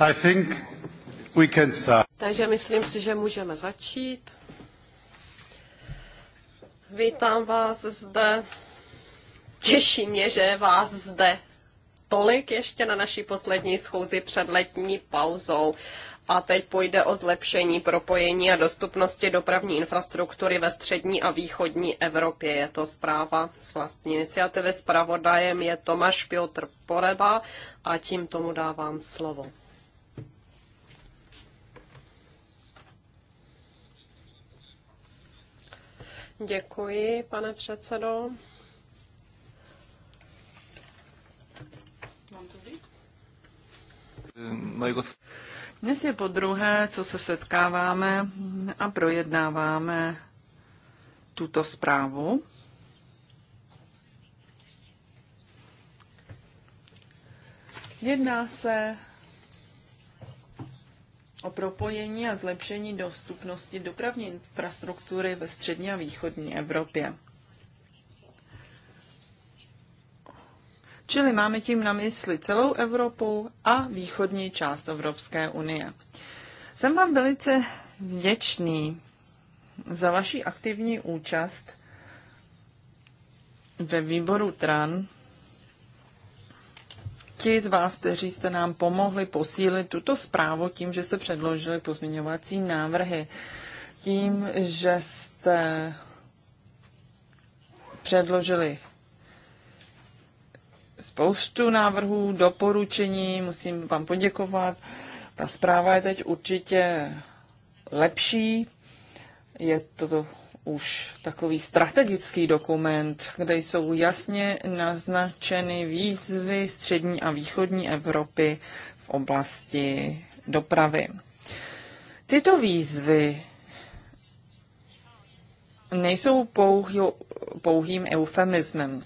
I think we can start. Takže myslím si, že můžeme začít. Vítám vás zde. Těší mě, že vás zde tolik ještě na naší poslední schůzi před letní pauzou. A teď půjde o zlepšení propojení a dostupnosti dopravní infrastruktury ve střední a východní Evropě. Je to zpráva z vlastní iniciativy. Zpravodajem je Tomáš Piotr Poreba a tím tomu dávám slovo. Děkuji, pane předsedo. Mám to dnes je po druhé, co se setkáváme a projednáváme tuto zprávu. Jedná se o propojení a zlepšení dostupnosti dopravní infrastruktury ve střední a východní Evropě. Čili máme tím na mysli celou Evropu a východní část Evropské unie. Jsem vám velice vděčný za vaši aktivní účast ve výboru TRAN. Ti z vás, kteří jste nám pomohli posílit tuto zprávu tím, že jste předložili pozměňovací návrhy, tím, že jste předložili spoustu návrhů, doporučení, musím vám poděkovat. Ta zpráva je teď určitě lepší. Je to už takový strategický dokument, kde jsou jasně naznačeny výzvy střední a východní Evropy v oblasti dopravy. Tyto výzvy nejsou pouhý, pouhým eufemismem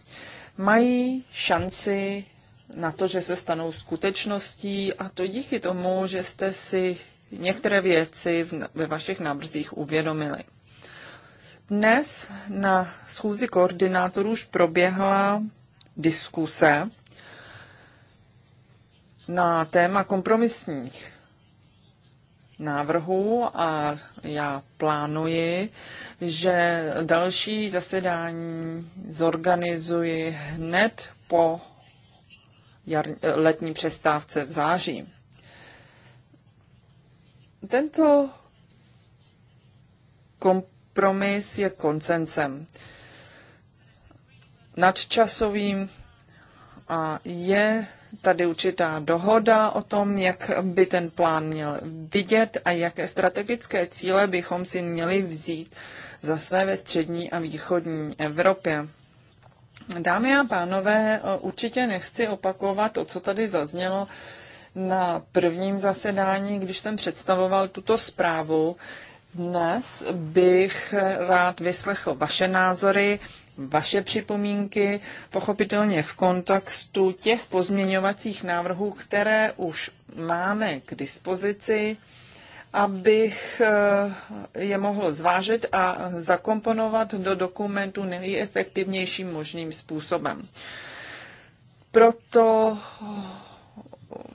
mají šanci na to, že se stanou skutečností a to díky tomu, že jste si některé věci ve vašich návrzích uvědomili. Dnes na schůzi koordinátorů už proběhla diskuse na téma kompromisních návrhů a já plánuji, že další zasedání zorganizuji hned po jar, letní přestávce v září. Tento kompromis je koncencem nadčasovým a je tady určitá dohoda o tom, jak by ten plán měl vidět a jaké strategické cíle bychom si měli vzít za své ve střední a východní Evropě. Dámy a pánové, eh, určitě nechci opakovat to, co tady zaznělo na prvním zasedání, když jsem představoval tuto zprávu. Dnes bych rád vyslechl vaše názory, vaše připomínky, pochopitelně v kontextu těch pozměňovacích návrhů, které už máme k dispozici, abych eh, je mohl zvážit a zakomponovat do dokumentu nejefektivnějším možným způsobem. Proto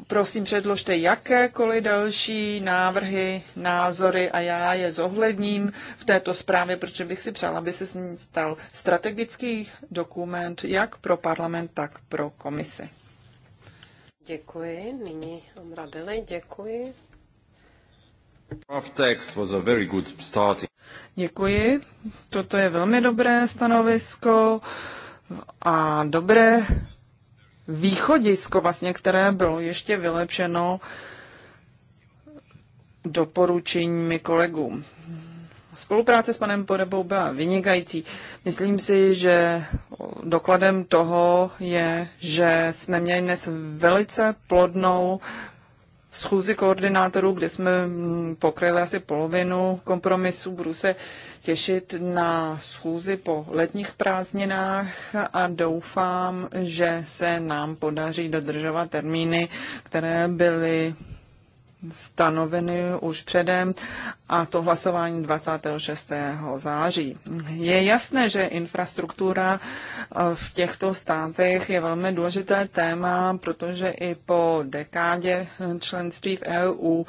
prosím předložte jakékoliv další návrhy, názory a já je zohledním v této zprávě, protože bych si přála, aby se s ní stal strategický dokument jak pro parlament, tak pro komisi. Děkuji. Nyní Andra Deli, děkuji. Děkuji. Toto je velmi dobré stanovisko a dobré východisko, vlastně, které bylo ještě vylepšeno doporučeními kolegů. Spolupráce s panem Porebou byla vynikající. Myslím si, že dokladem toho je, že jsme měli dnes velice plodnou schůzi koordinátorů, kde jsme mm, pokryli asi polovinu kompromisů. Budu se těšit na schůzi po letních prázdninách a doufám, že se nám podaří dodržovat termíny, které byly stanoveny už předem a to hlasování 26. září. Je jasné, že infrastruktura eh, v těchto státech je velmi důležité téma, protože i po dekádě členství v EU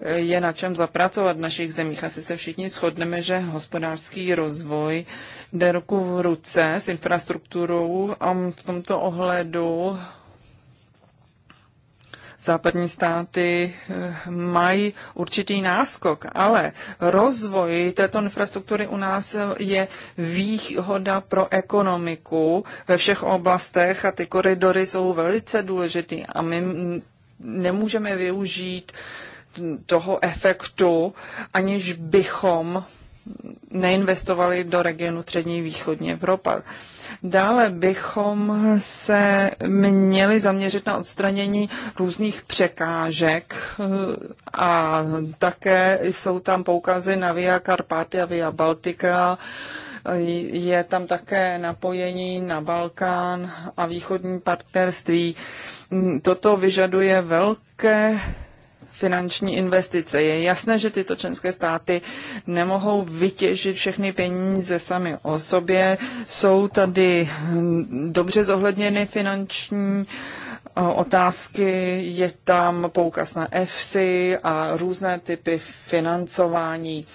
eh, je na čem zapracovat v našich zemích. Asi se všichni shodneme, že hospodářský rozvoj jde ruku v ruce s infrastrukturou a v tomto ohledu západní státy eh, mají určitý náskok, ale rozvoj této infrastruktury u nás je výhoda pro ekonomiku ve všech oblastech a ty koridory jsou velice důležitý a my nemůžeme využít toho efektu, aniž bychom neinvestovali do regionu střední východní Evropa. Dále bychom se měli zaměřit na odstranění různých překážek eh, a také jsou tam poukazy na Via Carpatia, Via Baltica, je tam také napojení na Balkán a východní partnerství. Toto vyžaduje velké finanční investice. Je jasné, že tyto členské státy nemohou vytěžit všechny peníze sami o sobě. Jsou tady dobře zohledněny finanční eh, otázky, je tam poukaz na EFSI a různé typy financování.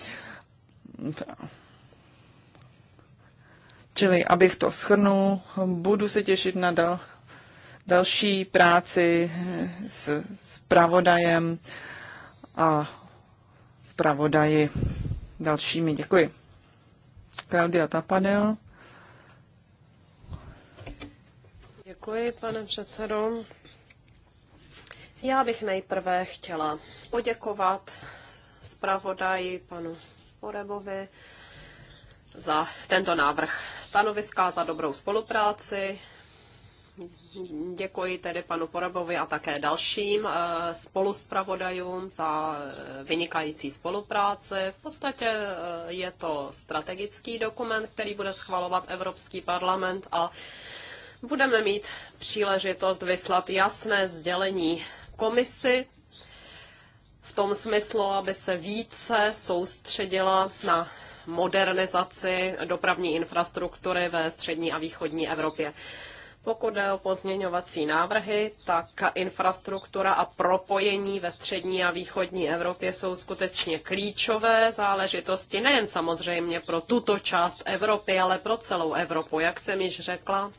Čili, abych to shrnul, budu se těšit na dal, další práci s, zpravodajem a zpravodaji dalšími. Děkuji. Klaudia Tapadel. Děkuji, pane předsedo. Já bych nejprve chtěla poděkovat zpravodaji panu Porebovi za tento návrh stanoviska, za dobrou spolupráci Děkuji tedy panu Porabovi a také dalším eh, spoluspravodajům za eh, vynikající spolupráci. V podstatě eh, je to strategický dokument, který bude schvalovat Evropský parlament a budeme mít příležitost vyslat jasné sdělení komisi v tom smyslu, aby se více soustředila na modernizaci dopravní infrastruktury ve střední a východní Evropě. Pokud jde o pozměňovací návrhy, tak infrastruktura a propojení ve střední a východní Evropě jsou skutečně klíčové záležitosti nejen samozřejmě pro tuto část Evropy, ale pro celou Evropu. Jak jsem již řekla,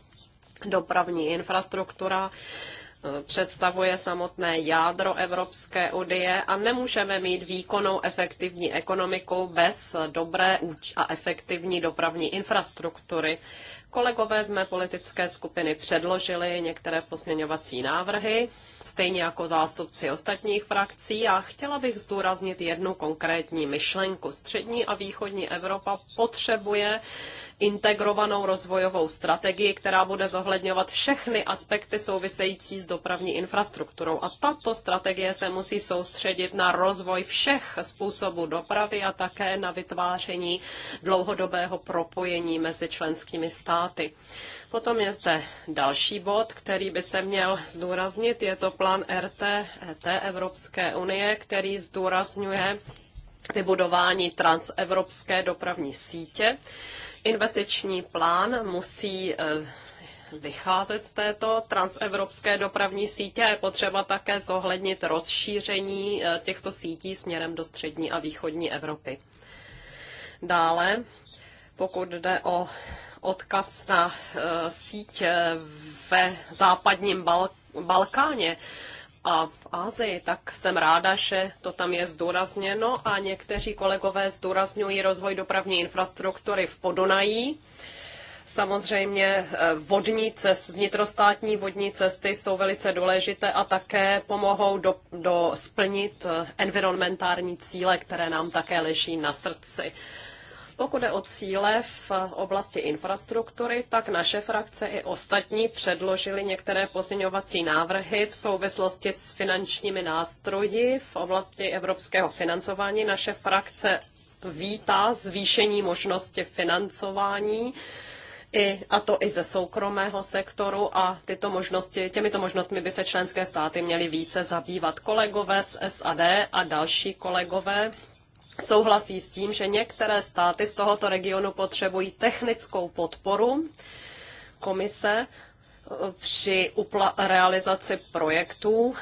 dopravní infrastruktura eh, představuje samotné jádro Evropské unie a nemůžeme mít výkonnou efektivní ekonomiku bez dobré a efektivní dopravní infrastruktury. Kolegové z mé politické skupiny předložili některé pozměňovací návrhy, stejně jako zástupci ostatních frakcí a chtěla bych zdůraznit jednu konkrétní myšlenku. Střední a východní Evropa potřebuje integrovanou rozvojovou strategii, která bude zohledňovat všechny aspekty související s dopravní infrastrukturou. A tato strategie se musí soustředit na rozvoj všech způsobů dopravy a také na vytváření dlouhodobého propojení mezi členskými státy státy. Potom je zde další bod, který by se měl zdůraznit. Je to plán RT, ET Evropské unie, který zdůrazňuje vybudování transevropské dopravní sítě. Investiční plán musí e, vycházet z této transevropské dopravní sítě a je potřeba také zohlednit rozšíření e, těchto sítí směrem do střední a východní Evropy. Dále, pokud jde o odkaz na eh, síť eh, ve západním Balkáně a v Ázii, tak jsem ráda, že to tam je zdůrazněno a někteří kolegové zdůrazňují rozvoj dopravní infrastruktury v Podunají. Samozřejmě eh, vodní cest, vnitrostátní vodní cesty jsou velice důležité a také pomohou do, do splnit environmentální cíle, které nám také leží na srdci. Pokud je o cíle v oblasti infrastruktury, tak naše frakce i ostatní předložili některé pozměňovací návrhy v souvislosti s finančními nástroji v oblasti evropského financování. Naše frakce vítá zvýšení možnosti financování i, a to i ze soukromého sektoru a tyto možnosti, těmito možnostmi by se členské státy měly více zabývat. Kolegové z SAD a další kolegové souhlasí s tím, že některé státy z tohoto regionu potřebují technickou podporu komise eh, při realizaci projektů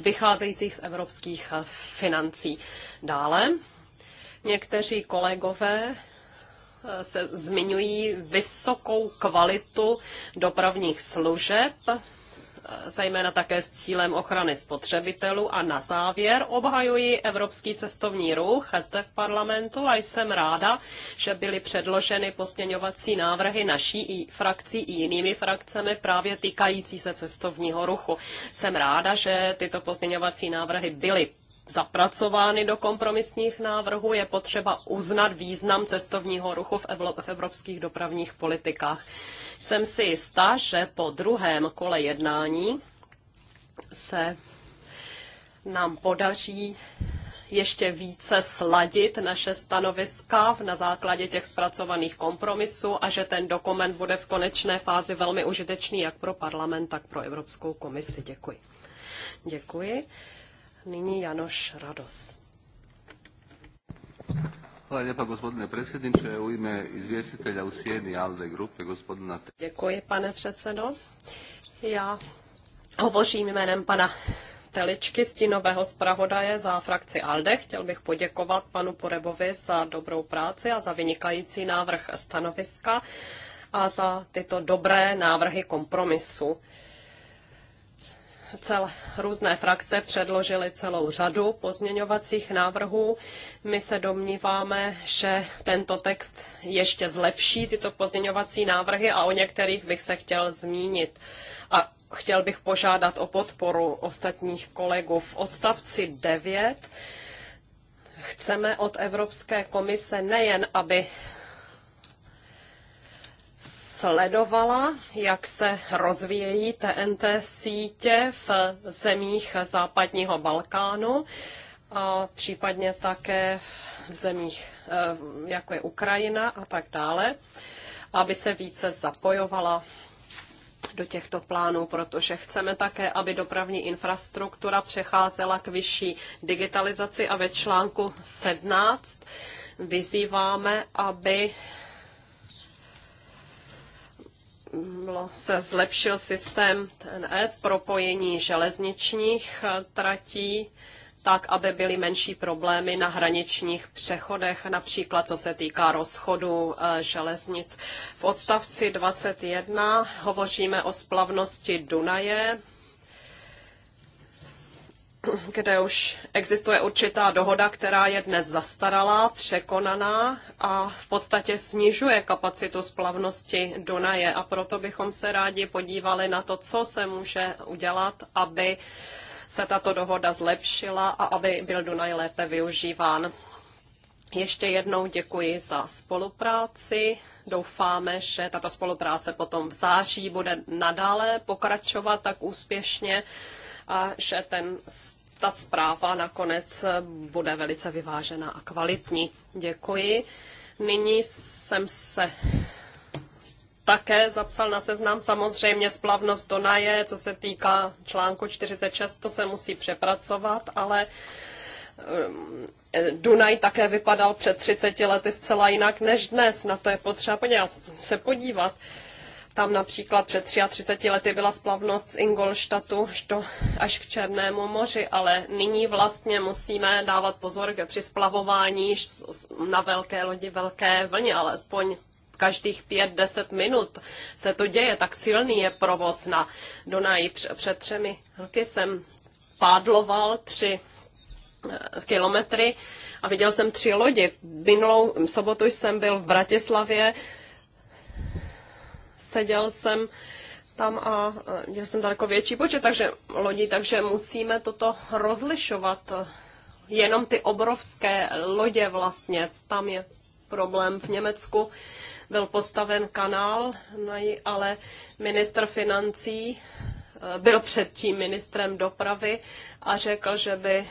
vycházejících z evropských eh, financí. Dále někteří kolegové eh, se zmiňují vysokou kvalitu dopravních služeb zejména také s cílem ochrany spotřebitelů. A na závěr obhajuji Evropský cestovní ruch zde v parlamentu a jsem ráda, že byly předloženy pozměňovací návrhy naší i frakcí i jinými frakcemi právě týkající se cestovního ruchu. Jsem ráda, že tyto pozměňovací návrhy byly zapracovány do kompromisních návrhů, je potřeba uznat význam cestovního ruchu v, v evropských dopravních politikách. Jsem si jistá, že po druhém kole jednání se nám podaří ještě více sladit naše stanoviska na základě těch zpracovaných kompromisů a že ten dokument bude v konečné fázi velmi užitečný jak pro parlament, tak pro Evropskou komisi. Děkuji. Děkuji. Nyní Janoš Rados. Hvala lijepa gospodine predsjedniče. U ime izvjestitelja u sjeni ALDE grupe gospodina... Děkuji pane předsedo. Já hovořím jménem pana Teličky, stínového zpravodaje za frakci ALDE. Chtěl bych poděkovat panu Porebovi za dobrou práci a za vynikající návrh stanoviska a za tyto dobré návrhy kompromisu cel, různé frakce předložily celou řadu pozměňovacích návrhů. My se domníváme, že tento text ještě zlepší tyto pozměňovací návrhy a o některých bych se chtěl zmínit. A chtěl bych požádat o podporu ostatních kolegů v odstavci 9 chceme od Evropské komise nejen, aby sledovala, jak se rozvíjejí TNT sítě v zemích západního Balkánu a případně také v zemích, eh, jako je Ukrajina a tak dále, aby se více zapojovala do těchto plánů, protože chceme také, aby dopravní infrastruktura přecházela k vyšší digitalizaci a ve článku 17 vyzýváme, aby se zlepšil systém TNS, propojení železničních eh, tratí, tak, aby byly menší problémy na hraničních přechodech, například co se týká rozchodu eh, železnic. V odstavci 21 hovoříme o splavnosti Dunaje, kde už existuje určitá dohoda, která je dnes zastaralá, překonaná a v podstatě snižuje kapacitu splavnosti Dunaje. A proto bychom se rádi podívali na to, co se může udělat, aby se tato dohoda zlepšila a aby byl Dunaj lépe využíván. Ještě jednou děkuji za spolupráci. Doufáme, že tato spolupráce potom v září bude nadále pokračovat tak úspěšně a že ten, ta zpráva nakonec bude velice vyvážená a kvalitní. Děkuji. Nyní jsem se také zapsal na seznam samozřejmě splavnost Donaje, co se týká článku 46, to se musí přepracovat, ale eh, Dunaj také vypadal před 30 lety zcela jinak než dnes. Na to je potřeba podívat, se podívat. Tam například před 33 lety byla splavnost z Ingolštatu až k Černému moři, ale nyní vlastně musíme dávat pozor při splavování na velké lodi, velké vlně, alespoň každých 5-10 minut se to děje, tak silný je provoz na Dunaji. Před třemi roky jsem pádloval tři eh, kilometry a viděl jsem tři lodi. Minulou sobotu jsem byl v Bratislavě seděl jsem tam a e, měl jsem daleko větší počet takže lodí, takže musíme toto rozlišovat. Jenom ty obrovské lodě vlastně, tam je problém v Německu. Byl postaven kanál, ale minister financí byl předtím ministrem dopravy a řekl, že by e,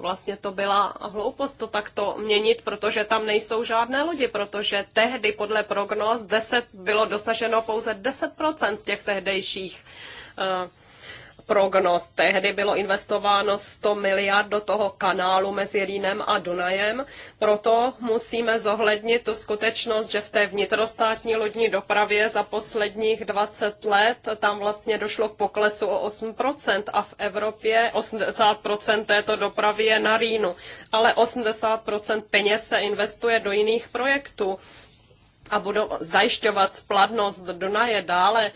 vlastně to byla hloupost to takto měnit, protože tam nejsou žádné lodi, protože tehdy podle prognóz 10 bylo dosaženo pouze 10% z těch tehdejších uh, prognoz. Tehdy bylo investováno 100 miliard do toho kanálu mezi Rýnem a Dunajem, proto musíme zohlednit tu skutečnost, že v té vnitrostátní lodní dopravě za posledních 20 let tam vlastně došlo k poklesu o 8% a v Evropě 80% této dopravy je na Rýnu, ale 80% peněz se investuje do jiných projektů a budou zajišťovat splatnost Dunaje dále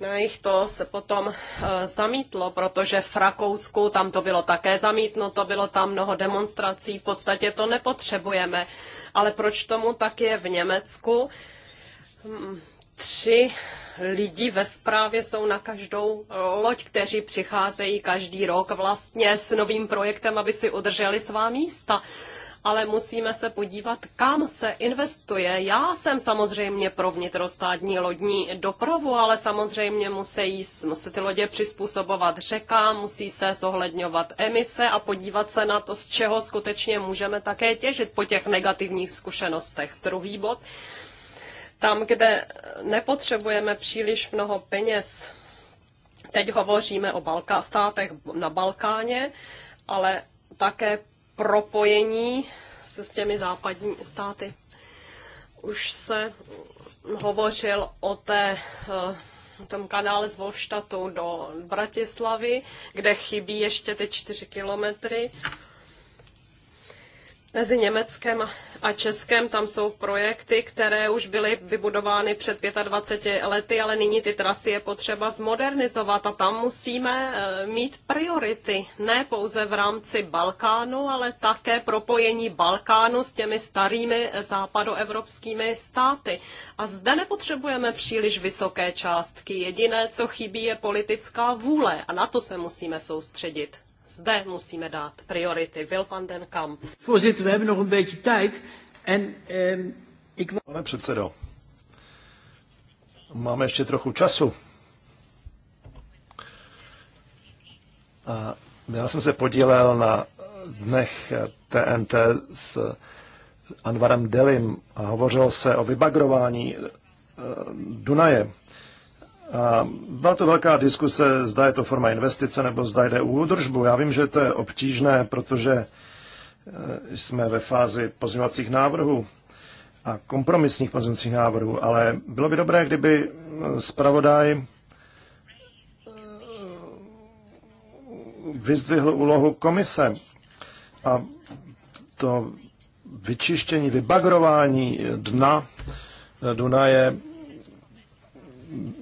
na jich to se potom eh, zamítlo, protože v Rakousku tam to bylo také zamítnuto, bylo tam mnoho demonstrací, v podstatě to nepotřebujeme. Ale proč tomu tak je v Německu? Hmm, tři lidi ve správě jsou na každou loď, kteří přicházejí každý rok vlastně s novým projektem, aby si udrželi svá místa ale musíme se podívat, kam se investuje. Já jsem samozřejmě pro vnitrostátní lodní dopravu, ale samozřejmě musí, musí ty lodě přizpůsobovat řekám, musí se zohledňovat emise a podívat se na to, z čeho skutečně můžeme také těžit po těch negativních zkušenostech. Druhý bod, tam, kde nepotřebujeme příliš mnoho peněz, teď hovoříme o Balka- státech na Balkáně, ale také propojení se s těmi západní státy. Už se hovořil o té eh, tom kanále z Volštatu do Bratislavy, kde chybí ještě ty čtyři kilometry mezi Německem a Českem tam jsou projekty, které už byly vybudovány před 25 lety, ale nyní ty trasy je potřeba zmodernizovat a tam musíme e, mít priority, ne pouze v rámci Balkánu, ale také propojení Balkánu s těmi starými západoevropskými státy. A zde nepotřebujeme příliš vysoké částky. Jediné, co chybí, je politická vůle a na to se musíme soustředit zde musíme dát priority. Will van den Kamp. Voorzitter, we hebben nog een beetje tijd. En, um, ik... Pane předsedo, máme ještě trochu času. A já jsem se podílel na dnech TNT s Anvarem Delim a hovořil se o vybagrování ehm, Dunaje byla to velká diskuse, zda je to forma investice nebo zda jde o údržbu. Já vím, že to je obtížné, protože e, jsme ve fázi pozměňovacích návrhů a kompromisních pozměňovacích návrhů, ale bylo by dobré, kdyby zpravodaj e, vyzdvihl úlohu komise a to vyčištění, vybagrování dna Dunaje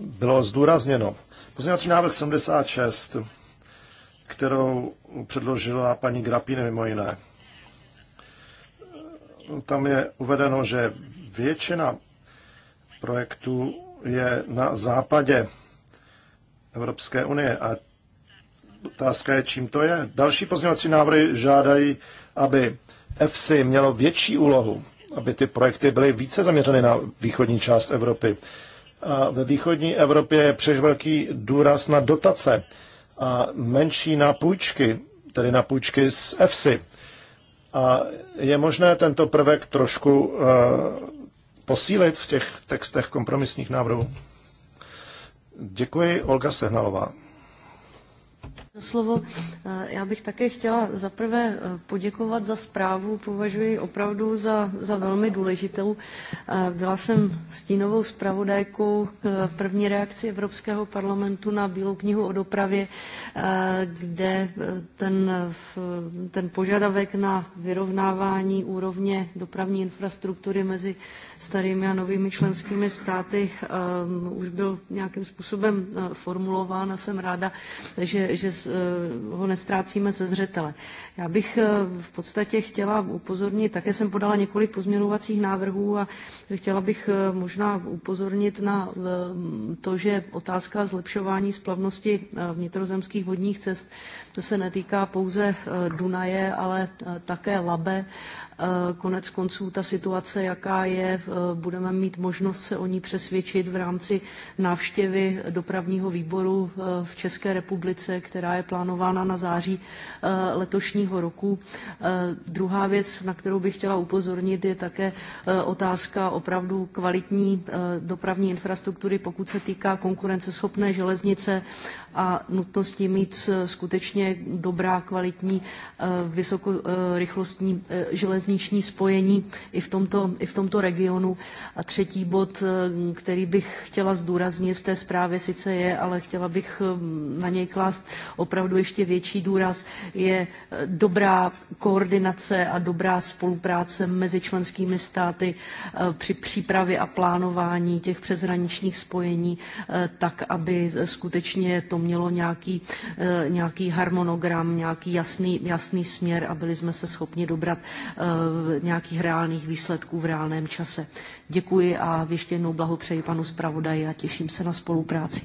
bylo zdůrazněno. Pozměňovací návrh 76, kterou předložila paní Grapine mimo jiné. Tam je uvedeno, že většina projektů je na západě Evropské unie a otázka je, čím to je. Další pozměňovací návrhy žádají, aby EFSI mělo větší úlohu, aby ty projekty byly více zaměřeny na východní část Evropy. A ve východní Evropě je příliš velký důraz na dotace a menší na půjčky, tedy na půjčky z EFSI. A je možné tento prvek trošku uh, posílit v těch textech kompromisních návrhů? Děkuji, Olga Sehnalová slovo. Eh, já bych také chtěla zaprvé eh, poděkovat za zprávu, považuji opravdu za, za velmi důležitou. Eh, byla jsem stínovou zpravodajkou první reakci Evropského parlamentu na Bílou knihu o dopravě, kde ten, ten požadavek na vyrovnávání úrovně dopravní infrastruktury mezi starými a novými členskými státy už byl nějakým způsobem formulován a jsem ráda, že, že ho nestrácíme ze zřetele. Já bych eh, v podstatě chtěla upozornit, také jsem podala několik pozměňovacích návrhů a chtěla bych eh, možná upozornit na eh, to, že otázka zlepšování splavnosti vnitrozemských vodních cest se netýká pouze Dunaje, ale také Labe Eh, konec konců ta situace, jaká je, eh, budeme mít možnost se o ní přesvědčit v rámci návštěvy dopravního výboru eh, v České republice, která je plánována na září letošního roku. Druhá věc, na kterou bych chtěla upozornit, je také otázka opravdu kvalitní dopravní infrastruktury, pokud se týká konkurenceschopné železnice a nutností mít eh, skutečně dobrá, kvalitní, eh, vysokorychlostní eh, železniční spojení i v tomto, i v tomto regionu. A třetí bod, který bych chtěla zdůraznit v té zprávě, sice je, ale chtěla bych na něj klást opravdu ještě větší důraz, je dobrá koordinace a dobrá spolupráce mezi členskými státy při přípravě a plánování těch přeshraničních spojení, tak, aby skutečně to mělo nějaký, eh, nějaký harmonogram, nějaký jasný, jasný směr a byli jsme se schopni dobrat eh, nějakých reálných výsledků v reálném čase. Děkuji a ještě jednou blahopřeji panu zpravodaji a těším se na spolupráci.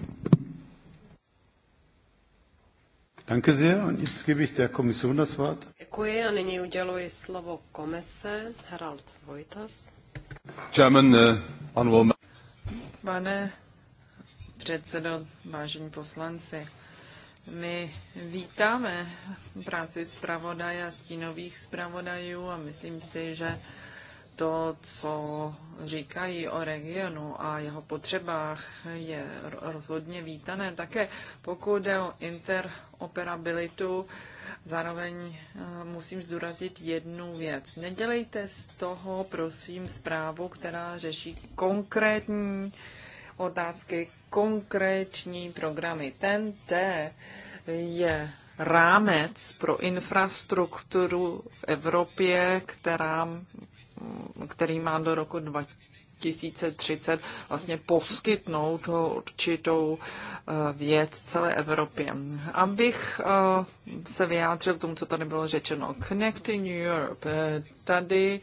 Danke sehr und jetzt gebe ich der Kommission das Wort. Děkuji a nyní uděluji slovo komise Harald Vojtas. Chairman, uh, Pane předsedo, vážení poslanci. My vítáme práci zpravodaje a stínových zpravodajů a myslím si, že to, co říkají o regionu a jeho potřebách, je rozhodně vítané. Také pokud jde o interoperabilitu, zároveň eh, musím zdůraznit jednu věc. Nedělejte z toho, prosím, zprávu, která řeší konkrétní uh, otázky konkrétní programy. ten t je rámec pro infrastrukturu v Evropě, která, který má do roku 2030 vlastně poskytnout určitou eh, věc celé Evropě. Abych eh, se vyjádřil k tomu, co tady bylo řečeno. Connecting Europe. Tady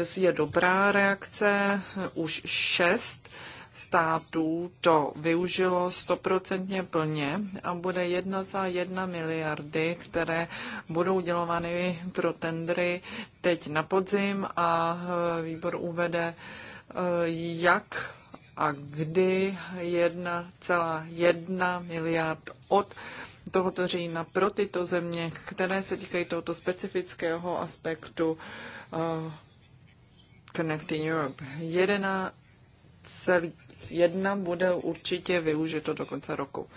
eh, je dobrá reakce, už šest států to využilo stoprocentně plně a bude 1,1 miliardy, které budou dělovány pro tendry teď na podzim a e, výbor uvede, e, jak a kdy 1,1 miliard od tohoto října pro tyto země, které se týkají tohoto specifického aspektu e, Connecting Europe. 11,3 1 bude určitě využito do konce roku.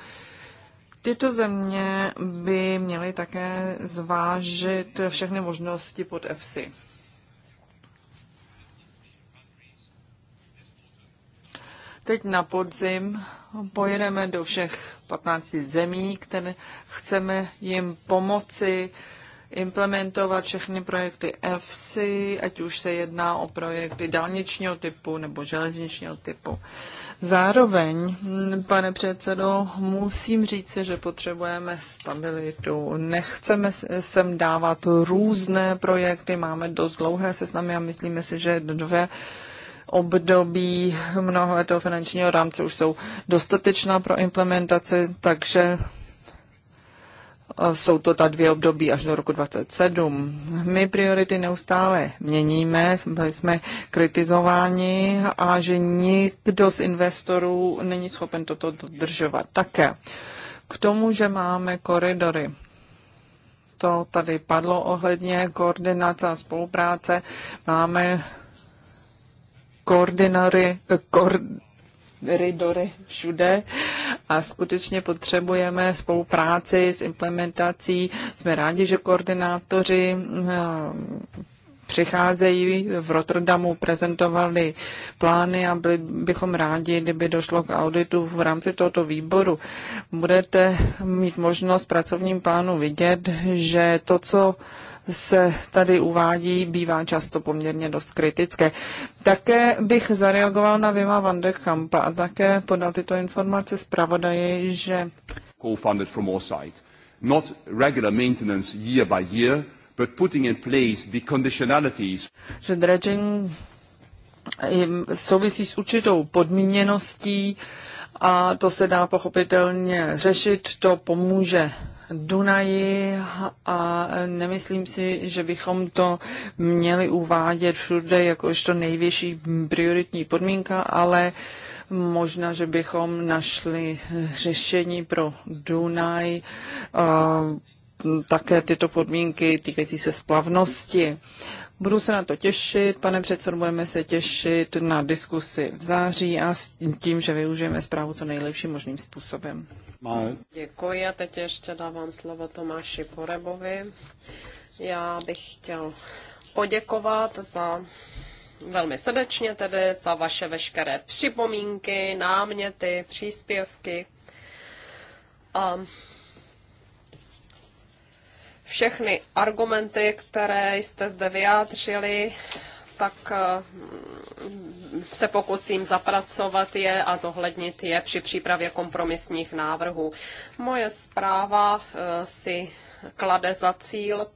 Tyto země by měly také zvážit všechny možnosti pod EFSI. Teď na podzim pojedeme do všech 15 zemí, které chceme jim pomoci implementovat všechny projekty EFSI, ať už se jedná o projekty dálničního typu nebo železničního typu. Zároveň, hm, pane předsedo, musím říct, že potřebujeme stabilitu. Nechceme sem dávat různé projekty, máme dost dlouhé seznamy a myslíme si, že dvě období mnoholetého finančního rámce už jsou dostatečná pro implementaci, takže jsou to ta dvě období až do roku 27. My priority neustále měníme, byli jsme kritizováni a že nikdo z investorů není schopen toto dodržovat také. K tomu, že máme koridory to tady padlo ohledně koordinace a spolupráce. Máme koordinory, koordinory koridory všude a skutečně potřebujeme spolupráci s implementací. Jsme rádi, že koordinátoři eh, přicházejí v Rotterdamu, prezentovali plány a byli bychom rádi, kdyby došlo k auditu v rámci tohoto výboru. Budete mít možnost v pracovním plánu vidět, že to, co se tady uvádí, bývá často poměrně dost kritické. Také bych zareagoval na Vima van de Kampa a také podal tyto informace zpravodaji, že co-funded from our side. Not regular maintenance year by year, but putting in place the conditionalities. Že dredging souvisí s určitou podmíněností a to se dá pochopitelně řešit, to pomůže Dunaji a nemyslím si, že bychom to měli uvádět všude jakožto nejvyšší prioritní podmínka, ale možná, že bychom našli řešení pro Dunaj také tyto podmínky týkající se splavnosti. Budu se na to těšit, pane předsedo, budeme se těšit na diskusi v září a s tím, že využijeme zprávu co nejlepším možným způsobem mal... Děkuji a teď ještě dávám slovo Tomáši Porebovi. Já bych chtěl poděkovat za velmi srdečně tedy za vaše veškeré připomínky, náměty, příspěvky. A všechny argumenty, které jste zde vyjádřili, tak mm, se pokusím zapracovat je a zohlednit je při přípravě kompromisních návrhů. Moje zpráva eh, si klade za cíl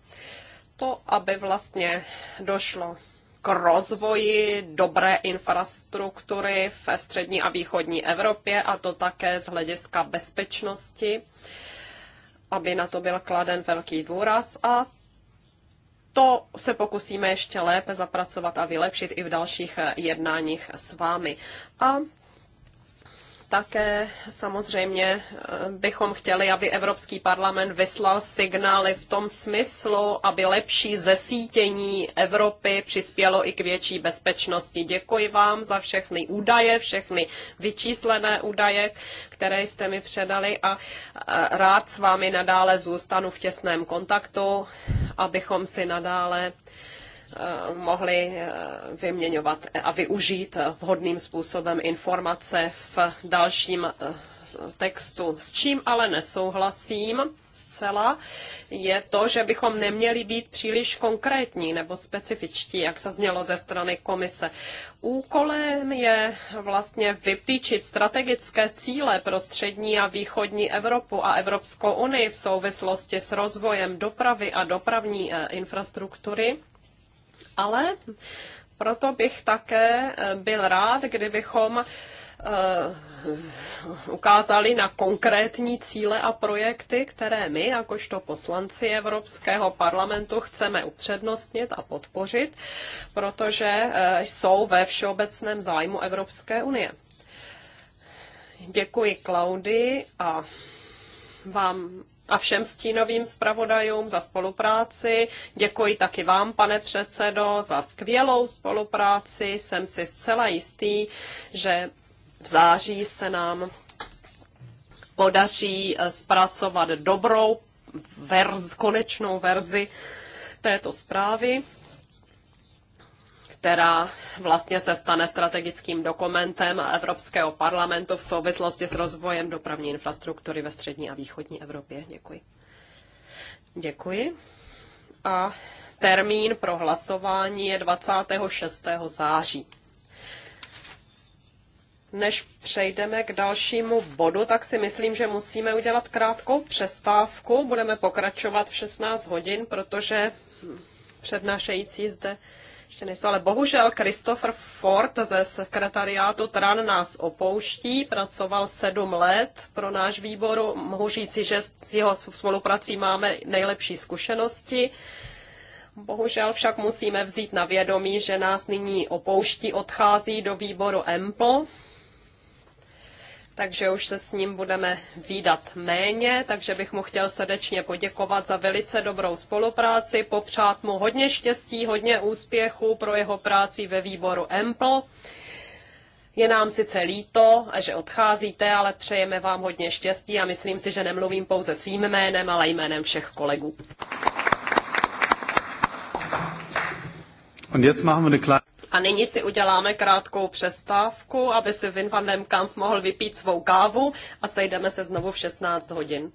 to, aby vlastně došlo k rozvoji dobré infrastruktury v střední a východní Evropě a to také z hlediska bezpečnosti, aby na to byl kladen velký důraz a to se pokusíme ještě lépe zapracovat a vylepšit i v dalších eh, jednáních s vámi. A také samozřejmě eh, bychom chtěli, aby Evropský parlament vyslal signály v tom smyslu, aby lepší zesítění Evropy přispělo i k větší bezpečnosti. Děkuji vám za všechny údaje, všechny vyčíslené údaje, které jste mi předali a eh, rád s vámi nadále zůstanu v těsném kontaktu, abychom si nadále Eh, mohli eh, vyměňovat a využít vhodným způsobem informace v dalším eh, textu. S čím ale nesouhlasím zcela, je to, že bychom neměli být příliš konkrétní nebo specifičtí, jak se znělo ze strany komise. Úkolem je vlastně vytýčit strategické cíle pro střední a východní Evropu a Evropskou unii v souvislosti s rozvojem dopravy a dopravní infrastruktury ale proto bych také eh, byl rád, kdybychom eh, ukázali na konkrétní cíle a projekty, které my, jakožto poslanci Evropského parlamentu, chceme upřednostnit a podpořit, protože eh, jsou ve všeobecném zájmu Evropské unie. Děkuji Klaudy a vám a všem stínovým zpravodajům za spolupráci. Děkuji taky vám, pane předsedo, za skvělou spolupráci. Jsem si zcela jistý, že v září se nám podaří eh, zpracovat dobrou verz, konečnou verzi této zprávy která vlastně se stane strategickým dokumentem Evropského parlamentu v souvislosti s rozvojem dopravní infrastruktury ve střední a východní Evropě. Děkuji. Děkuji. A termín pro hlasování je 26. září. Než přejdeme k dalšímu bodu, tak si myslím, že musíme udělat krátkou přestávku. Budeme pokračovat v 16 hodin, protože přednášející zde ještě nejsou, ale bohužel Christopher Ford ze sekretariátu TRAN nás opouští, pracoval sedm let pro náš výbor. Mohu říci, že s jeho spoluprací máme nejlepší zkušenosti. Bohužel však musíme vzít na vědomí, že nás nyní opouští, odchází do výboru EMPL, takže už se s ním budeme výdat méně, takže bych mu chtěl srdečně poděkovat za velice dobrou spolupráci, popřát mu hodně štěstí, hodně úspěchu pro jeho práci ve výboru EMPL. Je nám sice líto, že odcházíte, ale přejeme vám hodně štěstí a myslím si, že nemluvím pouze svým jménem, ale jménem všech kolegů. Und jetzt machen wir eine kleine... A nyní si uděláme krátkou přestávku, aby si Vin van Kampf mohl vypít svou kávu a sejdeme se znovu v 16 hodin.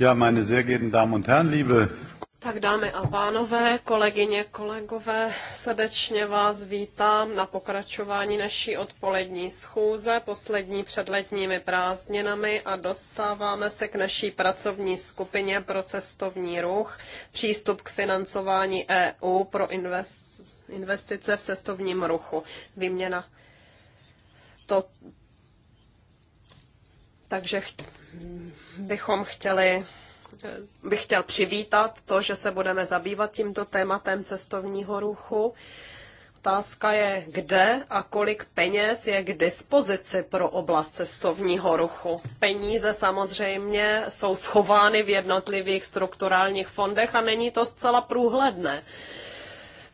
Ja, meine sehr geehrten Damen und Herren, liebe tak dámy a pánové, kolegyně, kolegové, srdečně vás vítám na pokračování naší odpolední schůze, poslední před letními prázdninami a dostáváme se k naší pracovní skupině pro cestovní ruch, přístup k financování EU pro investice v cestovním ruchu. Výměna to takže bychom chtěli bych chtěl přivítat to, že se budeme zabývat tímto tématem cestovního ruchu. Otázka je, kde a kolik peněz je k dispozici pro oblast cestovního ruchu. Peníze samozřejmě jsou schovány v jednotlivých strukturálních fondech a není to zcela průhledné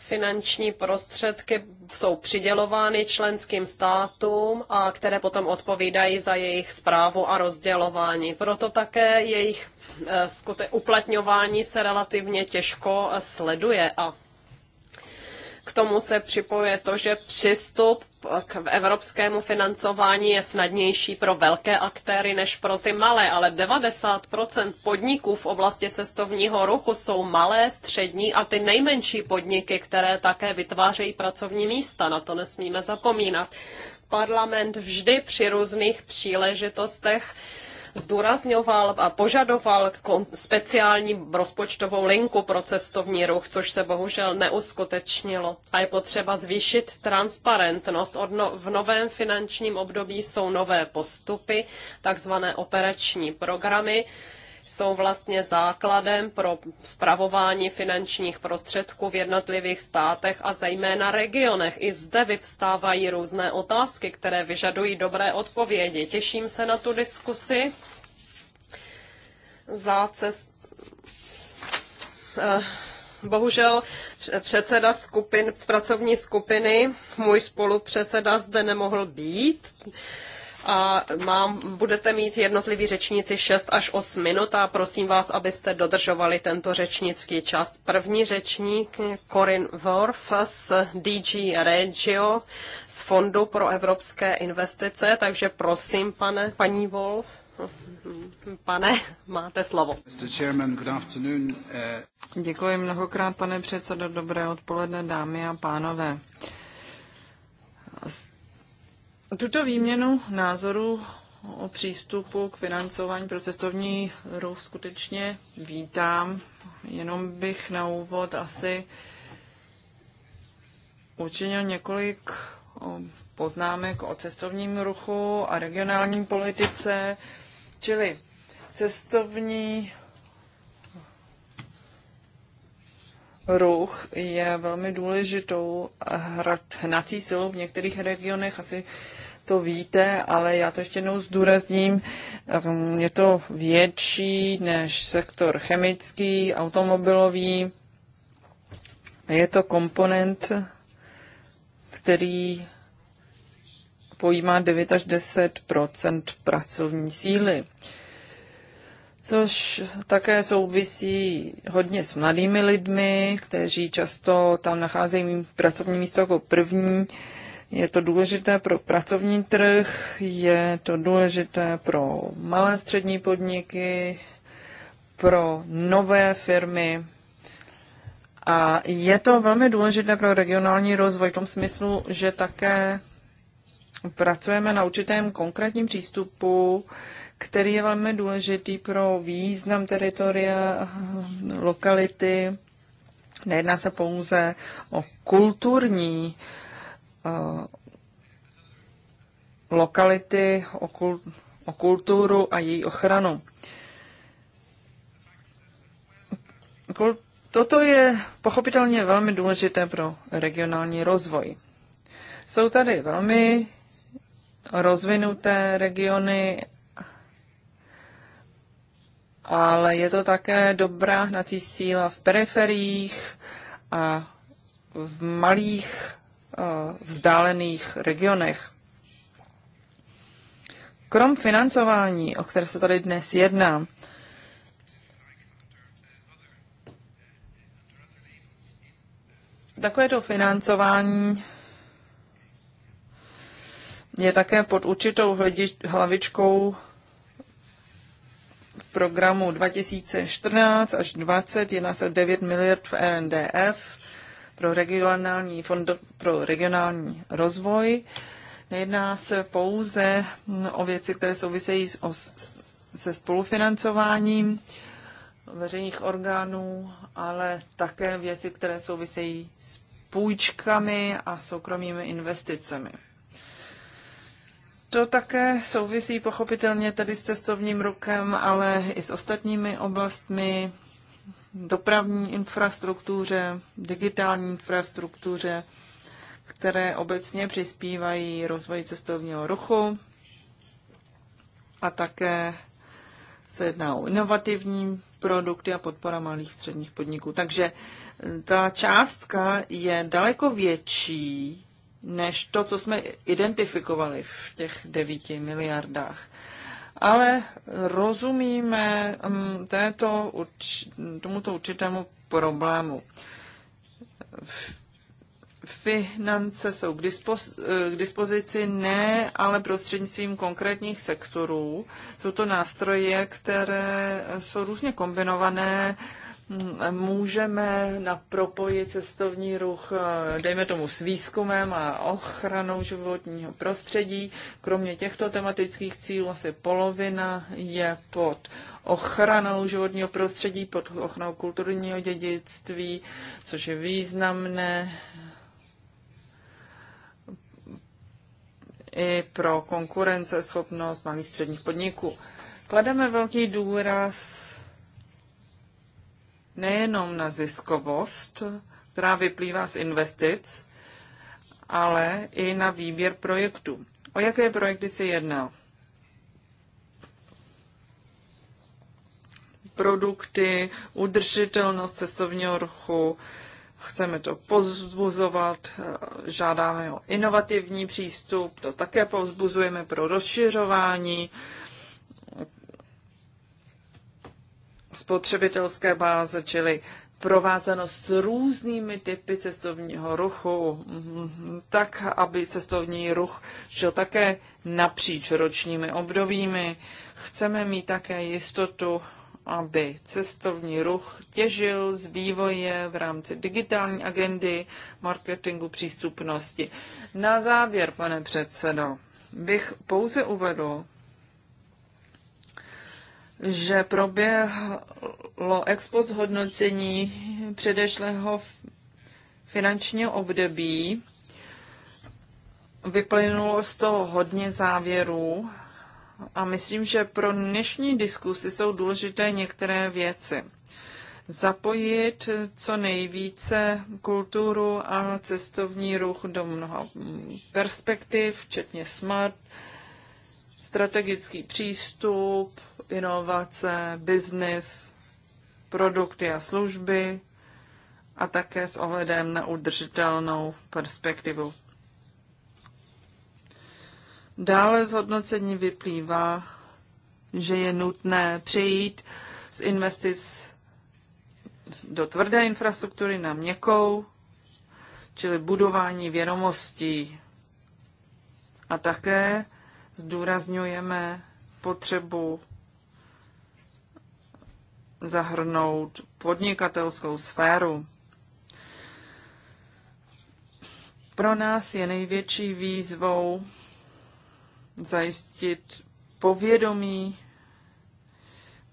finanční prostředky jsou přidělovány členským státům a které potom odpovídají za jejich zprávu a rozdělování. Proto také jejich eh, uplatňování se relativně těžko eh, sleduje a k tomu se připojuje to, že přístup k evropskému financování je snadnější pro velké aktéry než pro ty malé, ale 90% podniků v oblasti cestovního ruchu jsou malé, střední a ty nejmenší podniky, které také vytvářejí pracovní místa. Na to nesmíme zapomínat. Parlament vždy při různých příležitostech zdůrazňoval a požadoval speciální rozpočtovou linku pro cestovní ruch, což se bohužel neuskutečnilo. A je potřeba zvýšit transparentnost. v novém finančním období jsou nové postupy, takzvané operační programy jsou vlastně základem pro zpravování finančních prostředků v jednotlivých státech a zejména regionech. I zde vyvstávají různé otázky, které vyžadují dobré odpovědi. Těším se na tu diskusi. Za cest... Eh, bohužel předseda skupin, pracovní skupiny, můj spolupředseda zde nemohl být a mám, budete mít jednotliví řečníci 6 až 8 minut a prosím vás, abyste dodržovali tento řečnický čas. První řečník Corin Worf z DG Regio z Fondu pro evropské investice, takže prosím, pane, paní Wolf. Pane, máte slovo. Eh. Děkuji mnohokrát, pane předsedo. Dobré odpoledne, dámy a pánové. Tuto výměnu názorů o přístupu k financování pro cestovní ruch skutečně vítám. Jenom bych na úvod asi učinil několik poznámek o cestovním ruchu a regionální politice, čili cestovní ruch je velmi důležitou hnací silou v některých regionech. Asi to víte, ale já to ještě jednou zdůrazním. Ehm, je to větší než sektor chemický, automobilový. Je to komponent, který pojímá 9 až 10 pracovní síly což také souvisí hodně s mladými lidmi, kteří často tam nacházejí pracovní místo jako první. Je to důležité pro pracovní trh, je to důležité pro malé střední podniky, pro nové firmy. A je to velmi důležité pro regionální rozvoj v tom smyslu, že také pracujeme na určitém konkrétním přístupu, který je velmi důležitý pro význam teritoria, lokality. Nejedná se pouze o kulturní eh, lokality, o, kulturu a její ochranu. toto je pochopitelně velmi důležité pro regionální rozvoj. Jsou tady velmi rozvinuté regiony ale je to také dobrá hnací síla v periferiích a v malých eh, vzdálených regionech. Krom financování, o které se tady dnes jedná, takové to financování je také pod určitou hlavičkou programu 2014 až 20 je nás 9 miliard v RNDF e pro regionální, fond pro regionální rozvoj. Nejedná se pouze o věci, které souvisejí s, o, se spolufinancováním veřejných orgánů, ale také věci, které souvisejí s půjčkami a soukromými investicemi. To také souvisí pochopitelně tady s cestovním rukem, ale i s ostatními oblastmi, dopravní infrastruktuře, digitální infrastruktuře, které obecně přispívají rozvoji cestovního ruchu a také se jedná o inovativní produkty a podpora malých středních podniků. Takže ta částka je daleko větší než to, co jsme identifikovali v těch devíti miliardách. Ale rozumíme mm, této, tomuto určitému problému. Finance jsou k, dispoz, eh, k dispozici ne, ale prostřednictvím konkrétních sektorů. Jsou to nástroje, které jsou různě kombinované, můžeme napropojit cestovní ruch, dejme tomu, s výzkumem a ochranou životního prostředí. Kromě těchto tematických cílů asi polovina je pod ochranou životního prostředí, pod ochranou kulturního dědictví, což je významné i pro konkurenceschopnost malých středních podniků. Klademe velký důraz nejenom na ziskovost, která vyplývá z investic, ale i na výběr projektů. O jaké projekty se jedná? Produkty, udržitelnost cestovního ruchu, chceme to pozbuzovat, žádáme o inovativní přístup, to také povzbuzujeme pro rozšiřování spotřebitelské báze, čili provázanost s různými typy cestovního ruchu, mhm, tak, aby cestovní ruch šel také napříč ročními obdobími. Chceme mít také jistotu, aby cestovní ruch těžil z vývoje v rámci digitální agendy, marketingu, přístupnosti. Na závěr, pane předsedo, bych pouze uvedl, že proběhlo ex post hodnocení předešlého finančního období. Vyplynulo z toho hodně závěrů a myslím, že pro dnešní diskusy jsou důležité některé věci. Zapojit co nejvíce kulturu a cestovní ruch do mnoha perspektiv, včetně smart, strategický přístup, inovace, biznis, produkty a služby a také s ohledem na udržitelnou perspektivu. Dále z hodnocení vyplývá, že je nutné přejít z investic do tvrdé infrastruktury na měkkou, čili budování vědomostí. A také zdůrazňujeme potřebu zahrnout podnikatelskou sféru. Pro nás je největší výzvou zajistit povědomí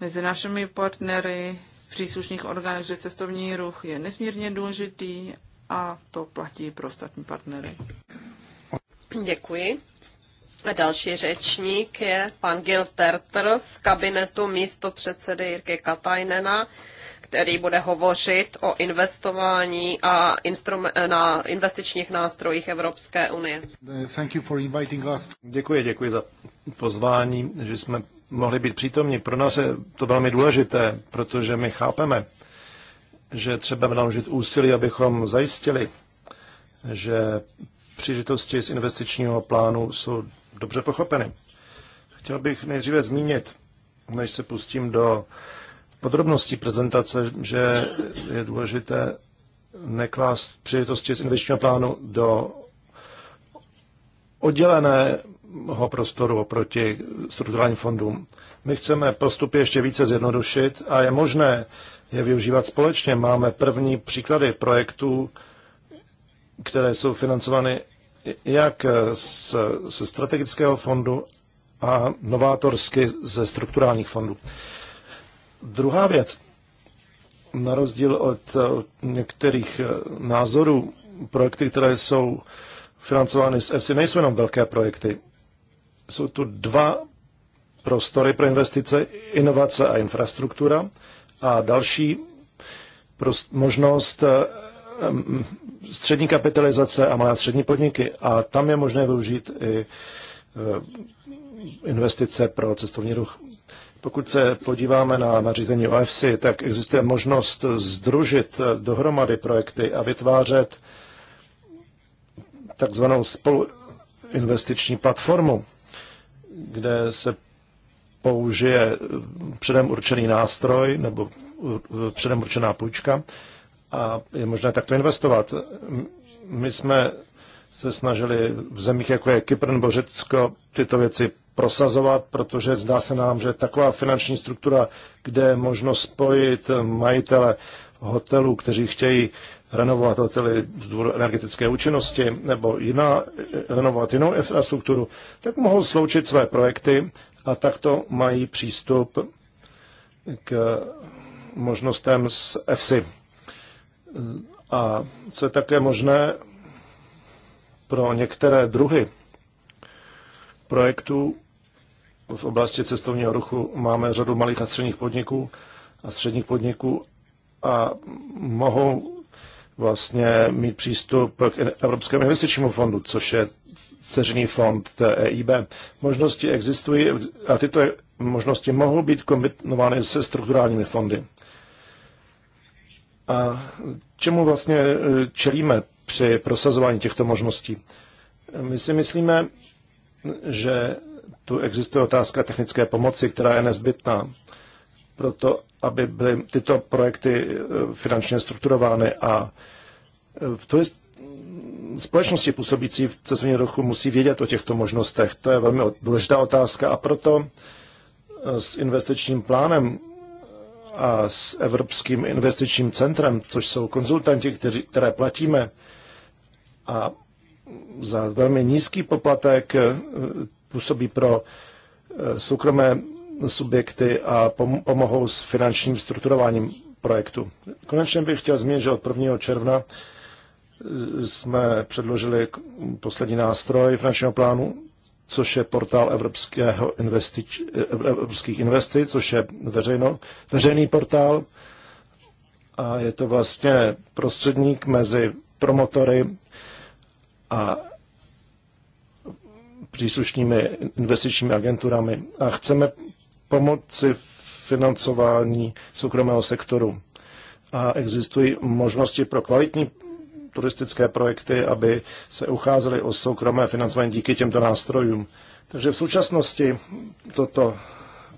mezi našimi partnery příslušných orgánů, že cestovní ruch je nesmírně důležitý a to platí pro ostatní partnery. Děkuji. A další řečník je pan Gil Terter z kabinetu místo předsedy Jirky Katajnena, který bude hovořit o investování a na investičních nástrojích Evropské unie. Thank you for inviting us. Děkuji, děkuji za pozvání, že jsme mohli být přítomni. Pro nás je to velmi důležité, protože my chápeme, že třeba naložit úsilí, abychom zajistili, že příležitosti z investičního plánu jsou dobře pochopeny. Chtěl bych nejdříve zmínit, než se pustím do podrobností prezentace, že je důležité neklást příležitosti z investičního plánu do odděleného prostoru oproti strukturálním fondům. My chceme postupy ještě více zjednodušit a je možné je využívat společně. Máme první příklady projektů, které jsou financovány jak z, eh, ze strategického fondu a novátorsky ze strukturálních fondů. Druhá věc, na rozdíl od eh, některých eh, názorů, projekty, které jsou financovány z EFSI, nejsou jenom velké projekty. Jsou tu dva prostory pro investice, inovace a infrastruktura. A další možnost střední kapitalizace a malé a střední podniky. A tam je možné využít i e, investice pro cestovní ruch. Pokud se podíváme na nařízení OFC, tak existuje možnost združit dohromady projekty a vytvářet takzvanou spoluinvestiční platformu, kde se použije předem určený nástroj nebo předem určená půjčka a je možné takto investovat. My jsme se snažili v zemích, jako je Kypr nebo Řecko, tyto věci prosazovat, protože zdá se nám, že taková finanční struktura, kde je možno spojit majitele hotelů, kteří chtějí renovovat hotely z důvodu energetické účinnosti nebo jiná, renovovat jinou infrastrukturu, tak mohou sloučit své projekty a takto mají přístup k možnostem z EFSI. A co je také možné pro některé druhy projektů v oblasti cestovního ruchu máme řadu malých a středních podniků a středních podniků a mohou vlastně mít přístup k Evropskému investičnímu fondu, což je ceřený fond EIB. E možnosti existují a tyto možnosti mohou být kombinovány se strukturálními fondy. A čemu vlastně e, čelíme při prosazování těchto možností? My si myslíme, že tu existuje otázka technické pomoci, která je nezbytná pro to, aby byly tyto projekty e, finančně strukturovány a e, v je společnosti působící v cestovním ruchu musí vědět o těchto možnostech. To je velmi důležitá otázka a proto s investičním plánem a s Evropským investičním centrem, což jsou konzultanti, kteří, které platíme. A za velmi nízký poplatek eh, působí pro eh, soukromé subjekty a pomohou s finančním strukturováním projektu. Konečně bych chtěl zmínit, že od 1. června eh, jsme předložili poslední nástroj finančního plánu což je portál Evropského investič, evropských investic, což je veřejno, veřejný portál. A je to vlastně prostředník mezi promotory a příslušnými investičními agenturami. A chceme pomoci financování soukromého sektoru. A existují možnosti pro kvalitní turistické projekty, aby se ucházely o soukromé financování díky těmto nástrojům. Takže v současnosti toto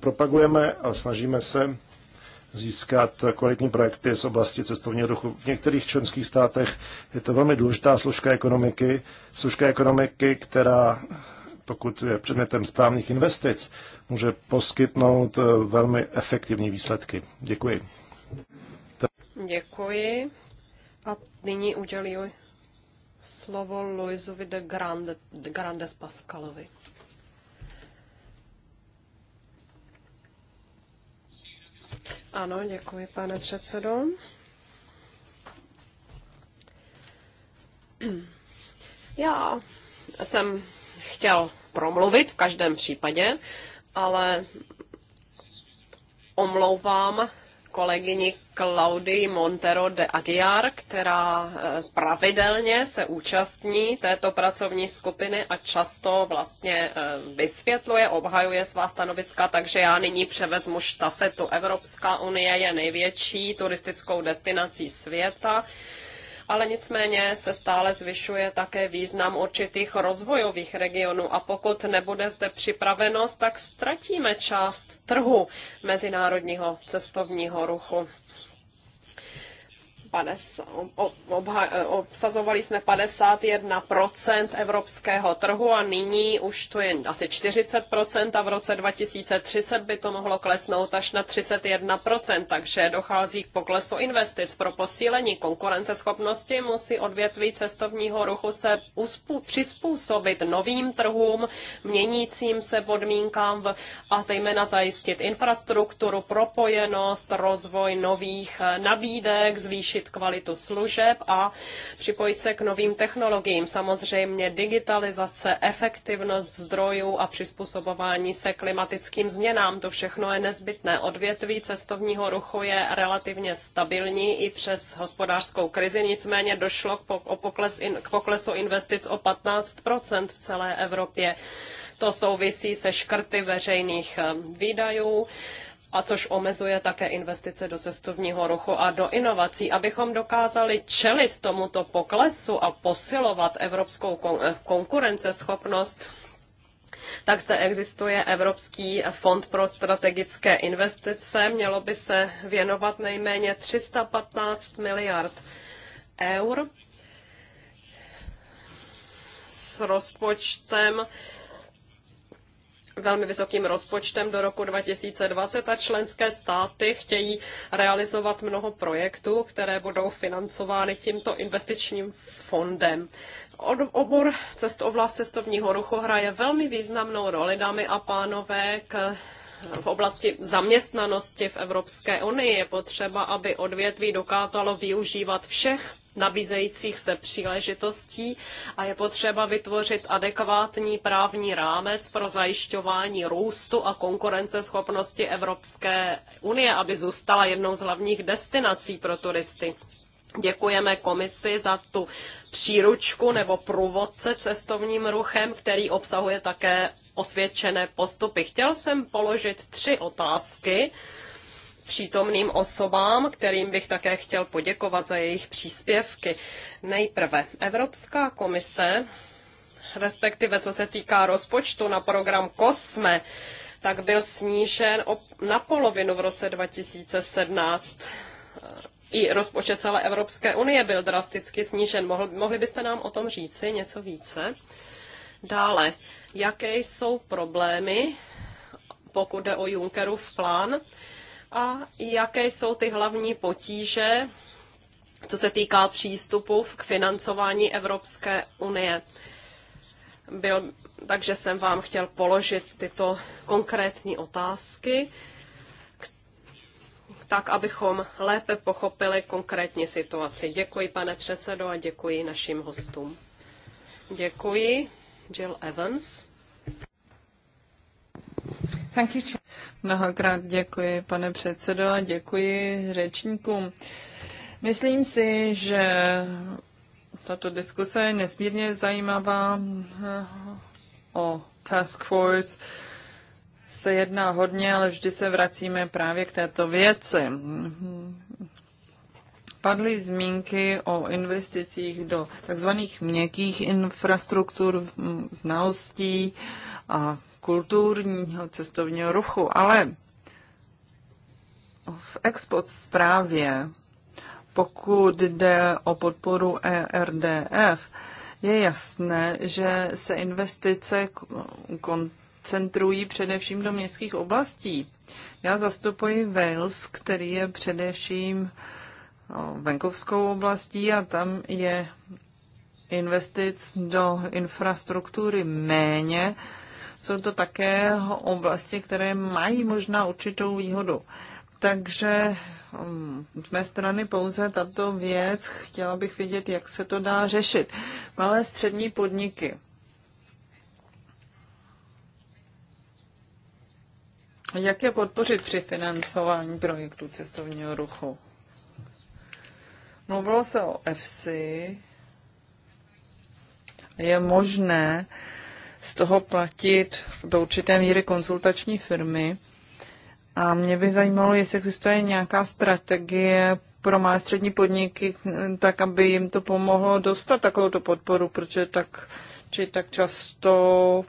propagujeme a snažíme se získat kvalitní projekty z oblasti cestovního ruchu. V některých členských státech je to velmi důležitá složka ekonomiky, složka ekonomiky, která, pokud je předmětem správných investic, může poskytnout eh, velmi efektivní výsledky. Děkuji. Děkuji. A nyní udělí slovo Luizovi de, Grande, de Grandes Pascalovi. Ano, děkuji, pane předsedo. Já jsem chtěl promluvit v každém případě, ale omlouvám kolegyni Claudii Montero de Aguiar, která eh, pravidelně se účastní této pracovní skupiny a často vlastně eh, vysvětluje, obhajuje svá stanoviska, takže já nyní převezmu štafetu. Evropská unie je největší turistickou destinací světa ale nicméně se stále zvyšuje také význam určitých rozvojových regionů a pokud nebude zde připravenost, tak ztratíme část trhu mezinárodního cestovního ruchu. 50, eh, obsazovali jsme 51% evropského trhu a nyní už to je asi 40% a v roce 2030 by to mohlo klesnout až na 31%, takže dochází k poklesu investic. Pro posílení konkurenceschopnosti musí odvětví cestovního ruchu se přizpůsobit novým trhům, měnícím se podmínkám a zejména zajistit infrastrukturu, propojenost, rozvoj nových eh, nabídek, zvýšení zlepšit kvalitu služeb a připojit se k novým technologiím. Samozřejmě digitalizace, efektivnost zdrojů a přizpůsobování se klimatickým změnám, to všechno je nezbytné. Odvětví cestovního ruchu je relativně stabilní i přes hospodářskou krizi, nicméně došlo k poklesu investic o 15 v celé Evropě. To souvisí se škrty veřejných eh, výdajů, a což omezuje také investice do cestovního ruchu a do inovací. Abychom dokázali čelit tomuto poklesu a posilovat evropskou eh, konkurenceschopnost, tak zde existuje Evropský fond pro strategické investice. Mělo by se věnovat nejméně 315 miliard eur s rozpočtem velmi vysokým rozpočtem do roku 2020 a členské státy chtějí realizovat mnoho projektů, které budou financovány tímto investičním fondem. Od, obor cest, oblast cestovního ruchu hraje velmi významnou roli, dámy a pánové, k v oblasti zaměstnanosti v Evropské unii. Je potřeba, aby odvětví dokázalo využívat všech nabízejících se příležitostí a je potřeba vytvořit adekvátní právní rámec pro zajišťování růstu a konkurenceschopnosti Evropské unie, aby zůstala jednou z hlavních destinací pro turisty. Děkujeme komisi za tu příručku nebo průvodce cestovním ruchem, který obsahuje také osvědčené postupy. Chtěl jsem položit tři otázky přítomným osobám, kterým bych také chtěl poděkovat za jejich příspěvky. Nejprve Evropská komise, respektive co se týká rozpočtu na program COSME, tak byl snížen na polovinu v roce 2017 i rozpočet celé Evropské unie byl drasticky snížen. mohli byste nám o tom říci něco více? Dále, jaké jsou problémy, pokud jde o Junckerův plán a jaké jsou ty hlavní potíže, co se týká přístupu k financování Evropské unie. Byl, takže jsem vám chtěl položit tyto konkrétní otázky, tak abychom lépe pochopili konkrétní situaci. Děkuji, pane předsedo, a děkuji našim hostům. Děkuji. Jill Evans. Thank you. Mnohokrát děkuji, pane předsedo, a děkuji řečníkům. Myslím si, že tato diskuse je nesmírně zajímavá eh, o Task Force. Se jedná hodně, ale vždy se vracíme právě k této věci. Padly zmínky o investicích do takzvaných měkkých infrastruktur, mm, znalostí a kulturního cestovního ruchu, ale v expod zprávě, pokud jde o podporu ERDF, je jasné, že se investice koncentrují především do městských oblastí. Já zastupuji Wales, který je především uh, venkovskou oblastí a tam je investic do infrastruktury méně. Jsou to také oblasti, které mají možná určitou výhodu. Takže mm, z mé strany pouze tato věc. Chtěla bych vědět, jak se to dá řešit. Malé střední podniky. Jak je podpořit při financování projektů cestovního ruchu? Mluvilo se o FC. Je možné z toho platit do určité míry konzultační firmy. A mě by zajímalo, jestli existuje nějaká strategie pro malé střední podniky, tak aby jim to pomohlo dostat takovou podporu, protože tak, či tak často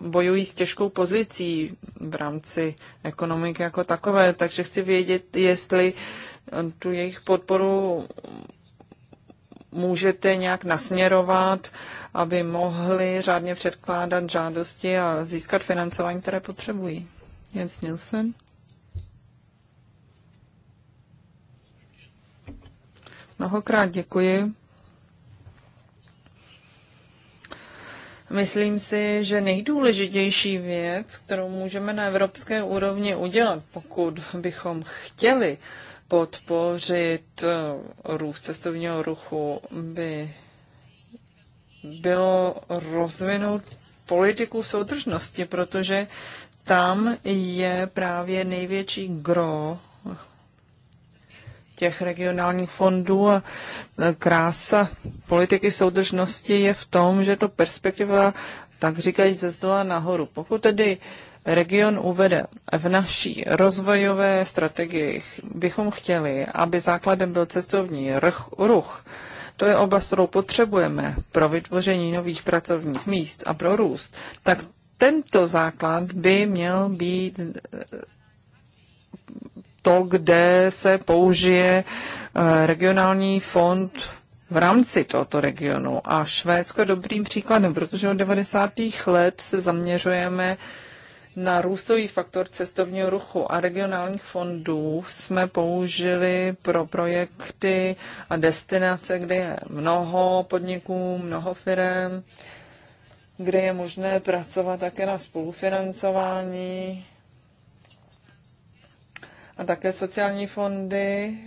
bojují s těžkou pozicí v rámci ekonomiky jako takové. Takže chci vědět, jestli uh, tu jejich podporu můžete nějak nasměrovat, aby mohli řádně předkládat žádosti a získat financování, které potřebují. Jens Nielsen. Mnohokrát děkuji. Myslím si, že nejdůležitější věc, kterou můžeme na evropské úrovni udělat, pokud bychom chtěli uh, podpořit eh, růst cestovního ruchu, by bylo rozvinout politiku soudržnosti, protože tam je právě největší gro těch regionálních fondů a eh, krása politiky soudržnosti je v tom, že to perspektiva tak říkají ze zdola nahoru. Pokud tedy uh, region uvede. V naší rozvojové strategii bychom chtěli, aby základem byl cestovní ruch. To je oblast, kterou potřebujeme pro vytvoření nových pracovních míst a pro růst. Tak tento základ by měl být to, kde se použije eh, regionální fond v rámci tohoto regionu. A Švédsko je dobrým příkladem, protože od 90. let se zaměřujeme na růstový faktor cestovního ruchu a regionálních fondů jsme použili pro projekty a destinace, kde je mnoho podniků, mnoho firm, kde je možné pracovat také na spolufinancování a také sociální fondy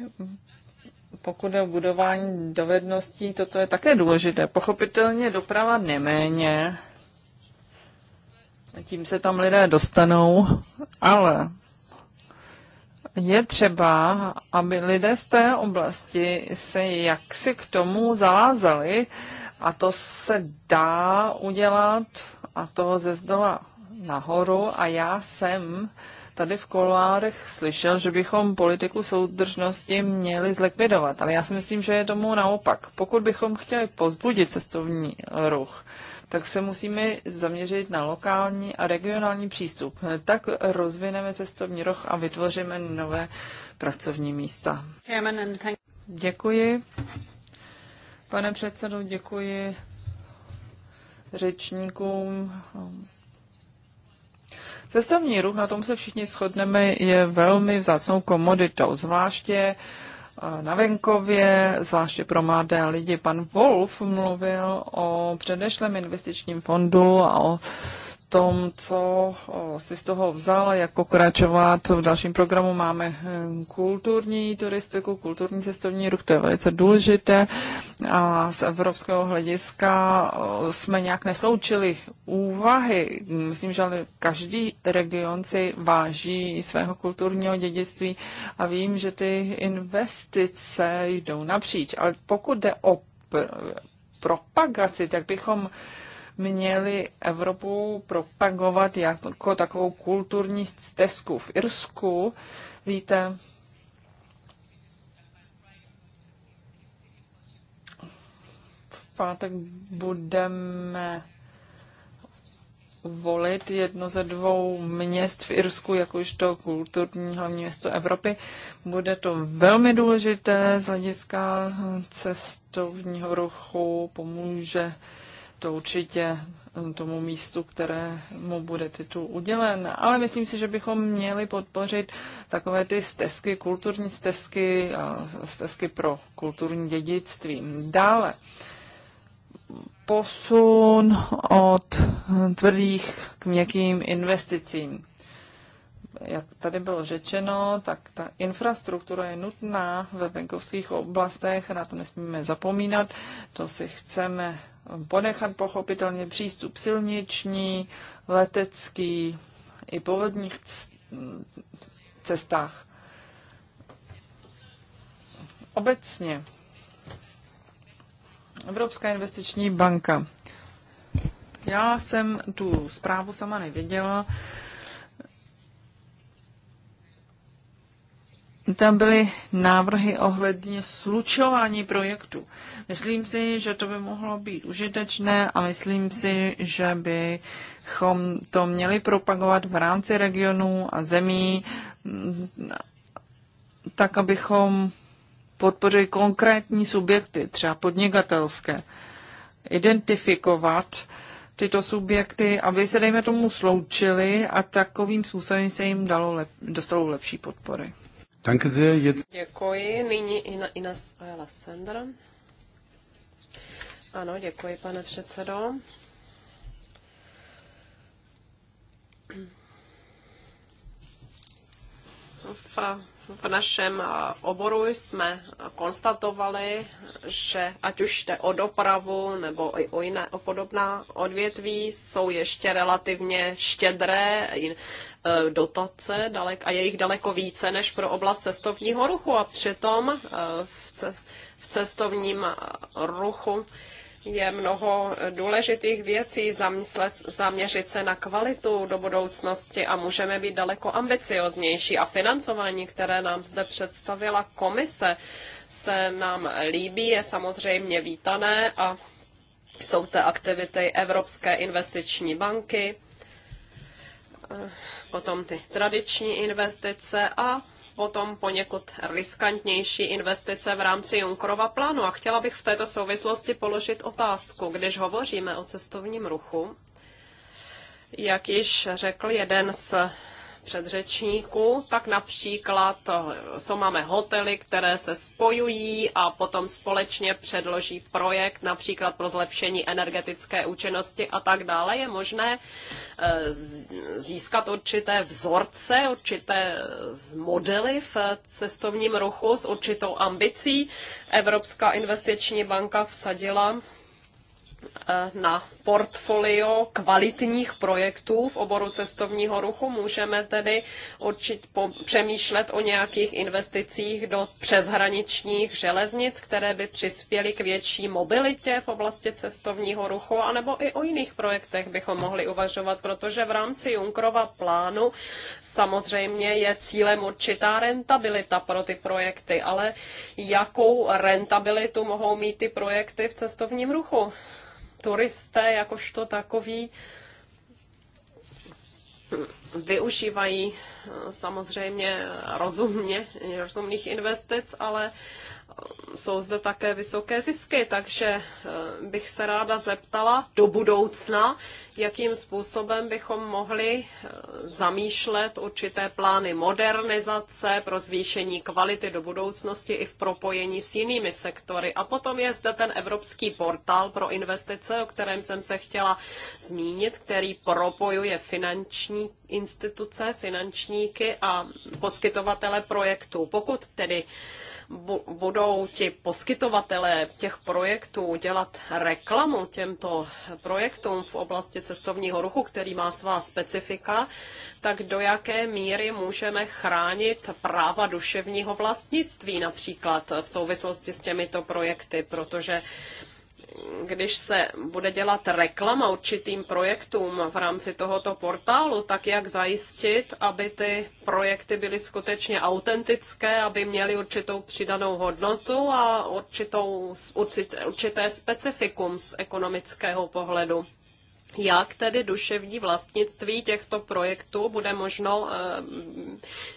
pokud je o budování dovedností, toto je také důležité. Pochopitelně doprava neméně, tím se tam lidé dostanou, ale je třeba, aby lidé z té oblasti se jaksi k tomu zavázali a to se dá udělat a to ze zdola nahoru a já jsem tady v kolárech slyšel, že bychom politiku soudržnosti měli zlikvidovat, ale já si myslím, že je tomu naopak. Pokud bychom chtěli pozbudit cestovní ruch, tak se musíme zaměřit na lokální a regionální přístup. Tak rozvineme cestovní roh a vytvoříme nové pracovní místa. Děkuji. Pane předsedo, děkuji řečníkům. Cestovní ruch, na tom se všichni shodneme, je velmi vzácnou komoditou, zvláště uh, na venkově, zvláště pro mladé lidi. Pan Wolf mluvil o předešlém investičním fondu a o tom, co si z toho vzal, jak pokračovat. V dalším programu máme eh, kulturní turistiku, kulturní cestovní ruch, to je velice důležité. A z evropského hlediska jsme nějak nesloučili úvahy. Myslím, že každý region si váží svého kulturního dědictví a vím, že ty investice jdou napříč. Ale pokud jde o propagaci, tak bychom měli Evropu propagovat jako takovou kulturní stezku v Irsku. Víte, v pátek budeme volit jedno ze dvou měst v Irsku, jakožto kulturní hlavní město Evropy. Bude to velmi důležité z hlediska cestovního ruchu, pomůže to určitě eh, tomu místu, které mu bude titul udělen. Ale myslím si, že bychom měli podpořit takové ty stezky, kulturní stezky, stezky pro kulturní dědictví. Dále posun od tvrdých k měkkým investicím. Jak tady bylo řečeno, tak ta infrastruktura je nutná ve venkovských oblastech, na to nesmíme zapomínat, to si chceme ponechat pochopitelně přístup silniční, letecký i po vodních cestách. Obecně Evropská investiční banka. Já jsem tu zprávu sama neviděla. Tam byly návrhy ohledně slučování projektu. Myslím si, že to by mohlo být užitečné a myslím si, že bychom to měli propagovat v rámci regionů a zemí, mm, tak abychom podpořili konkrétní subjekty, třeba podnikatelské, identifikovat tyto subjekty, aby se, dejme tomu, sloučili a takovým způsobem se jim dalo lep, dostalo lepší podpory. Děkuji. Nyní Ina, Ina Sandra. Ano, děkuji, pane předsedo. V, v našem oboru jsme konstatovali, že ať už jde o dopravu nebo i o jiné o podobná odvětví, jsou ještě relativně štědré e, dotace dalek, a je jich daleko více než pro oblast cestovního ruchu. A přitom e, v, v cestovním ruchu je mnoho důležitých věcí, zamyslet, zaměřit se na kvalitu do budoucnosti a můžeme být daleko ambicioznější. A financování, které nám zde představila komise, se nám líbí, je samozřejmě vítané a jsou zde aktivity Evropské investiční banky, eh, potom ty tradiční investice a potom poněkud riskantnější investice v rámci Junkrova plánu. A chtěla bych v této souvislosti položit otázku, když hovoříme o cestovním ruchu, jak již řekl jeden z předřečníků, tak například eh, jsou máme hotely, které se spojují a potom společně předloží projekt například pro zlepšení energetické účinnosti a tak dále. Je možné eh, získat určité vzorce, určité eh, modely v cestovním ruchu s určitou ambicí. Evropská investiční banka vsadila na portfolio kvalitních projektů v oboru cestovního ruchu. Můžeme tedy určit, po, přemýšlet o nějakých investicích do přeshraničních železnic, které by přispěly k větší mobilitě v oblasti cestovního ruchu, anebo i o jiných projektech bychom mohli uvažovat, protože v rámci Junkrova plánu samozřejmě je cílem určitá rentabilita pro ty projekty, ale jakou rentabilitu mohou mít ty projekty v cestovním ruchu? turisté jakožto takový využívají eh, samozřejmě rozumně, rozumných investic, ale eh, jsou zde také vysoké zisky, takže eh, bych se ráda zeptala do budoucna, jakým způsobem bychom mohli eh, zamýšlet určité plány modernizace pro zvýšení kvality do budoucnosti i v propojení s jinými sektory. A potom je zde ten Evropský portál pro investice, o kterém jsem se chtěla zmínit, který propojuje finanční instituce, finančníky a poskytovatele projektů. Pokud tedy budou ti poskytovatele těch projektů dělat reklamu těmto projektům v oblasti cestovního ruchu, který má svá specifika, tak do jaké míry můžeme chránit práva duševního vlastnictví například v souvislosti s těmito projekty, protože když se bude dělat reklama určitým projektům v rámci tohoto portálu, tak jak zajistit, aby ty projekty byly skutečně autentické, aby měly určitou přidanou hodnotu a určitou, určité specifikum z ekonomického pohledu jak tedy duševní vlastnictví těchto projektů bude možno eh,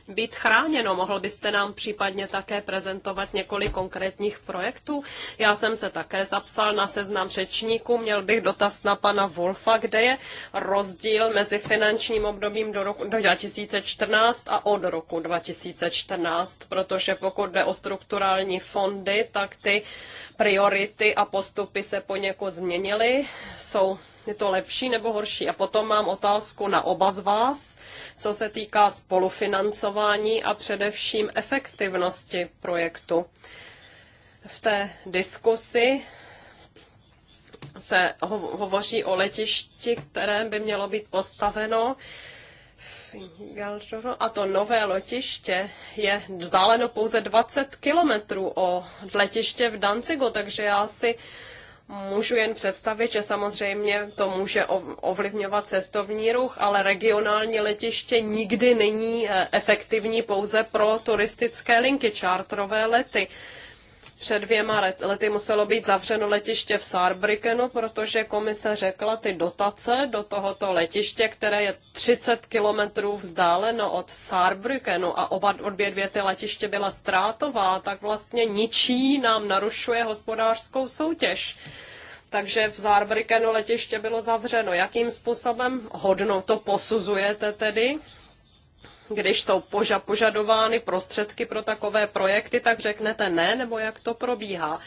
být chráněno. Mohl byste nám případně také prezentovat několik konkrétních projektů? Já jsem se také zapsal na seznam řečníků, měl bych dotaz na pana Wolfa, kde je rozdíl mezi finančním obdobím do roku do 2014 a od roku 2014, protože pokud jde o strukturální fondy, tak ty priority a postupy se poněkud změnily, jsou je to lepší nebo horší? A potom mám otázku na oba z vás, co se týká spolufinancování a především efektivnosti projektu. V té diskusi se hovoří o letišti, které by mělo být postaveno a to nové letiště je vzdáleno pouze 20 kilometrů od letiště v Dancigu, takže já si Můžu jen představit, že samozřejmě to může ovlivňovat cestovní ruch, ale regionální letiště nikdy není eh, efektivní pouze pro turistické linky, čártrové lety před dvěma lety muselo být zavřeno letiště v Saarbrückenu, protože komise řekla ty dotace do tohoto letiště, které je 30 kilometrů vzdáleno od Saarbrückenu a oba obě dvě ty letiště byla ztrátová, tak vlastně ničí nám narušuje hospodářskou soutěž takže v Saarbrückenu letiště bylo zavřeno. Jakým způsobem hodno to posuzujete tedy? když jsou poža- požadovány prostředky pro takové projekty, tak řeknete ne, nebo jak to probíhá.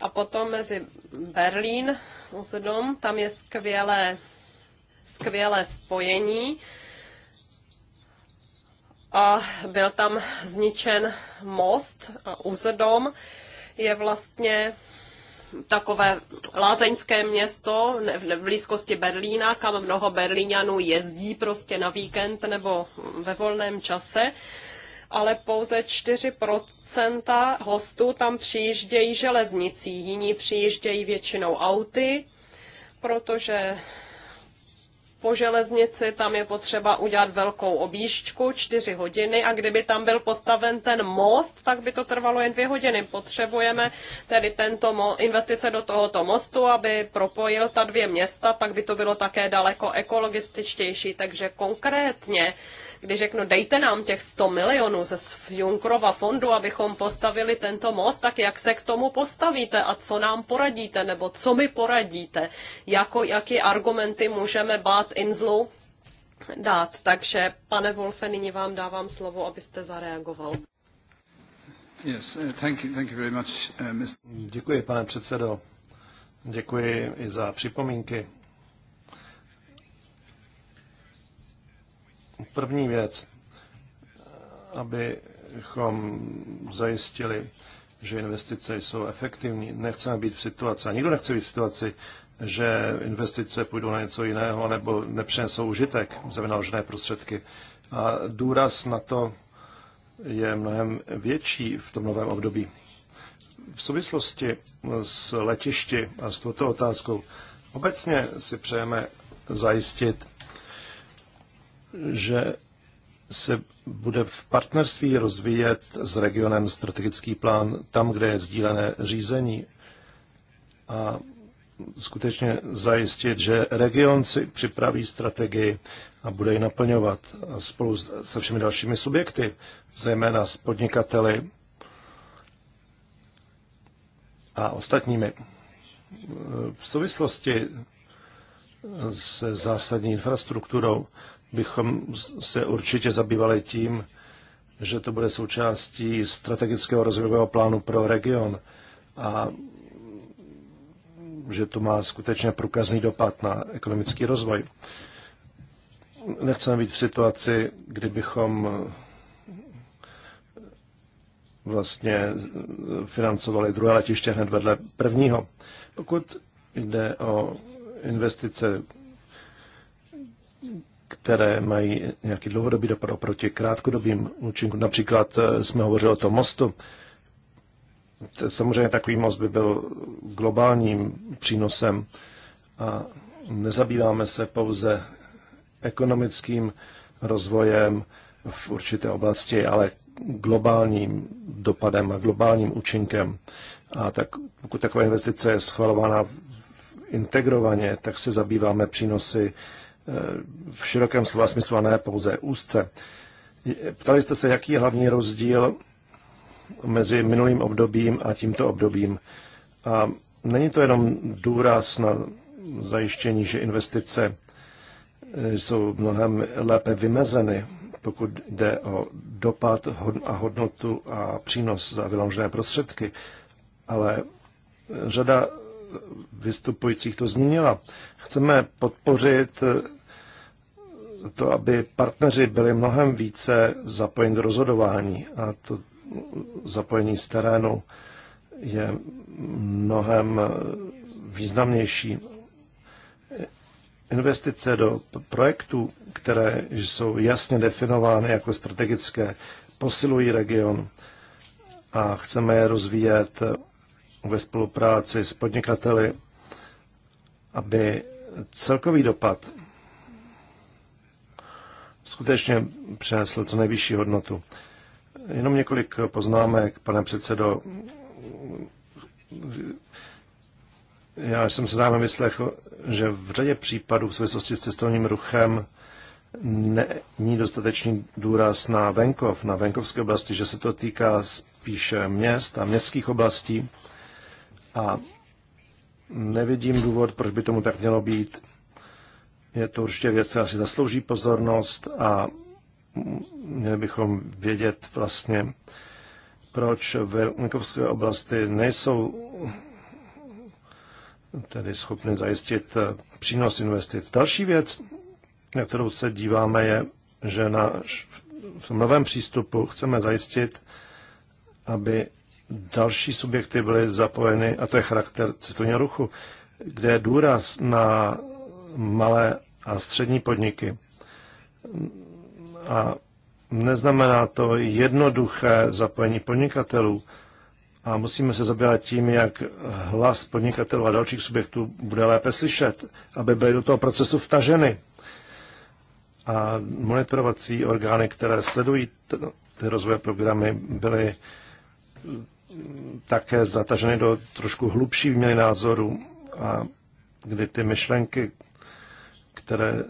A potom mezi Berlín, Usedom, tam je skvělé, skvělé spojení. A byl tam zničen most a Uzdom je vlastně takové lázeňské město v blízkosti Berlína, kam mnoho Berlíňanů jezdí prostě na víkend nebo ve volném čase ale pouze 4% hostů tam přijíždějí železnicí, jiní přijíždějí většinou auty, protože po železnici, tam je potřeba udělat velkou objížďku, čtyři hodiny a kdyby tam byl postaven ten most, tak by to trvalo jen dvě hodiny. Potřebujeme tedy tento investice do tohoto mostu, aby propojil ta dvě města, pak by to bylo také daleko ekologističtější. Takže konkrétně, když řeknu, dejte nám těch 100 milionů ze Junkrova fondu, abychom postavili tento most, tak jak se k tomu postavíte a co nám poradíte, nebo co mi poradíte, jako, jaký argumenty můžeme bát Inzlu dát. Takže, pane Wolfe, nyní vám dávám slovo, abyste zareagoval. Yes, eh, thank you, thank you very much, uh, Děkuji, pane předsedo. Děkuji i za připomínky. První věc, abychom zajistili, že investice jsou efektivní. Nechceme být v situaci, a nikdo nechce být v situaci, že investice půjdou na něco jiného nebo nepřinesou užitek za vynaložené prostředky. A důraz na to je mnohem větší v tom novém období. V souvislosti s letišti a s touto otázkou obecně si přejeme zajistit, že se bude v partnerství rozvíjet s regionem strategický plán tam, kde je sdílené řízení. A skutečně zajistit, že region si připraví strategii a bude ji naplňovat spolu se všemi dalšími subjekty, zejména s podnikateli a ostatními. V souvislosti se zásadní infrastrukturou bychom se určitě zabývali tím, že to bude součástí strategického rozvojového plánu pro region a že to má skutečně průkazný dopad na ekonomický rozvoj. Nechceme být v situaci, kdybychom eh, vlastně financovali druhé letiště hned vedle prvního. Pokud jde o investice, které mají nějaký dlouhodobý dopad oproti krátkodobým účinkům, například eh, jsme hovořili o tom mostu, Samozřejmě takový most by byl globálním přínosem a nezabýváme se pouze ekonomickým rozvojem v určité oblasti, ale globálním dopadem a globálním účinkem. A tak, pokud taková investice je schvalována integrovaně, tak se zabýváme přínosy eh, v širokém slova smyslu a ne pouze úzce. Ptali jste se, jaký je hlavní rozdíl mezi minulým obdobím a tímto obdobím. A není to jenom důraz na zajištění, že investice eh, jsou mnohem lépe vymezeny, pokud jde o dopad a hodnotu a přínos za vyložené prostředky, ale řada vystupujících to zmínila. Chceme podpořit eh, to, aby partneři byli mnohem více zapojeni do rozhodování. A to zapojení z terénu je mnohem významnější. Investice do projektů, které jsou jasně definovány jako strategické, posilují region a chceme je rozvíjet ve spolupráci s podnikateli, aby celkový dopad skutečně přinesl co nejvyšší hodnotu. Jenom několik poznámek, pane předsedo. Já jsem se zájmem vyslechl, že v řadě případů v souvislosti s cestovním ruchem není dostatečný důraz na venkov, na venkovské oblasti, že se to týká spíše měst a městských oblastí. A nevidím důvod, proč by tomu tak mělo být. Je to určitě věc, která si zaslouží pozornost a měli bychom vědět vlastně, proč venkovské oblasti nejsou tedy schopny zajistit přínos investic. Další věc, na kterou se díváme, je, že na, v tom novém přístupu chceme zajistit, aby další subjekty byly zapojeny, a to je charakter cestovního ruchu, kde je důraz na malé a střední podniky. A neznamená to jednoduché zapojení podnikatelů. A musíme se zabývat tím, jak hlas podnikatelů a dalších subjektů bude lépe slyšet, aby byly do toho procesu vtaženy. A monitorovací orgány, které sledují ty rozvoje programy, byly také zataženy do trošku hlubší výměny názorů a kdy ty myšlenky, které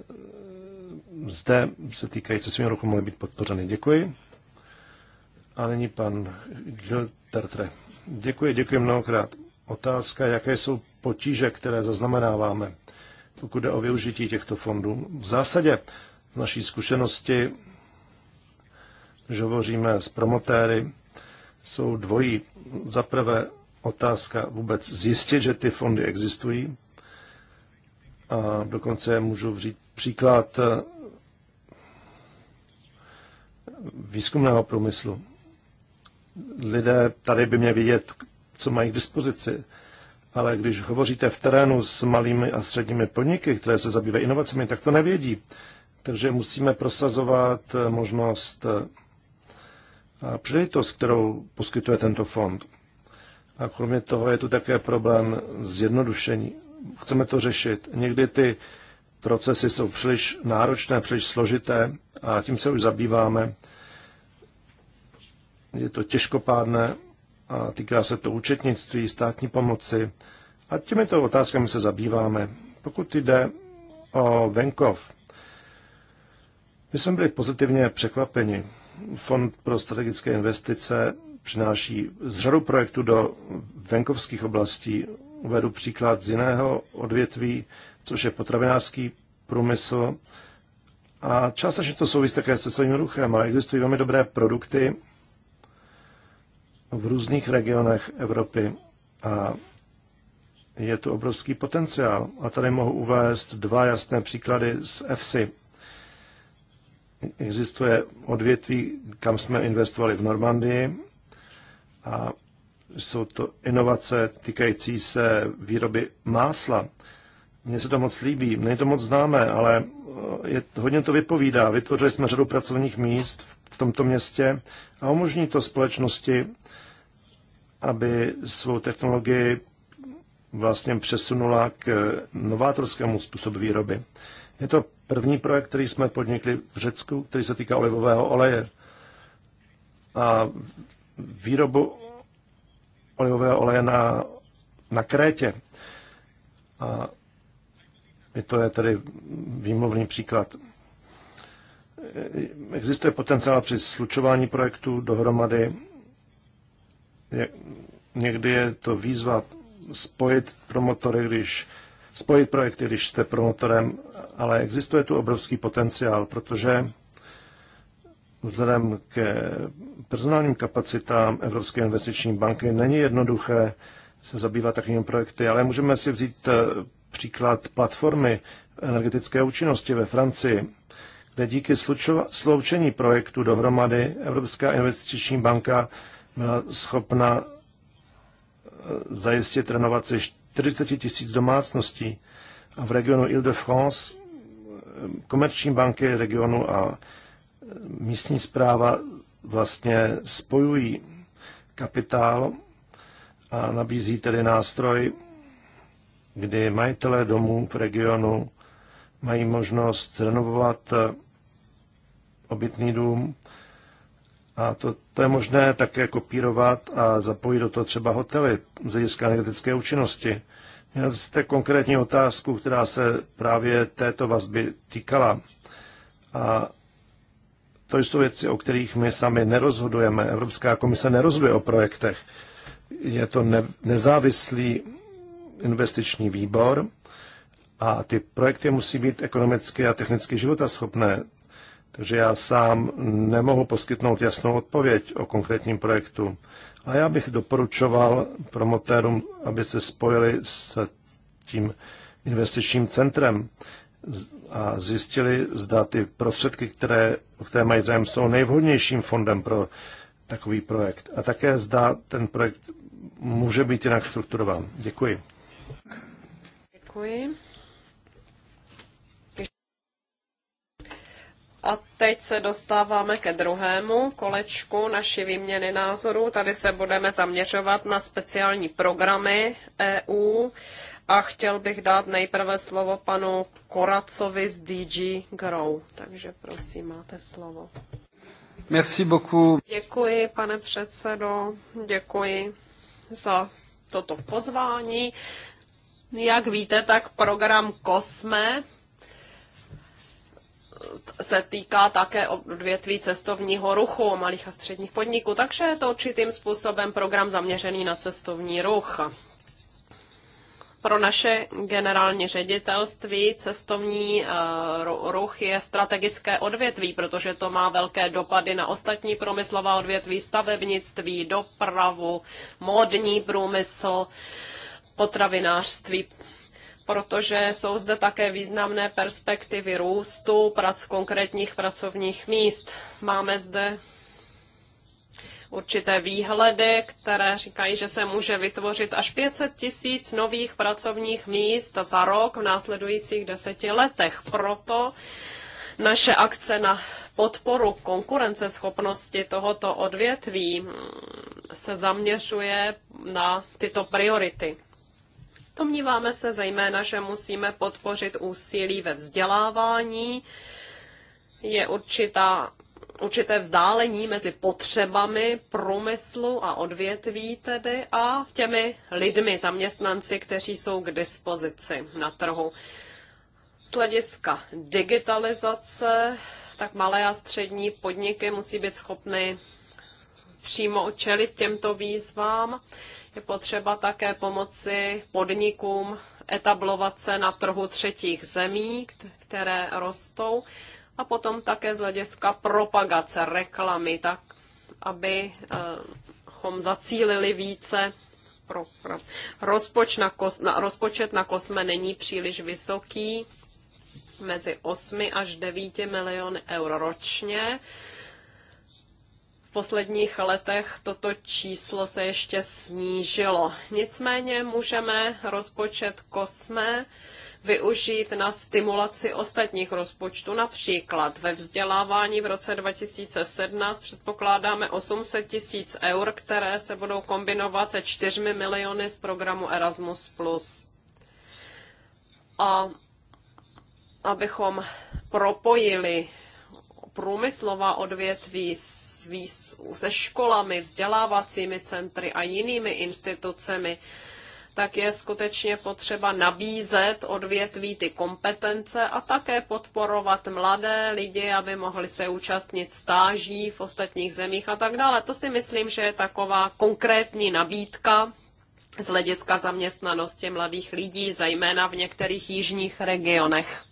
zde se týkající svým roku mohly být podpořeny. Děkuji. A nyní pan Gil Tertre. Děkuji, děkuji mnohokrát. Otázka, jaké jsou potíže, které zaznamenáváme, pokud jde o využití těchto fondů. V zásadě z naší zkušenosti, že hovoříme s promotéry, jsou dvojí. Za prvé otázka vůbec zjistit, že ty fondy existují. A dokonce můžu vzít příklad výzkumného průmyslu. Lidé tady by mě vidět, co mají k dispozici, ale když hovoříte v terénu s malými a středními podniky, které se zabývají inovacemi, tak to nevědí. Takže musíme prosazovat možnost a příležitost, kterou poskytuje tento fond. A kromě toho je tu také problém zjednodušení. Chceme to řešit. Někdy ty procesy jsou příliš náročné, příliš složité a tím se už zabýváme je to těžkopádné a týká se to účetnictví, státní pomoci. A těmito otázkami se zabýváme. Pokud jde o venkov, my jsme byli pozitivně překvapeni. Fond pro strategické investice přináší z řadu projektů do venkovských oblastí. Uvedu příklad z jiného odvětví, což je potravinářský průmysl. A částečně to souvisí také se svým ruchem, ale existují velmi dobré produkty v různých regionech Evropy a je tu obrovský potenciál. A tady mohu uvést dva jasné příklady z EFSI. Existuje odvětví, kam jsme investovali v Normandii a jsou to inovace týkající se výroby másla. Mně se to moc líbí, není to moc známé, ale je, hodně to vypovídá. Vytvořili jsme řadu pracovních míst v tomto městě a umožní to společnosti aby svou technologii vlastně přesunula k novátorskému způsobu výroby. Je to první projekt, který jsme podnikli v Řecku, který se týká olivového oleje. A výrobu olivového oleje na, na Krétě. A to je tedy výmluvný příklad. Existuje potenciál při slučování projektů dohromady Někdy je to výzva spojit promotory, když spojit projekty, když jste promotorem, ale existuje tu obrovský potenciál, protože vzhledem ke personálním kapacitám Evropské investiční banky není jednoduché se zabývat takovými projekty, ale můžeme si vzít eh, příklad platformy energetické účinnosti ve Francii, kde díky sloučení projektu dohromady Evropská investiční banka byla schopna eh, zajistit renovaci 40 tisíc domácností a v regionu Ile-de-France eh, komerční banky regionu a eh, místní zpráva vlastně spojují kapitál a nabízí tedy nástroj, kdy majitelé domů v regionu mají možnost renovovat obytný dům a to, to je možné také kopírovat a zapojit do toho třeba hotely z hlediska energetické účinnosti. Měl jste konkrétní otázku, která se právě této vazby týkala. A to jsou věci, o kterých my sami nerozhodujeme. Evropská komise nerozhoduje o projektech. Je to ne, nezávislý investiční výbor a ty projekty musí být ekonomicky a technicky životaschopné. Takže já sám nemohu poskytnout jasnou odpověď o konkrétním projektu. A já bych doporučoval promotérům, aby se spojili s tím investičním centrem a zjistili, zda ty prostředky, které, které mají zájem, jsou nejvhodnějším fondem pro takový projekt. A také zda ten projekt může být jinak strukturován. Děkuji. Děkuji. A teď se dostáváme ke druhému kolečku naší výměny názorů. Tady se budeme zaměřovat na speciální programy EU a chtěl bych dát nejprve slovo panu Koracovi z DG Grow. Takže prosím, máte slovo. Merci beaucoup. Děkuji, pane předsedo, děkuji za toto pozvání. Jak víte, tak program COSME se týká také odvětví cestovního ruchu, malých a středních podniků, takže je to určitým způsobem program zaměřený na cestovní ruch. Pro naše generální ředitelství cestovní eh, ruch je strategické odvětví, protože to má velké dopady na ostatní průmyslová odvětví, stavebnictví, dopravu, módní průmysl, potravinářství protože jsou zde také významné perspektivy růstu prac konkrétních pracovních míst. Máme zde určité výhledy, které říkají, že se může vytvořit až 500 tisíc nových pracovních míst za rok v následujících deseti letech. Proto naše akce na podporu konkurenceschopnosti tohoto odvětví se zaměřuje na tyto priority. Domníváme se zejména, že musíme podpořit úsilí ve vzdělávání. Je určitá, určité vzdálení mezi potřebami průmyslu a odvětví tedy a těmi lidmi, zaměstnanci, kteří jsou k dispozici na trhu. Z hlediska digitalizace, tak malé a střední podniky musí být schopny přímo čelit těmto výzvám. Je potřeba také pomoci podnikům etablovat se na trhu třetích zemí, které rostou, a potom také z hlediska propagace, reklamy, tak abychom eh, zacílili více pro. Rozpoč na kos, na, rozpočet na kosme není příliš vysoký, mezi 8 až 9 miliony euro ročně posledních letech toto číslo se ještě snížilo. Nicméně můžeme rozpočet kosme využít na stimulaci ostatních rozpočtů. Například ve vzdělávání v roce 2017 předpokládáme 800 tisíc eur, které se budou kombinovat se 4 miliony z programu Erasmus+. A abychom propojili průmyslová odvětví se školami, vzdělávacími centry a jinými institucemi, tak je skutečně potřeba nabízet odvětví ty kompetence a také podporovat mladé lidi, aby mohli se účastnit stáží v ostatních zemích a tak dále. To si myslím, že je taková konkrétní nabídka z hlediska zaměstnanosti mladých lidí, zejména v některých jižních regionech.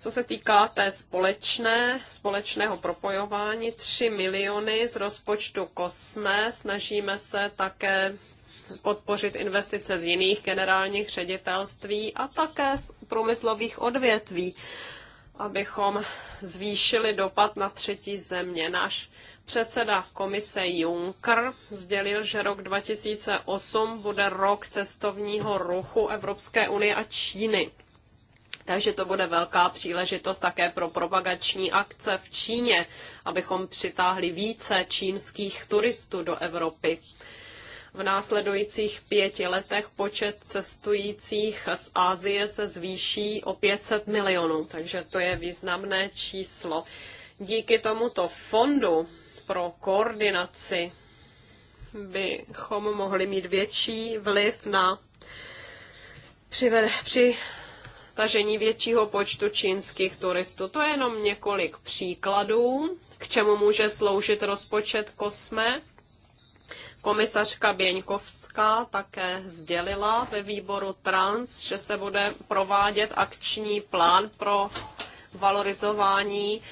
Co se týká té společné, společného propojování, 3 miliony z rozpočtu Kosme snažíme se také podpořit investice z jiných generálních ředitelství a také z průmyslových odvětví, abychom zvýšili dopad na třetí země. Náš předseda komise Juncker sdělil, že rok 2008 bude rok cestovního ruchu Evropské unie a Číny. Takže to bude velká příležitost také pro propagační akce v Číně, abychom přitáhli více čínských turistů do Evropy. V následujících pěti letech počet cestujících z Asie se zvýší o 500 milionů, takže to je významné číslo. Díky tomuto fondu pro koordinaci bychom mohli mít větší vliv na při, při tažení většího počtu čínských turistů. To je jenom několik příkladů, k čemu může sloužit rozpočet Kosme. Komisařka Běňkovská také sdělila ve výboru Trans, že se bude provádět akční plán pro valorizování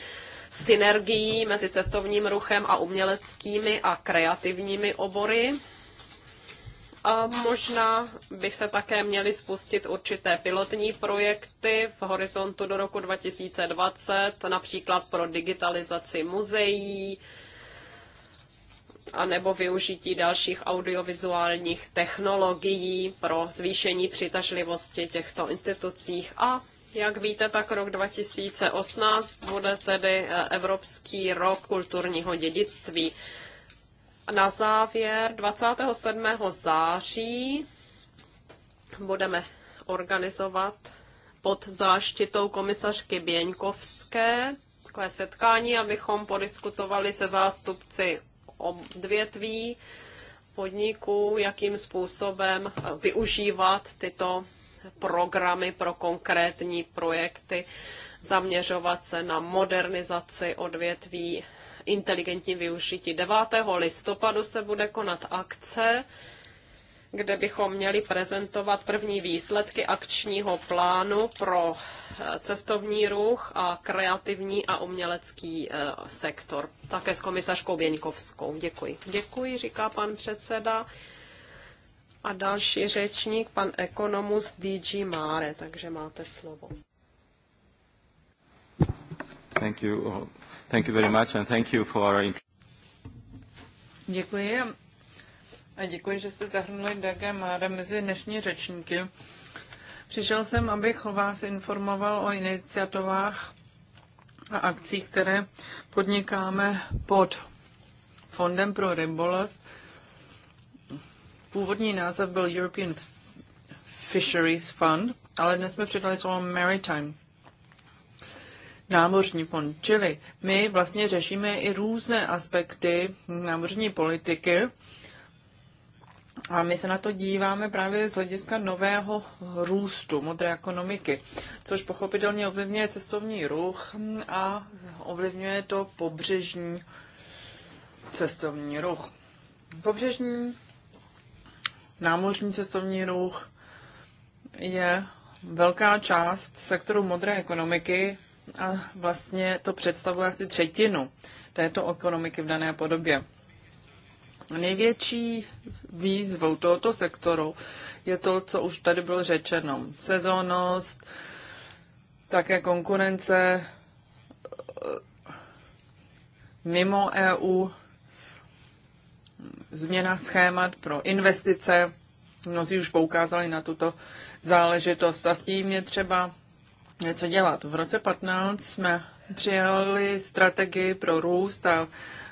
synergií mezi cestovním ruchem a uměleckými a kreativními obory. A možná by se také měly spustit určité pilotní projekty v horizontu do roku 2020, například pro digitalizaci muzeí, a nebo využití dalších audiovizuálních technologií pro zvýšení přitažlivosti těchto institucích. A jak víte, tak rok 2018 bude tedy eh, Evropský rok kulturního dědictví na závěr 27. září budeme organizovat pod záštitou komisařky Běňkovské takové setkání, abychom podiskutovali se zástupci odvětví podniků, jakým způsobem využívat tyto programy pro konkrétní projekty, zaměřovat se na modernizaci odvětví inteligentní využití. 9. listopadu se bude konat akce, kde bychom měli prezentovat první výsledky akčního plánu pro eh, cestovní ruch a kreativní a umělecký eh, sektor. Také s komisařkou Běňkovskou. Děkuji. Děkuji, říká pan předseda. A další řečník, pan ekonomus DG Mare, takže máte slovo. Thank you. Thank you very much and thank you for... Děkuji a děkuji, že jste zahrnuli Daga Mára mezi dnešní řečníky. Přišel jsem, abych vás informoval o iniciativách a akcích, které podnikáme pod Fondem pro rybolov. Původní název byl European Fisheries Fund, ale dnes jsme přidali slovo Maritime námořní fond. Čili my vlastně řešíme i různé aspekty námořní politiky a my se na to díváme právě z hlediska nového růstu modré ekonomiky, což pochopitelně ovlivňuje cestovní ruch a ovlivňuje to pobřežní cestovní ruch. Pobřežní námořní cestovní ruch je velká část sektoru modré ekonomiky a vlastně to představuje asi třetinu této ekonomiky v dané podobě. Největší výzvou tohoto sektoru je to, co už tady bylo řečeno. Sezónnost, také konkurence eh, mimo EU, změna schémat pro investice. Mnozí už poukázali na tuto záležitost a s tím je třeba Něco dělat. V roce 15 jsme přijali strategii pro růst a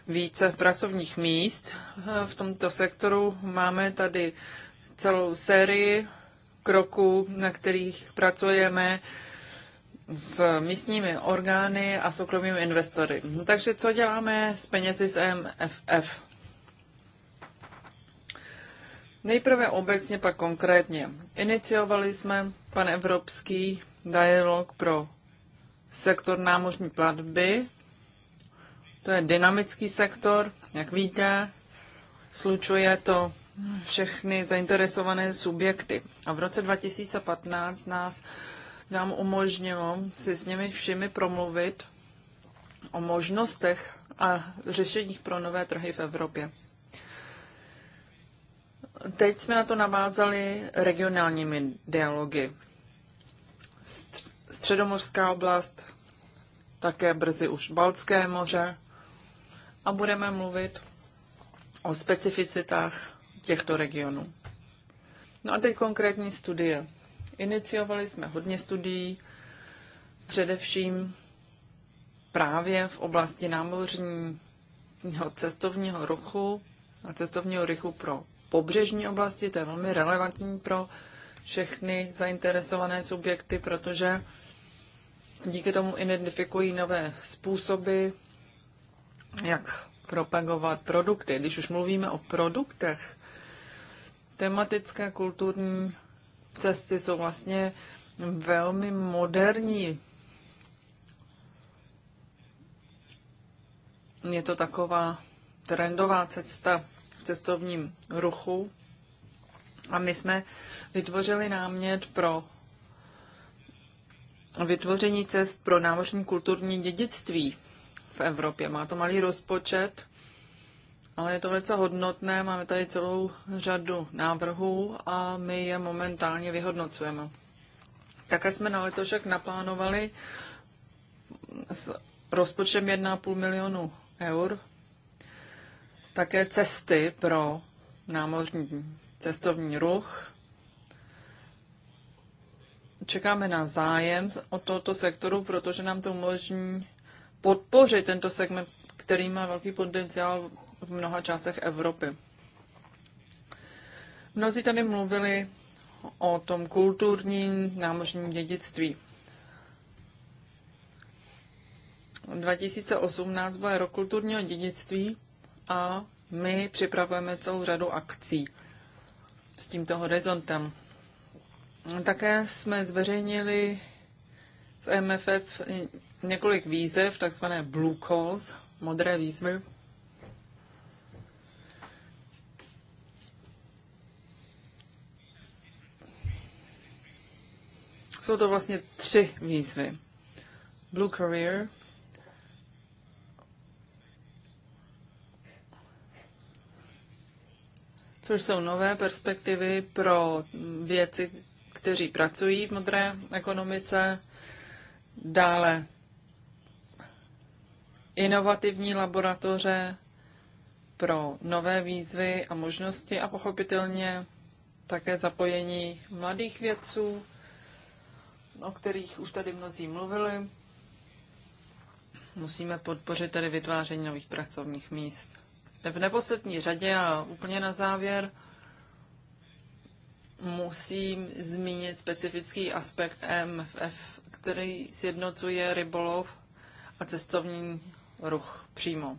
více pracovních míst. V tomto sektoru máme tady celou sérii kroků, na kterých pracujeme s místními orgány a soukromými investory. No, takže co děláme s penězi z MFF? Nejprve obecně, pak konkrétně. Iniciovali jsme pan Evropský dialog pro sektor námořní platby. To je dynamický sektor, jak víte, slučuje to všechny zainteresované subjekty. A v roce 2015 nás nám umožnilo si s nimi všemi promluvit o možnostech a řešeních pro nové trhy v Evropě. Teď jsme na to navázali regionálními dialogy středomořská oblast, také brzy už Baltské moře a budeme mluvit o specificitách těchto regionů. No a teď konkrétní studie. Iniciovali jsme hodně studií, především právě v oblasti námořního cestovního ruchu a cestovního ruchu pro pobřežní oblasti, to je velmi relevantní pro všechny zainteresované subjekty, protože díky tomu identifikují nové způsoby, jak propagovat produkty. Když už mluvíme o produktech, tematické kulturní cesty jsou vlastně velmi moderní. Je to taková trendová cesta v cestovním ruchu. A my jsme vytvořili námět pro vytvoření cest pro námořní kulturní dědictví v Evropě. Má to malý rozpočet, ale je to velice hodnotné. Máme tady celou řadu návrhů a my je momentálně vyhodnocujeme. Také jsme na letošek naplánovali s rozpočtem 1,5 milionu eur také cesty pro námořní cestovní ruch. Čekáme na zájem o tohoto sektoru, protože nám to umožní podpořit tento segment, který má velký potenciál v mnoha částech Evropy. Mnozí tady mluvili o tom kulturním námořním dědictví. 2018 bude rok kulturního dědictví a my připravujeme celou řadu akcí s tímto horizontem. Také jsme zveřejnili z MFF několik výzev, takzvané blue calls, modré výzvy. Jsou to vlastně tři výzvy. Blue Career, což jsou nové perspektivy pro věci, kteří pracují v modré ekonomice. Dále inovativní laboratoře pro nové výzvy a možnosti a pochopitelně také zapojení mladých vědců, o kterých už tady mnozí mluvili. Musíme podpořit tedy vytváření nových pracovních míst v neposlední řadě a úplně na závěr musím zmínit specifický aspekt MFF, který sjednocuje rybolov a cestovní ruch přímo.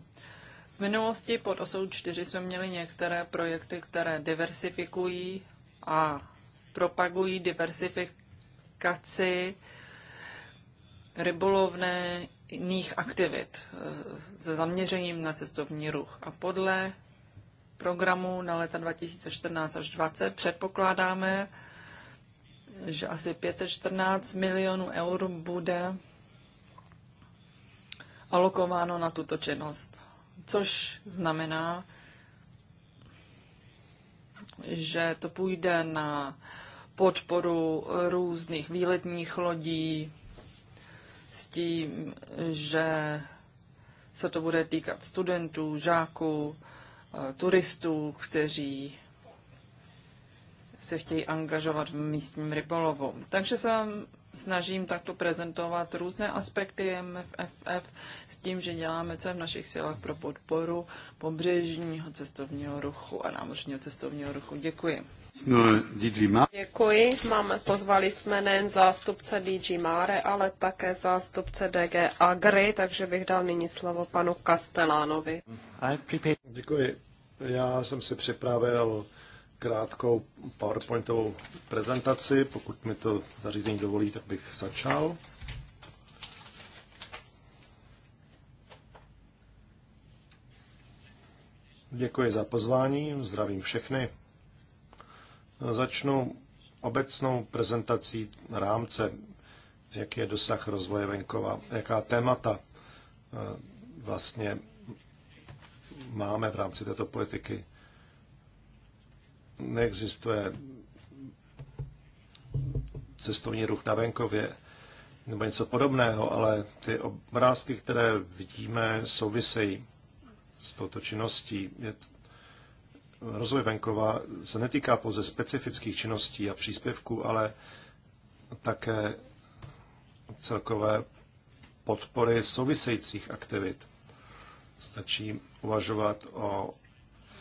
V minulosti pod osou 4 jsme měli některé projekty, které diversifikují a propagují diversifikaci rybolovné jiných aktivit eh, se zaměřením na cestovní ruch. A podle programu na leta 2014 až 2020 předpokládáme, že asi 514 milionů eur bude alokováno na tuto činnost. Což znamená, že to půjde na podporu různých výletních lodí, s tím, že se to bude týkat studentů, žáků, eh, turistů, kteří se chtějí angažovat v místním rybolovu. Takže se vám snažím takto prezentovat různé aspekty MFF s tím, že děláme, co v našich silách pro podporu pobřežního cestovního ruchu a námořního cestovního ruchu. Děkuji. No, Děkuji. Máme, pozvali jsme nejen zástupce DG Mare, ale také zástupce DG Agri, takže bych dal nyní slovo panu Kastelánovi. Děkuji. Já jsem si připravil krátkou PowerPointovou prezentaci. Pokud mi to zařízení dovolí, tak bych začal. Děkuji za pozvání, zdravím všechny. Začnu obecnou prezentací rámce, jaký je dosah rozvoje venkova, jaká témata eh, vlastně máme v rámci této politiky. Neexistuje cestovní ruch na venkově nebo něco podobného, ale ty obrázky, které vidíme, souvisejí s touto činností. Je rozvoj venkova se netýká pouze specifických činností a příspěvků, ale také celkové podpory souvisejících aktivit. Stačí uvažovat o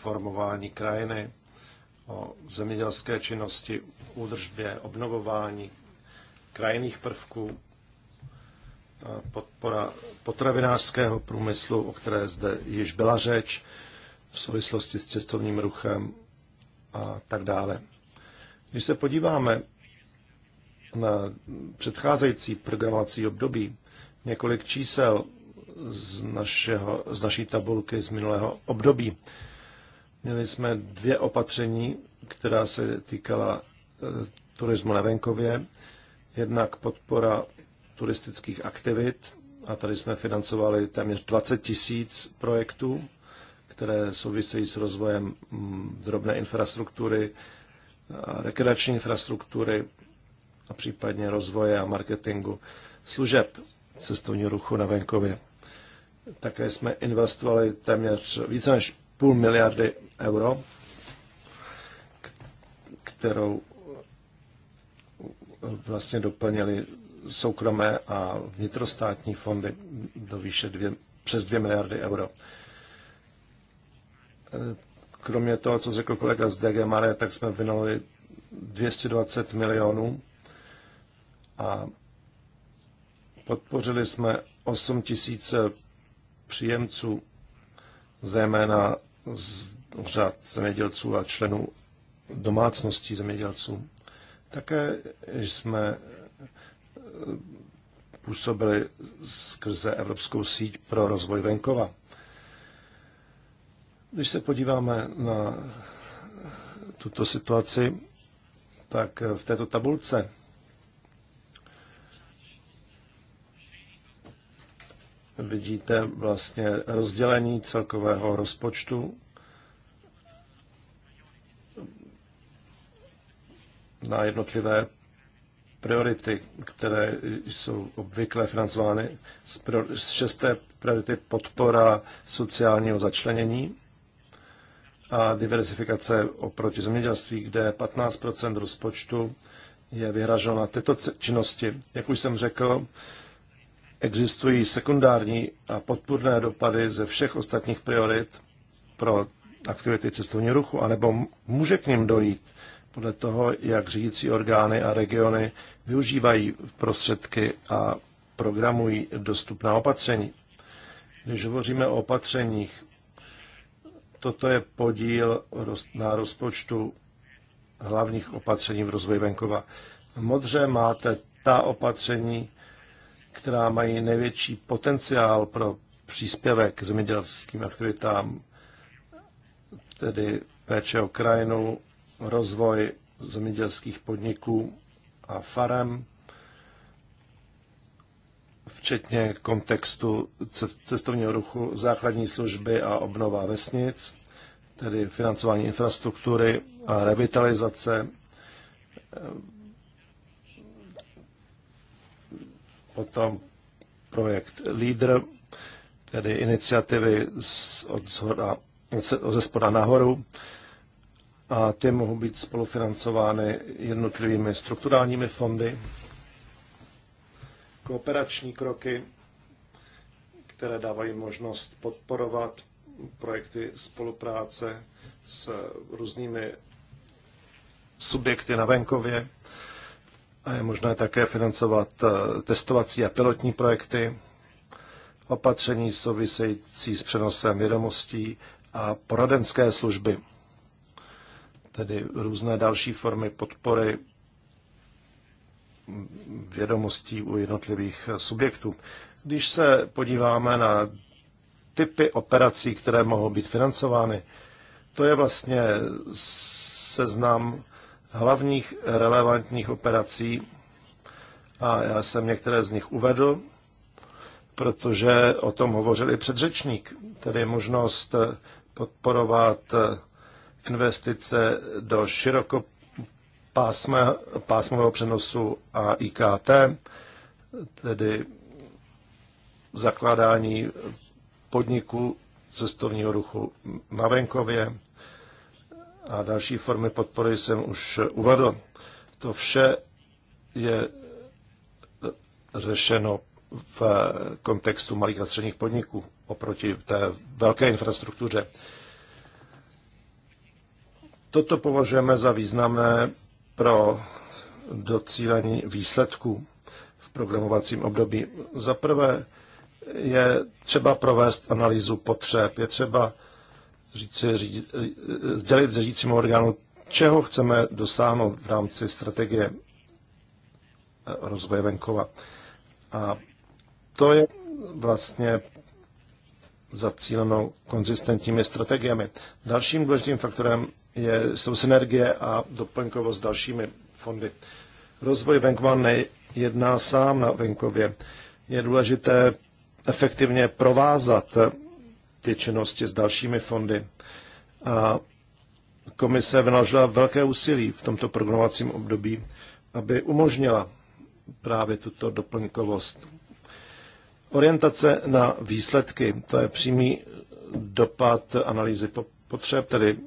formování krajiny, o zemědělské činnosti, údržbě, obnovování krajinných prvků, podpora potravinářského průmyslu, o které zde již byla řeč, v souvislosti s cestovním ruchem a tak dále. Když se podíváme na předcházející programovací období, několik čísel z, našeho, z naší tabulky z minulého období. Měli jsme dvě opatření, která se týkala e, turismu na venkově. Jednak podpora turistických aktivit, a tady jsme financovali téměř 20 tisíc projektů které souvisejí s rozvojem mm, drobné infrastruktury, rekreační infrastruktury a případně rozvoje a marketingu služeb cestovního ruchu na venkově. Také jsme investovali téměř více než půl miliardy euro, kterou vlastně doplnili soukromé a vnitrostátní fondy do výše dvě, přes 2 miliardy euro. Kromě toho, co řekl kolega z DG Mare, tak jsme vynali 220 milionů a podpořili jsme 8 tisíc příjemců, zejména z řad zemědělců a členů domácností zemědělců. Také jsme eh, působili skrze Evropskou síť pro rozvoj venkova. Když se podíváme na tuto situaci, tak v této tabulce vidíte vlastně rozdělení celkového rozpočtu na jednotlivé priority, které jsou obvykle financovány z šesté priority podpora sociálního začlenění a diversifikace oproti zemědělství, kde 15 rozpočtu je vyhraženo na tyto činnosti. Jak už jsem řekl, existují sekundární a podpůrné dopady ze všech ostatních priorit pro aktivity cestovního ruchu, anebo může k ním dojít podle toho, jak řídící orgány a regiony využívají prostředky a programují dostupná opatření. Když hovoříme o opatřeních Toto je podíl na rozpočtu hlavních opatření v rozvoji venkova. Modře máte ta opatření, která mají největší potenciál pro příspěvek k zemědělským aktivitám, tedy péče o krajinu, rozvoj zemědělských podniků a farem, včetně kontextu cestovního ruchu, základní služby a obnova vesnic, tedy financování infrastruktury a revitalizace, eh, potom projekt LEADER, tedy iniciativy z, od zhora, ze spoda nahoru, a ty mohou být spolufinancovány jednotlivými strukturálními fondy kooperační kroky, které dávají možnost podporovat projekty spolupráce s různými subjekty na venkově a je možné také financovat eh, testovací a pilotní projekty, opatření související s přenosem vědomostí a poradenské služby, tedy různé další formy podpory vědomostí u jednotlivých subjektů. Když se podíváme na typy operací, které mohou být financovány, to je vlastně seznam hlavních relevantních operací a já jsem některé z nich uvedl, protože o tom hovořil i předřečník, tedy možnost podporovat investice do široko pásma, pásmového přenosu a IKT, tedy zakládání podniků cestovního ruchu na venkově a další formy podpory jsem už uvedl. To vše je řešeno v kontextu malých a středních podniků oproti té velké infrastruktuře. Toto považujeme za významné pro docílení výsledků v programovacím období. Za prvé je třeba provést analýzu potřeb, je třeba říci, řídit, sdělit řídícímu orgánu, čeho chceme dosáhnout v rámci strategie rozvoje venkova. A to je vlastně zacílenou konzistentními strategiemi. Dalším důležitým faktorem je, jsou synergie a doplňkovost s dalšími fondy. Rozvoj venkova nejedná sám na venkově. Je důležité efektivně provázat ty činnosti s dalšími fondy. A komise vynaložila velké úsilí v tomto programovacím období, aby umožnila právě tuto doplňkovost Orientace na výsledky, to je přímý dopad analýzy potřeb, tedy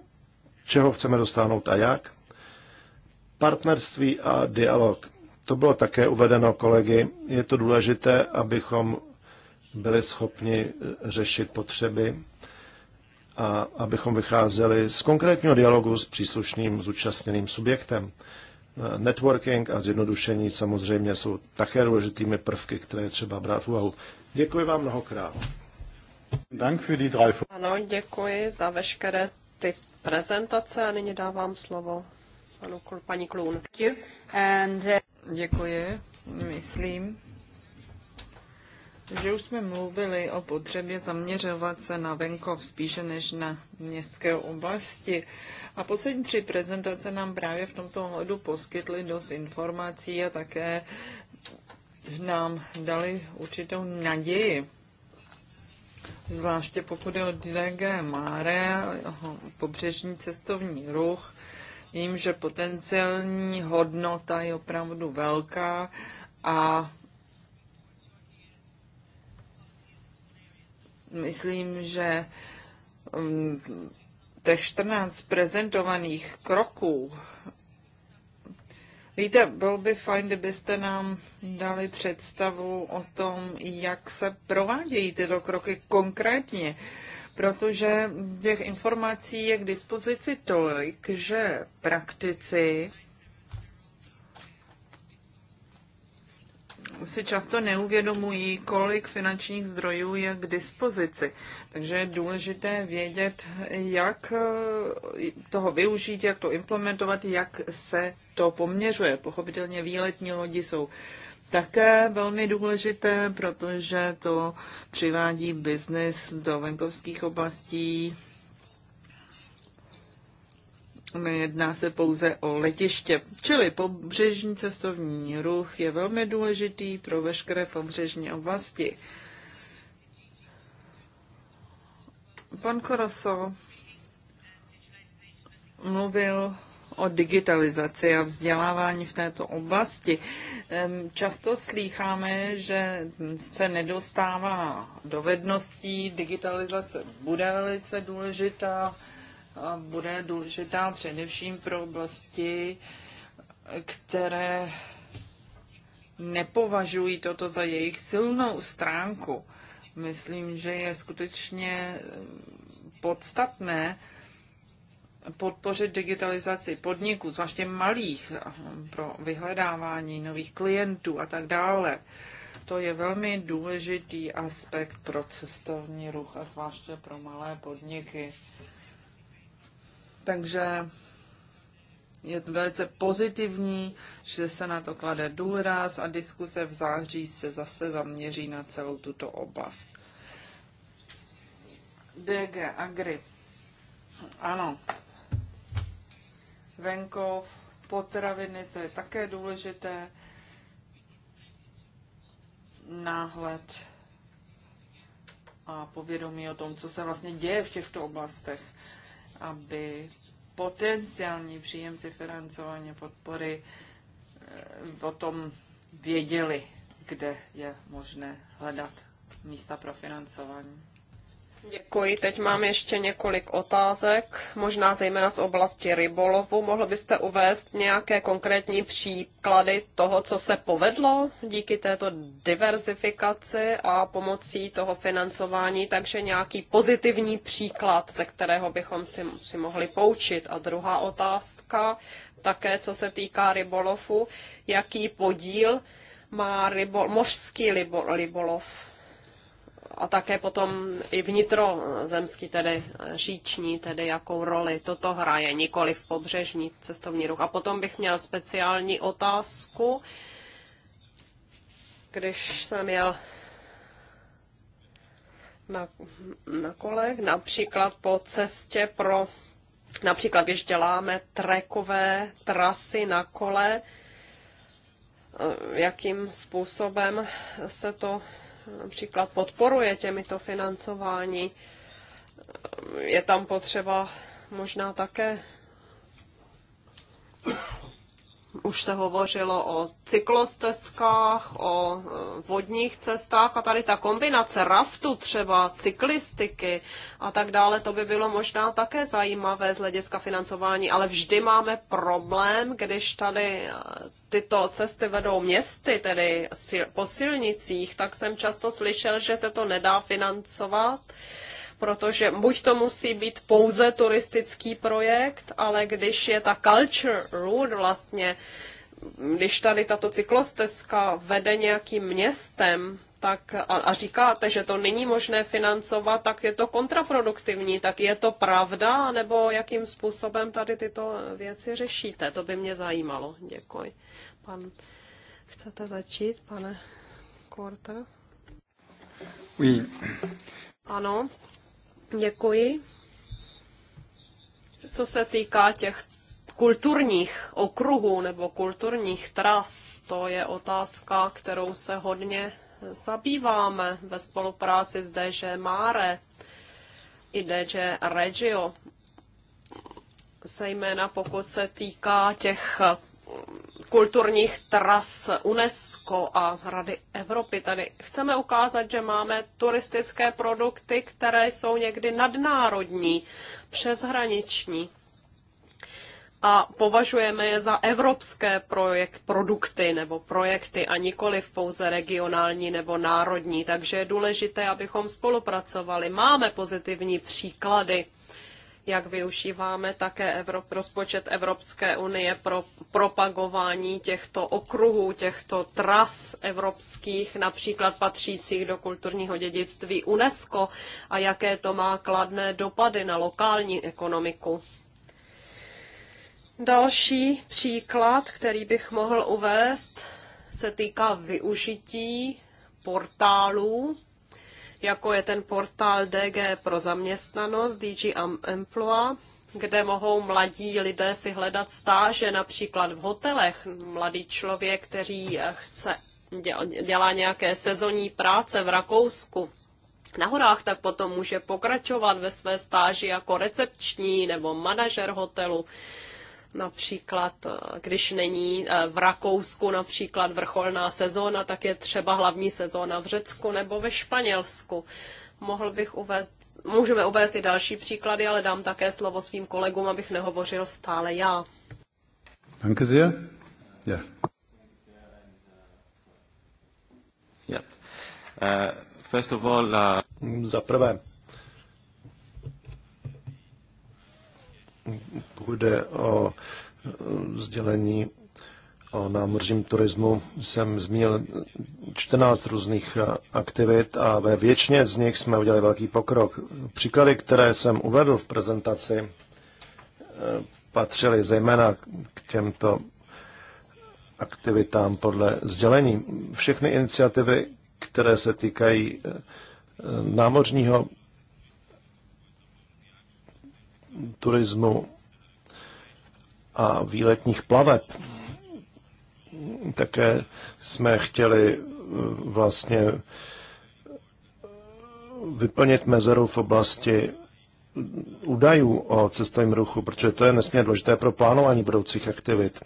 čeho chceme dostáhnout a jak. Partnerství a dialog. To bylo také uvedeno kolegy. Je to důležité, abychom byli schopni řešit potřeby a abychom vycházeli z konkrétního dialogu s příslušným zúčastněným subjektem. Networking a zjednodušení samozřejmě jsou také důležitými prvky, které je třeba brát v úvahu. Děkuji vám mnohokrát. Ano, děkuji za veškeré ty prezentace a nyní dávám slovo panu, paní Klun. Eh, děkuji, myslím, že už jsme mluvili o potřebě zaměřovat se na venkov spíše než na městské oblasti. A poslední tři prezentace nám právě v tomto ohledu poskytly dost informací a také nám dali určitou naději. Zvláště pokud je o DG Mare, pobřežní cestovní ruch, vím, že potenciální hodnota je opravdu velká a myslím, že um, těch 14 prezentovaných kroků, víte, bylo by fajn, kdybyste nám dali představu o tom, jak se provádějí tyto kroky konkrétně, protože těch informací je k dispozici tolik, že praktici si často neuvědomují, kolik finančních zdrojů je k dispozici. Takže je důležité vědět, jak eh, toho využít, jak to implementovat, jak se to poměřuje. Pochopitelně výletní lodi jsou také velmi důležité, protože to přivádí biznis do venkovských oblastí Jedná se pouze o letiště, čili pobřežní cestovní ruch je velmi důležitý pro veškeré pobřežní oblasti. Pan Koroso mluvil o digitalizaci a vzdělávání v této oblasti. Často slýcháme, že se nedostává dovedností, digitalizace bude velice důležitá bude důležitá především pro oblasti, které nepovažují toto za jejich silnou stránku. Myslím, že je skutečně podstatné podpořit digitalizaci podniků, zvláště malých, pro vyhledávání nových klientů a tak dále. To je velmi důležitý aspekt pro cestovní ruch a zvláště pro malé podniky. Takže je to velice pozitivní, že se na to klade důraz a diskuse v září se zase zaměří na celou tuto oblast. DG Agri. Ano. Venkov, potraviny, to je také důležité. Náhled a povědomí o tom, co se vlastně děje v těchto oblastech, aby potenciální příjemci financování podpory eh, o tom věděli, kde je možné hledat místa pro financování. Děkuji. Teď mám ještě několik otázek, možná zejména z oblasti rybolovu. Mohl byste uvést nějaké konkrétní příklady toho, co se povedlo díky této diverzifikaci a pomocí toho financování, takže nějaký pozitivní příklad, ze kterého bychom si, si mohli poučit. A druhá otázka, také co se týká rybolovu, jaký podíl má rybo, mořský rybolov a také potom i vnitrozemský, tedy říční, tedy jakou roli toto hraje, nikoli v pobřežní cestovní ruch. A potom bych měl speciální otázku, když jsem jel na, na kolech, například po cestě pro, například když děláme trekové trasy na kole, eh, jakým způsobem se to například podporuje těmito financování. Je tam potřeba možná také už se hovořilo o cyklostezkách, o e, vodních cestách a tady ta kombinace raftu třeba, cyklistiky a tak dále, to by bylo možná také zajímavé z hlediska financování, ale vždy máme problém, když tady e, tyto cesty vedou městy, tedy po silnicích, tak jsem často slyšel, že se to nedá financovat protože buď to musí být pouze turistický projekt, ale když je ta culture route vlastně, když tady tato cyklostezka vede nějakým městem, tak a, a říkáte, že to není možné financovat, tak je to kontraproduktivní. Tak je to pravda, nebo jakým způsobem tady tyto věci řešíte? To by mě zajímalo. Děkuji. Pan, chcete začít, pane Korte? Oui. Ano, Děkuji. Co se týká těch kulturních okruhů nebo kulturních tras, to je otázka, kterou se hodně zabýváme ve spolupráci s DG Mare i DG Regio, zejména pokud se týká těch kulturních tras UNESCO a Rady Evropy. Tady chceme ukázat, že máme turistické produkty, které jsou někdy nadnárodní, přeshraniční. A považujeme je za evropské projekt, produkty nebo projekty a nikoli pouze regionální nebo národní. Takže je důležité, abychom spolupracovali. Máme pozitivní příklady jak využíváme také Evrop, rozpočet Evropské unie pro propagování těchto okruhů, těchto tras evropských, například patřících do kulturního dědictví UNESCO a jaké to má kladné dopady na lokální ekonomiku. Další příklad, který bych mohl uvést, se týká využití portálů jako je ten portál DG pro zaměstnanost, DG Emplua, kde mohou mladí lidé si hledat stáže, například v hotelech. Mladý člověk, který eh, chce, dělá nějaké sezonní práce v Rakousku, na horách, tak potom může pokračovat ve své stáži jako recepční nebo manažer hotelu. Například, eh, když není eh, v Rakousku například vrcholná sezóna, tak je třeba hlavní sezóna v Řecku nebo ve Španělsku. Mohl bych uvést, můžeme uvést i další příklady, ale dám také slovo svým kolegům, abych nehovořil stále já. Danke sehr. Ja. Ja. Uh, first of all, uh... Za prvé, půjde jde o eh, sdělení o námořním turismu, jsem zmínil 14 různých eh, aktivit a ve většině z nich jsme udělali velký pokrok. Příklady, které jsem uvedl v prezentaci, eh, patřily zejména k těmto aktivitám podle sdělení. Všechny iniciativy, které se týkají námořního turismu a výletních plaveb. Také jsme chtěli eh, vlastně vyplnit mezeru v oblasti údajů o cestovním ruchu, protože to je nesmírně důležité pro plánování budoucích aktivit.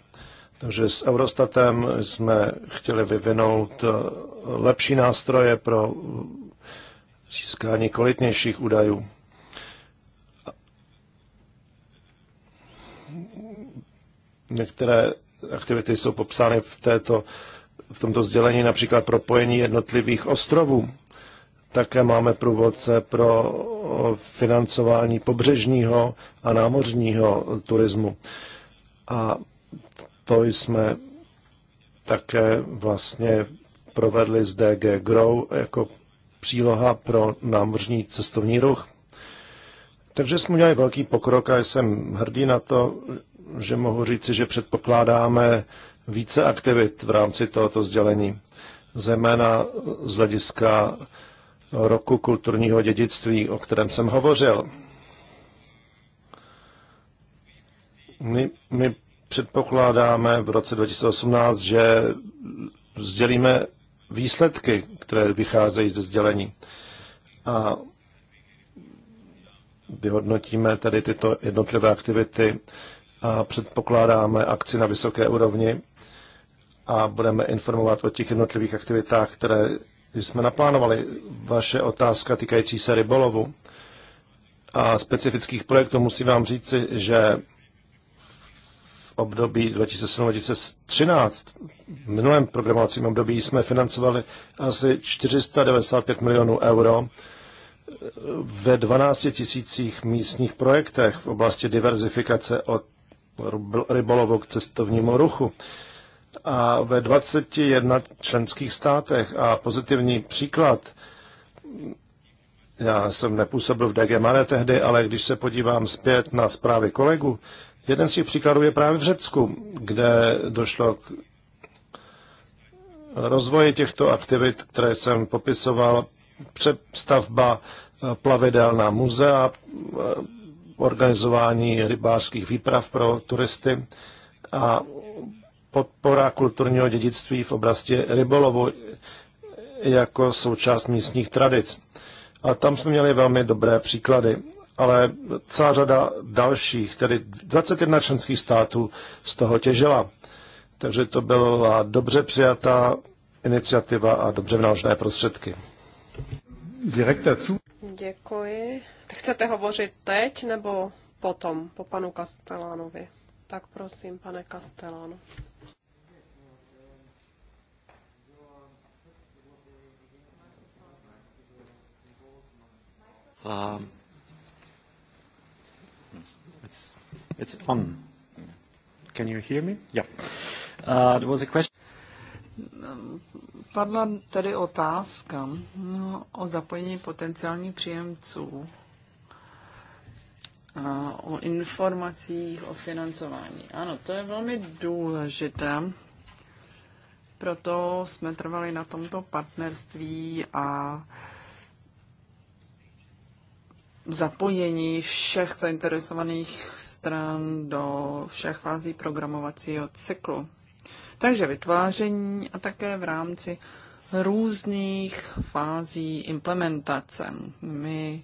Takže s Eurostatem jsme chtěli vyvinout eh, lepší nástroje pro získání kvalitnějších údajů. Některé aktivity jsou popsány v, této, v tomto sdělení, například propojení jednotlivých ostrovů. Také máme průvodce pro financování pobřežního a námořního turismu. A to jsme také vlastně provedli z DG Grow jako příloha pro námořní cestovní ruch. Takže jsme udělali velký pokrok a jsem hrdý na to, že mohu říci, že předpokládáme více aktivit v rámci tohoto sdělení, zejména z hlediska roku kulturního dědictví, o kterém jsem hovořil. My, my předpokládáme v roce 2018, že sdělíme výsledky, které vycházejí ze sdělení. A vyhodnotíme tedy tyto jednotlivé aktivity a předpokládáme akci na vysoké úrovni a budeme informovat o těch jednotlivých aktivitách, které jsme naplánovali. Vaše otázka týkající se rybolovu a specifických projektů, musím vám říci, že v období 2007-2013, v minulém programovacím období, jsme financovali asi 495 milionů euro ve 12 tisících místních projektech v oblasti diverzifikace od rybolovu k cestovnímu ruchu a ve 21 členských státech. A pozitivní příklad, já jsem nepůsobil v DG Mare tehdy, ale když se podívám zpět na zprávy kolegu, jeden z těch příkladů je právě v Řecku, kde došlo k rozvoji těchto aktivit, které jsem popisoval, přestavba plavidel na muzea, organizování rybářských výprav pro turisty a podpora kulturního dědictví v oblasti rybolovu jako součást místních tradic. A tam jsme měli velmi dobré příklady, ale celá řada dalších, tedy 21 členských států z toho těžila. Takže to byla dobře přijatá iniciativa a dobře vynaložené prostředky. Děkuji. Chcete hovořit teď nebo potom, po panu Castellánovi? Tak prosím, pane Castelláno. Um, it's, it's on. Can you hear me? Yeah. Uh, there was a question. Padla tedy otázka no, o zapojení potenciálních příjemců a o informacích, o financování. Ano, to je velmi důležité. Proto jsme trvali na tomto partnerství a zapojení všech zainteresovaných stran do všech fází programovacího cyklu. Takže vytváření a také v rámci různých fází implementace. My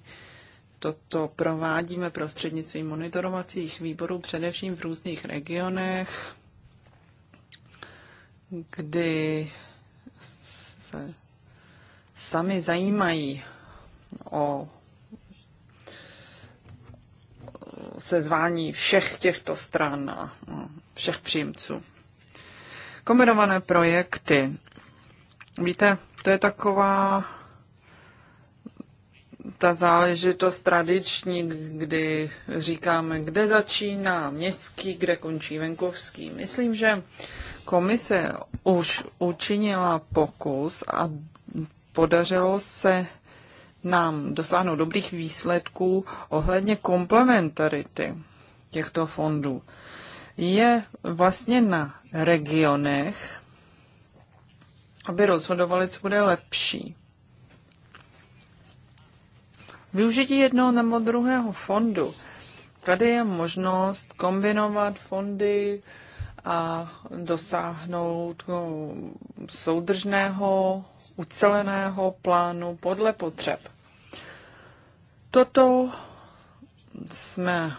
Toto provádíme prostřednictvím monitorovacích výborů, především v různých regionech, kdy se sami zajímají o sezvání všech těchto stran a všech příjemců. Kombinované projekty. Víte, to je taková ta záležitost tradiční, kdy říkáme, kde začíná městský, kde končí venkovský. Myslím, že komise už učinila pokus a podařilo se nám dosáhnout dobrých výsledků ohledně komplementarity těchto fondů. Je vlastně na regionech, aby rozhodovali, co bude lepší. Využití jednoho nebo druhého fondu. Tady je možnost kombinovat fondy a dosáhnout no, soudržného, uceleného plánu podle potřeb. Toto jsme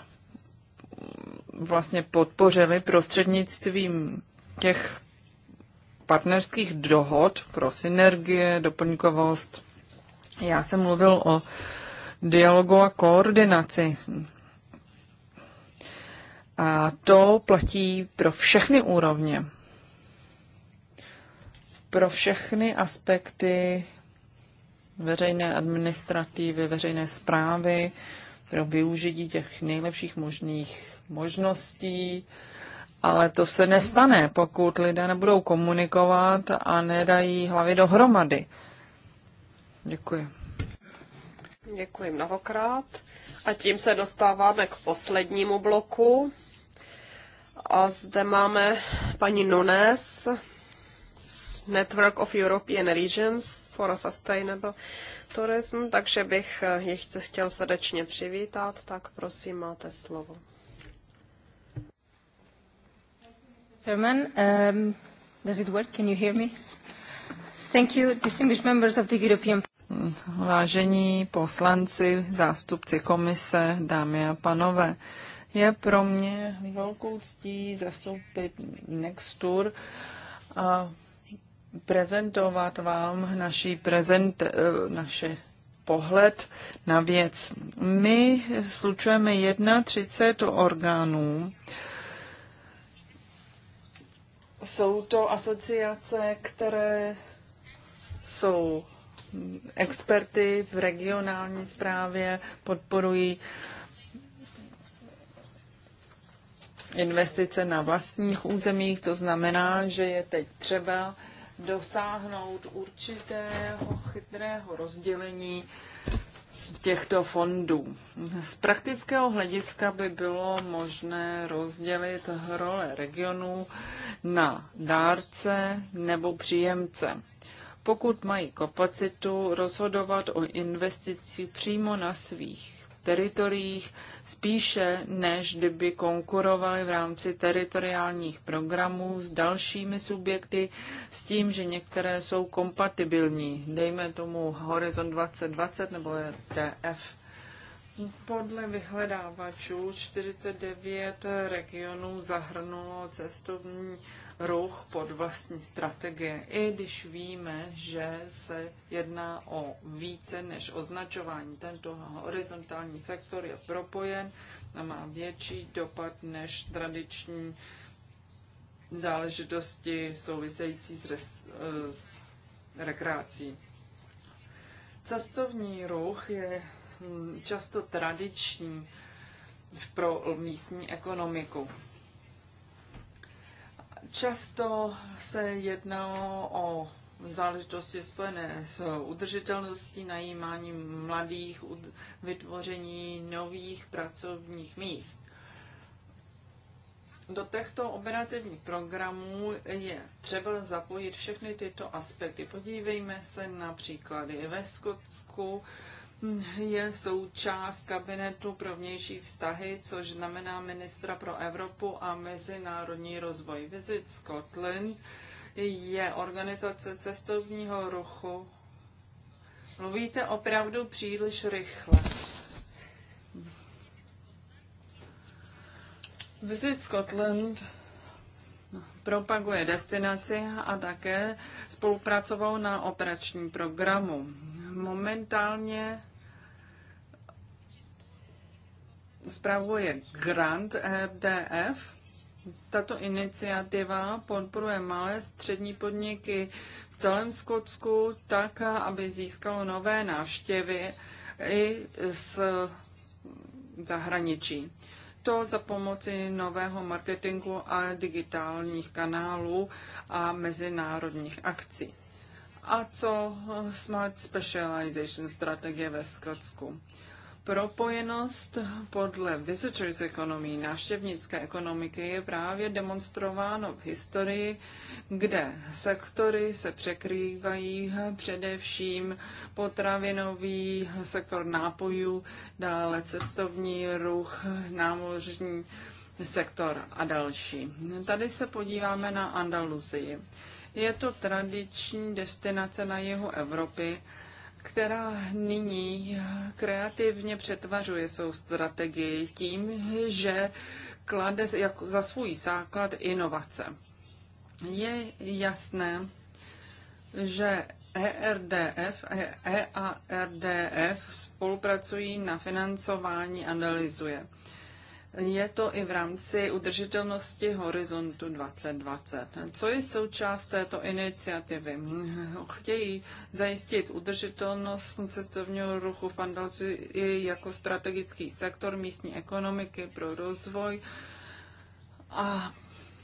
vlastně podpořili prostřednictvím těch partnerských dohod pro synergie, doplňkovost. Já jsem mluvil o dialogu a koordinaci. A to platí pro všechny úrovně, pro všechny aspekty veřejné administrativy, veřejné zprávy, pro využití těch nejlepších možných možností, ale to se nestane, pokud lidé nebudou komunikovat a nedají hlavy dohromady. Děkuji. Děkuji mnohokrát. A tím se dostáváme k poslednímu bloku. A zde máme paní Nunes z Network of European Regions for a Sustainable Tourism, takže bych je chtěl srdečně přivítat, tak prosím, máte slovo. Chairman, um, does it work? Can you hear me? Thank you, distinguished members of the European Vážení poslanci, zástupci komise, dámy a panové, je pro mě velkou ctí zastoupit Nextur a prezentovat vám naši prezent, eh, naše pohled na věc. My slučujeme 31 orgánů. Jsou to asociace, které jsou experty v regionální správě podporují investice na vlastních územích, to znamená, že je teď třeba dosáhnout určitého chytrého rozdělení těchto fondů. Z praktického hlediska by bylo možné rozdělit role regionů na dárce nebo příjemce pokud mají kapacitu rozhodovat o investicích přímo na svých teritoriích, spíše než kdyby konkurovali v rámci teritoriálních programů s dalšími subjekty, s tím, že některé jsou kompatibilní, dejme tomu Horizon 2020 nebo e TF. Podle vyhledávačů 49 regionů zahrnulo cestovní Ruch pod vlastní strategie, i když víme, že se jedná o více než označování. Tento horizontální sektor je propojen a má větší dopad než tradiční záležitosti související s, re- eh, s rekreací. Cestovní ruch je hm, často tradiční pro místní ekonomiku. Často se jednalo o záležitosti spojené s udržitelností, najímáním mladých, vytvoření nových pracovních míst. Do těchto operativních programů je třeba zapojit všechny tyto aspekty. Podívejme se na příklady ve Skotsku, je součást kabinetu pro vnější vztahy, což znamená ministra pro Evropu a mezinárodní rozvoj. Visit Scotland je organizace cestovního ruchu. Mluvíte opravdu příliš rychle. Visit Scotland propaguje destinaci a také spolupracoval na operačním programu. Momentálně zpravuje grant RDF. E Tato iniciativa podporuje malé střední podniky v celém Skotsku tak, aby získalo nové návštěvy i z zahraničí. To za pomoci nového marketingu a digitálních kanálů a mezinárodních akcí. A co Smart Specialization strategie ve Skotsku? Propojenost podle visitors economy, návštěvnické ekonomiky, je právě demonstrováno v historii, kde sektory se překrývají především potravinový sektor nápojů, dále cestovní ruch, námořní sektor a další. Tady se podíváme na Andaluzii. Je to tradiční destinace na jihu Evropy, která nyní kreativně přetvařuje svou strategii tím, že klade jako za svůj základ inovace. Je jasné, že ERDF e a EARDF spolupracují na financování analyzuje. Je to i v rámci udržitelnosti Horizontu 2020. Co je součást této iniciativy? Hm, chtějí zajistit udržitelnost cestovního ruchu v Andaluzii jako strategický sektor místní ekonomiky pro rozvoj a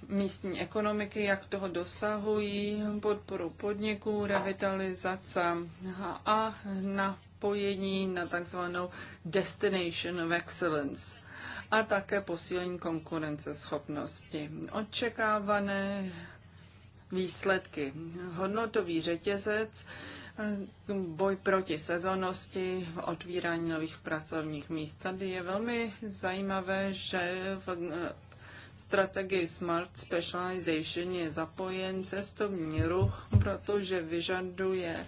místní ekonomiky, jak toho dosahují, podporu podniků, revitalizace a napojení na takzvanou Destination of Excellence a také posílení konkurenceschopnosti. Očekávané výsledky. Hodnotový řetězec, boj proti sezónnosti, otvírání nových pracovních míst. Tady je velmi zajímavé, že v eh, strategii Smart Specialization je zapojen cestovní ruch, protože vyžaduje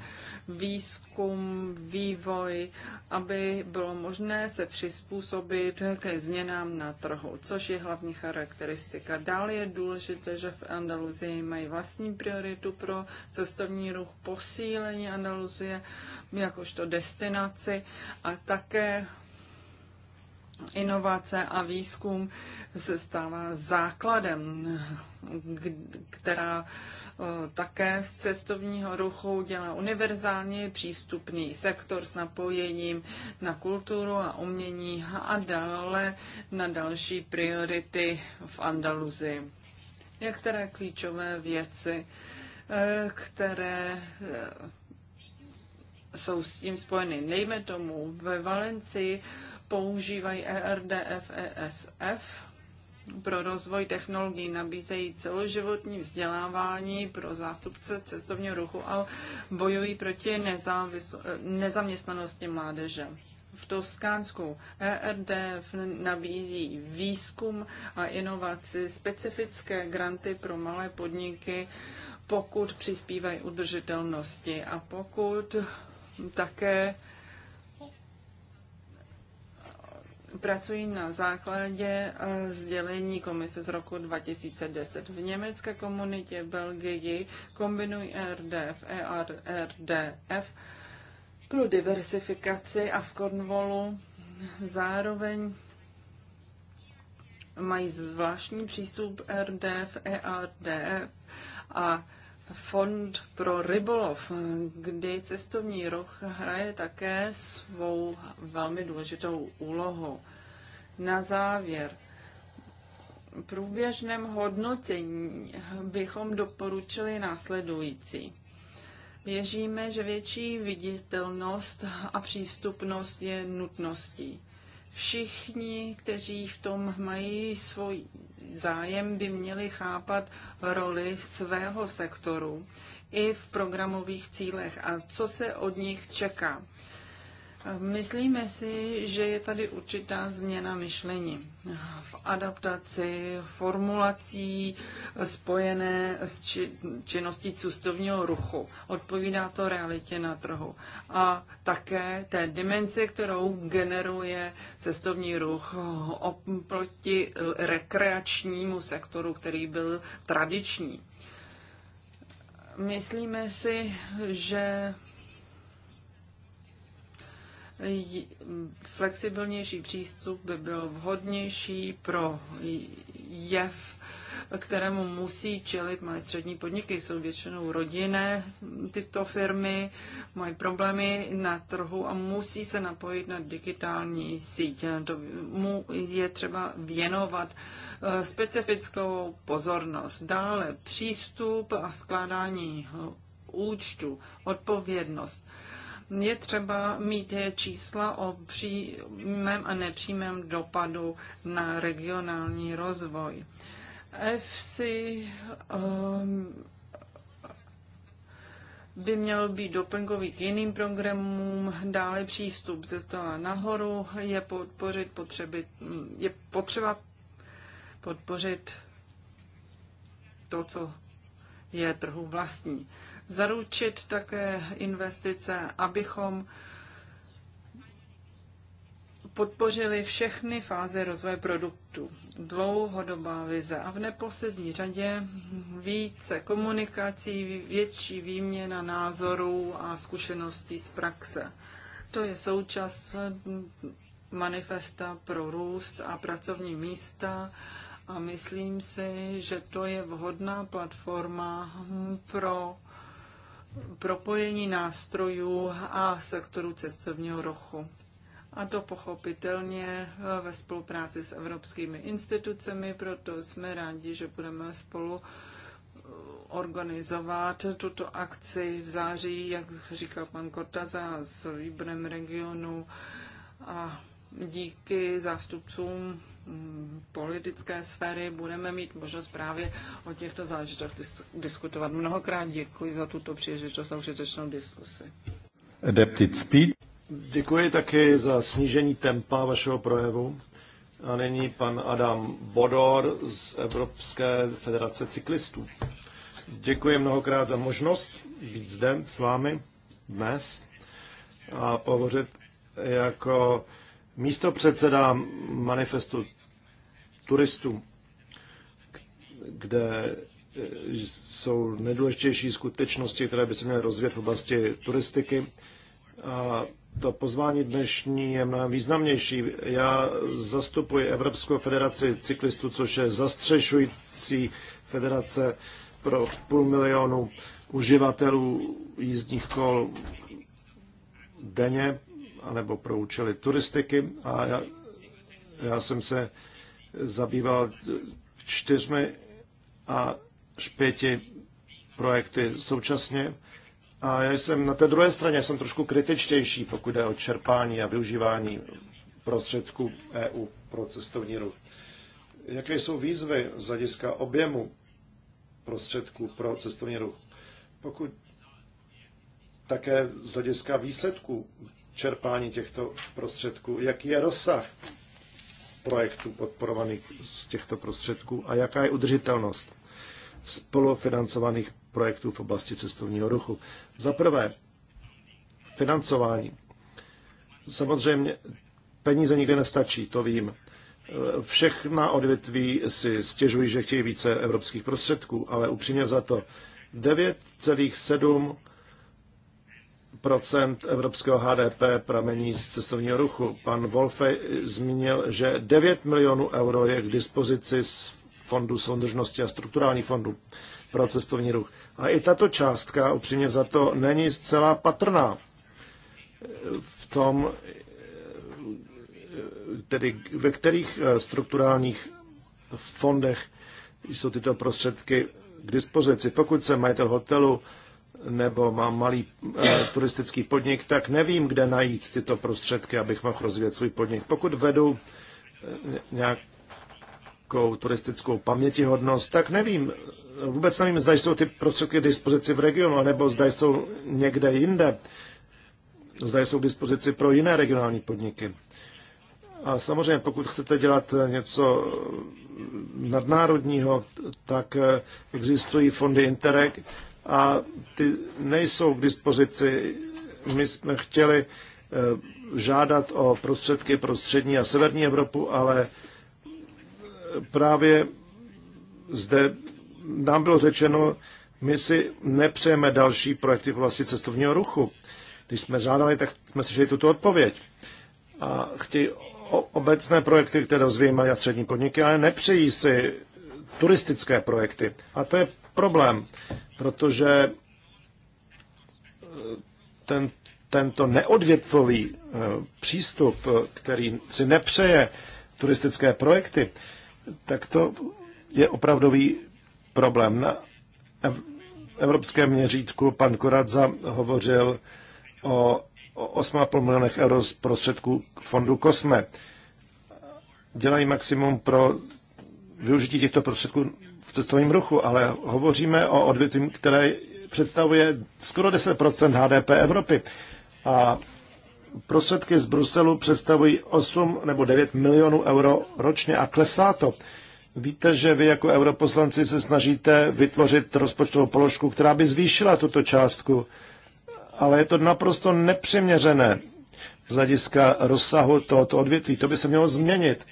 výzkum, vývoj, aby bylo možné se přizpůsobit ke změnám na trhu, což je hlavní charakteristika. Dále je důležité, že v Andaluzii mají vlastní prioritu pro cestovní ruch, posílení Andaluzie jakožto destinaci a také inovace a výzkum se stává základem, která Eh, také z cestovního ruchu dělá univerzálně přístupný sektor s napojením na kulturu a umění a dále na další priority v Andaluzi. Některé klíčové věci, eh, které eh, jsou s tím spojeny. Nejme tomu, ve Valencii používají ERDF, ESF pro rozvoj technologií nabízejí celoživotní vzdělávání pro zástupce cestovního ruchu a bojují proti nezaměstnanosti mládeže. V Toskánsku ERDF nabízí výzkum a inovaci, specifické granty pro malé podniky, pokud přispívají udržitelnosti a pokud také pracují na základě eh, sdělení komise z roku 2010. V německé komunitě Belgii kombinují RDF, ERDF pro diversifikaci a v Cornwallu zároveň mají zvláštní přístup RDF, ERDF a Fond pro rybolov, kdy cestovní roh hraje také svou velmi důležitou úlohu. Na závěr, průběžném hodnocení bychom doporučili následující. Věříme, že větší viditelnost a přístupnost je nutností. Všichni, kteří v tom mají svoji zájem by měli chápat roli svého sektoru i v programových cílech a co se od nich čeká. Myslíme si, že je tady určitá změna myšlení v adaptaci formulací spojené s či, činností cestovního ruchu. Odpovídá to realitě na trhu. A také té dimenzi, kterou generuje cestovní ruch oproti rekreačnímu sektoru, který byl tradiční. Myslíme si, že Flexibilnější přístup by byl vhodnější pro jev, kterému musí čelit malé střední podniky. Jsou většinou rodinné tyto firmy, mají problémy na trhu a musí se napojit na digitální síť. To mu je třeba věnovat eh, specifickou pozornost. Dále přístup a skládání účtu, odpovědnost je třeba mít čísla o přímém a nepřímém dopadu na regionální rozvoj. EFSI um, by měl být doplňkový k jiným programům, dále přístup ze stola nahoru, je, podpořit potřeby, je potřeba podpořit to, co je trhu vlastní zaručit také investice, abychom podpořili všechny fáze rozvoje produktu. Dlouhodobá vize a v neposlední řadě více komunikací, větší výměna názorů a zkušeností z praxe. To je součást manifesta pro růst a pracovní místa a myslím si, že to je vhodná platforma pro propojení nástrojů a sektoru cestovního ruchu. A to pochopitelně eh, ve spolupráci s evropskými institucemi, proto jsme rádi, že budeme spolu eh, organizovat tuto akci v září, jak říkal pan Kortaza, s výborem regionu a díky zástupcům Mm, politické sféry budeme mít možnost právě o těchto záležitostech diskutovat. Mnohokrát děkuji za tuto příležitost a užitečnou diskusi. Adapted speed. Děkuji taky za snížení tempa vašeho projevu. A nyní pan Adam Bodor z Evropské federace cyklistů. Děkuji mnohokrát za možnost být zde s vámi dnes a pohovořit jako místo předseda manifestu turistů, kde eh, jsou nejdůležitější skutečnosti, které by se měly rozvíjet v oblasti turistiky. A to pozvání dnešní je mnohem významnější. Já zastupuji Evropskou federaci cyklistů, což je zastřešující federace pro půl milionu uživatelů jízdních kol denně, anebo pro účely turistiky. A já, já jsem se zabýval čtyřmi a pěti projekty současně. A já jsem na té druhé straně jsem trošku kritičtější, pokud jde o čerpání a využívání prostředků EU pro cestovní ruch. Jaké jsou výzvy z hlediska objemu prostředků pro cestovní ruch? Pokud také z hlediska výsledků čerpání těchto prostředků, jaký je rozsah projektů podporovaných z těchto prostředků a jaká je udržitelnost spolufinancovaných projektů v oblasti cestovního ruchu. Za prvé, financování. Samozřejmě peníze nikdy nestačí, to vím. Všechna odvětví si stěžují, že chtějí více evropských prostředků, ale upřímně za to 9,7 procent evropského HDP pramení z cestovního ruchu. Pan Wolfe zmínil, že 9 milionů euro je k dispozici z Fondu soudržnosti a strukturální fondu pro cestovní ruch. A i tato částka, upřímně za to, není zcela patrná v tom, tedy ve kterých eh, strukturálních fondech jsou tyto prostředky k dispozici. Pokud se majitel hotelu nebo mám malý e, turistický podnik, tak nevím, kde najít tyto prostředky, abych mohl rozvíjet svůj podnik. Pokud vedu e, nějakou turistickou pamětihodnost, tak nevím, vůbec nevím, zda jsou ty prostředky k dispozici v regionu, nebo zda jsou někde jinde, zda jsou k dispozici pro jiné regionální podniky. A samozřejmě, pokud chcete dělat eh, něco nadnárodního, tak existují fondy Interreg, a ty nejsou k dispozici. My jsme chtěli eh, žádat o prostředky pro střední a severní Evropu, ale eh, právě zde nám bylo řečeno, my si nepřejeme další projekty v oblasti cestovního ruchu. Když jsme žádali, tak jsme slyšeli tuto odpověď. A chtějí obecné projekty, které rozvíjí malé a střední podniky, ale nepřejí si turistické projekty. A to je problém protože eh, ten, tento neodvětvový eh, přístup, eh, který si nepřeje turistické projekty, tak to je opravdový problém. Na evropském měřítku pan Koradza hovořil o 8,5 milionech euro z prostředků fondu Kosme. Dělají maximum pro využití těchto prostředků v cestovním ruchu, ale hovoříme o odvětví, které představuje skoro 10 HDP Evropy. A prostředky z Bruselu představují 8 nebo 9 milionů euro ročně a klesá to. Víte, že vy jako europoslanci se snažíte vytvořit rozpočtovou položku, která by zvýšila tuto částku, ale je to naprosto nepřiměřené z hlediska rozsahu tohoto odvětví. To by se mělo změnit.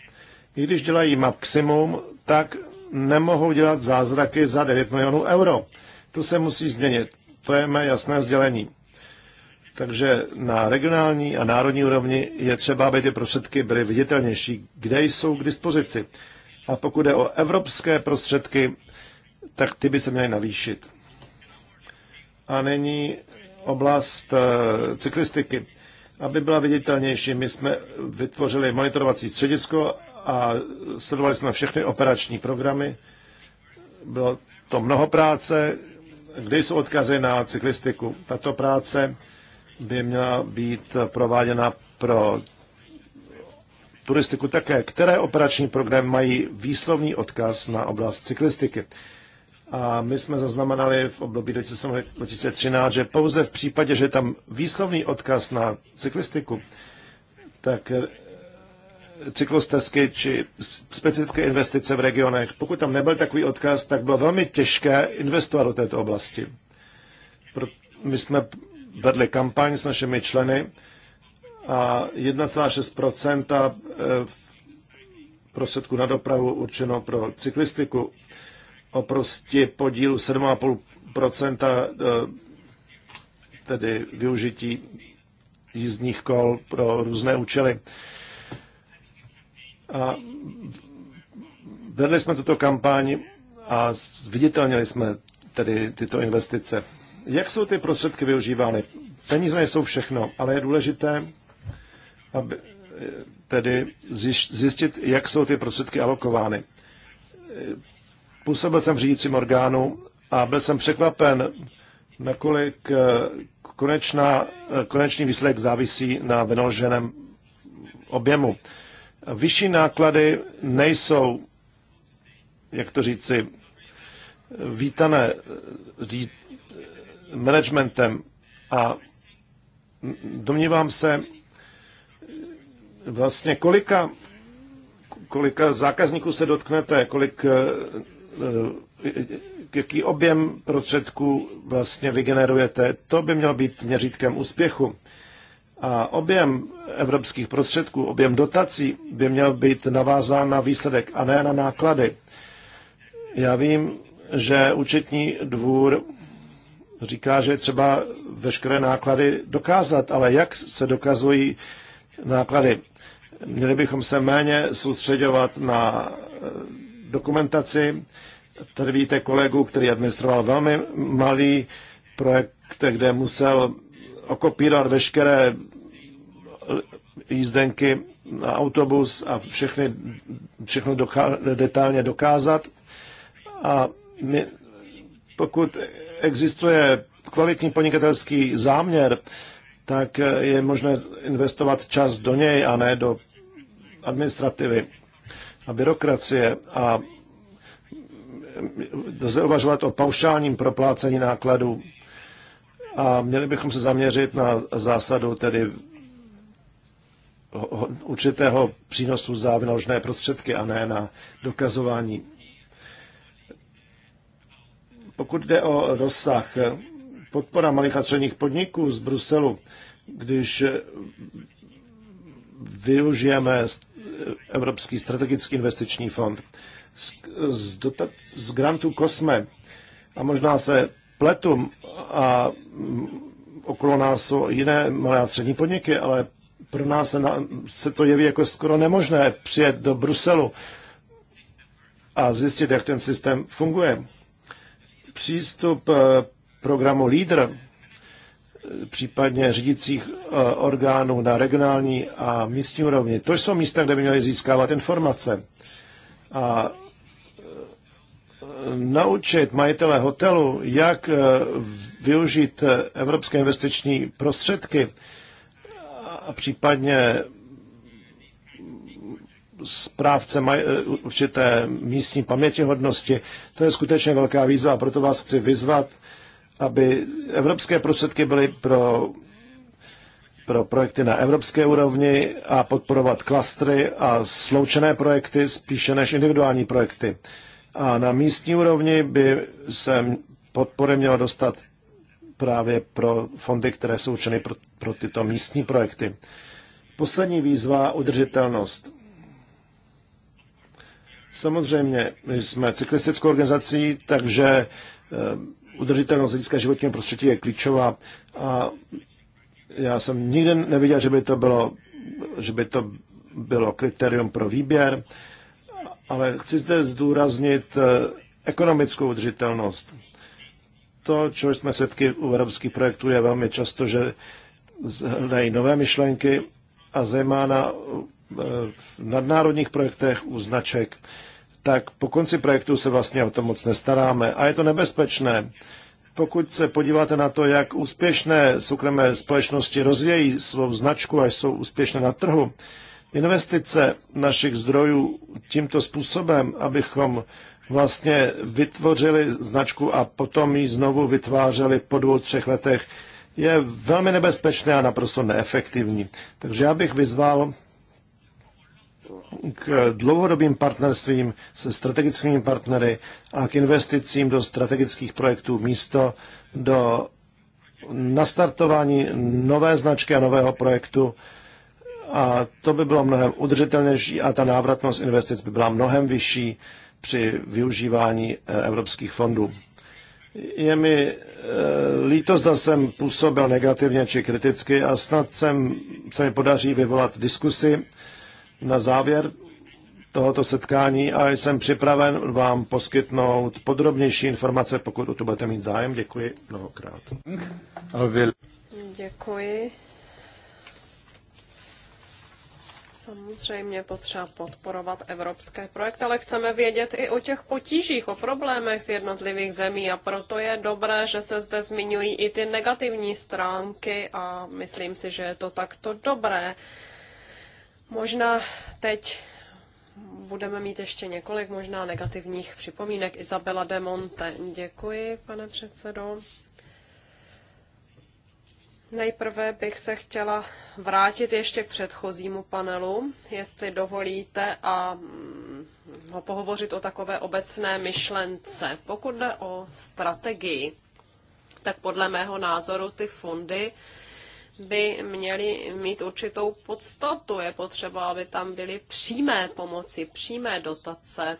I když dělají maximum, tak nemohou dělat zázraky za 9 milionů euro. To se musí změnit. To je mé jasné sdělení. Takže na regionální a národní úrovni je třeba, aby ty prostředky byly viditelnější, kde jsou k dispozici. A pokud jde o evropské prostředky, tak ty by se měly navýšit. A není oblast eh, cyklistiky. Aby byla viditelnější, my jsme vytvořili monitorovací středisko a sledovali jsme všechny operační programy. Bylo to mnoho práce, kde jsou odkazy na cyklistiku. Tato práce by měla být prováděna pro turistiku také. Které operační programy mají výslovný odkaz na oblast cyklistiky? A my jsme zaznamenali v období 2013, že pouze v případě, že je tam výslovný odkaz na cyklistiku, tak cyklostezky či specifické investice v regionech. Pokud tam nebyl takový odkaz, tak bylo velmi těžké investovat do této oblasti. My jsme vedli kampaň s našimi členy a 1,6 eh, prostředku na dopravu určeno pro cyklistiku oprosti podílu 7,5 eh, tedy využití jízdních kol pro různé účely. A vedli jsme tuto kampaň a zviditelnili jsme tedy tyto investice. Jak jsou ty prostředky využívány? Peníze nejsou všechno, ale je důležité, aby eh, tedy zjistit, jak jsou ty prostředky alokovány. Působil jsem v řídícím orgánu a byl jsem překvapen, nakolik eh, konečná, eh, konečný výsledek závisí na vynaloženém objemu. Vyšší náklady nejsou, jak to říci, vítané ří, managementem a domnívám se, vlastně kolika, kolika zákazníků se dotknete, kolik eh, eh, jaký objem prostředků vlastně vygenerujete, to by mělo být měřítkem úspěchu. A objem evropských prostředků, objem dotací by měl být navázán na výsledek a ne na náklady. Já vím, že účetní dvůr říká, že třeba veškeré náklady dokázat, ale jak se dokazují náklady? Měli bychom se méně soustředovat na eh, dokumentaci. Tady víte kolegu, který administroval velmi malý projekt, kde musel okopírovat veškeré jízdenky na autobus a všechny, všechno doká, detailně dokázat. A my, pokud existuje kvalitní podnikatelský záměr, tak je možné investovat čas do něj a ne do administrativy a byrokracie a lze uvažovat o paušálním proplácení nákladů. A měli bychom se zaměřit na zásadu tedy určitého přínosu za vynaložené prostředky a ne na dokazování. Pokud jde o rozsah, podpora malých a středních podniků z Bruselu, když využijeme Evropský strategický investiční fond z, z, dotat, z grantu Kosme a možná se pletu a okolo nás jsou jiné malé a střední podniky, ale pro nás se, na, se to jeví jako skoro nemožné přijet do Bruselu a zjistit, jak ten systém funguje. Přístup eh, programu LEADER, eh, případně řídících eh, orgánů na regionální a místní úrovni, to jsou místa, kde by měli získávat informace. A naučit majitele hotelu, jak využít evropské investiční prostředky, a případně správce maj, určité místní pamětihodnosti. To je skutečně velká výzva a proto vás chci vyzvat, aby evropské prostředky byly pro, pro projekty na evropské úrovni a podporovat klastry a sloučené projekty spíše než individuální projekty. A na místní úrovni by se podpory mělo dostat právě pro fondy, které jsou určeny pro pro tyto místní projekty. Poslední výzva udržitelnost. Samozřejmě, my jsme cyklistickou organizací, takže eh, udržitelnost hlediska životního prostředí je klíčová a já jsem nikdy neviděl, že by to bylo, že by to bylo kritérium pro výběr, ale chci zde zdůraznit eh, ekonomickou udržitelnost. To, čeho jsme svědky u evropských projektů, je velmi často, že hledají nové myšlenky a zejména eh, v nadnárodních projektech u značek, tak po konci projektu se vlastně o to moc nestaráme. A je to nebezpečné. Pokud se podíváte na to, jak úspěšné soukromé společnosti rozvějí svou značku a jsou úspěšné na trhu, investice našich zdrojů tímto způsobem, abychom vlastně vytvořili značku a potom ji znovu vytvářeli po dvou, třech letech, je velmi nebezpečné a naprosto neefektivní. Takže já bych vyzval k dlouhodobým partnerstvím se strategickými partnery a k investicím do strategických projektů místo do nastartování nové značky a nového projektu. A to by bylo mnohem udržitelnější a ta návratnost investic by byla mnohem vyšší při využívání eh, evropských fondů. Je mi eh, líto, zda jsem působil negativně či kriticky a snad jsem, se mi podaří vyvolat diskusi na závěr tohoto setkání a jsem připraven vám poskytnout podrobnější informace, pokud o to budete mít zájem. Děkuji mnohokrát. Děkuji. Samozřejmě potřeba podporovat evropské projekty, ale chceme vědět i o těch potížích, o problémech z jednotlivých zemí a proto je dobré, že se zde zmiňují i ty negativní stránky a myslím si, že je to takto dobré. Možná teď budeme mít ještě několik možná negativních připomínek. Izabela de Monte. Děkuji, pane předsedo. Nejprve bych se chtěla vrátit ještě k předchozímu panelu, jestli dovolíte, a mm, no, pohovořit o takové obecné myšlence. Pokud jde o strategii, tak podle mého názoru ty fondy by měly mít určitou podstatu. Je potřeba, aby tam byly přímé pomoci, přímé dotace,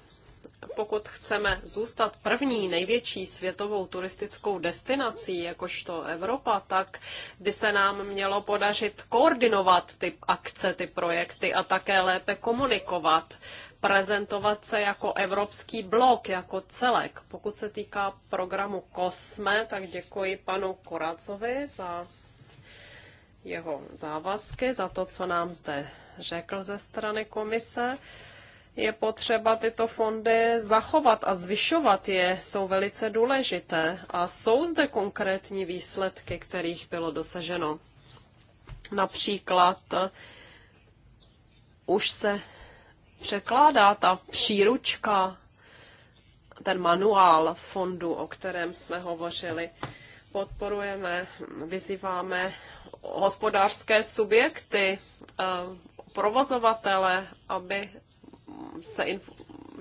pokud chceme zůstat první největší světovou turistickou destinací, jakožto Evropa, tak by se nám mělo podařit koordinovat ty akce, ty projekty a také lépe komunikovat, prezentovat se jako evropský blok, jako celek. Pokud se týká programu Kosme, tak děkuji panu Koracovi za jeho závazky, za to, co nám zde řekl ze strany komise je potřeba tyto fondy zachovat a zvyšovat je, jsou velice důležité a jsou zde konkrétní výsledky, kterých bylo dosaženo. Například eh, už se překládá ta příručka, ten manuál fondu, o kterém jsme hovořili. Podporujeme, vyzýváme hospodářské subjekty, eh, provozovatele, aby se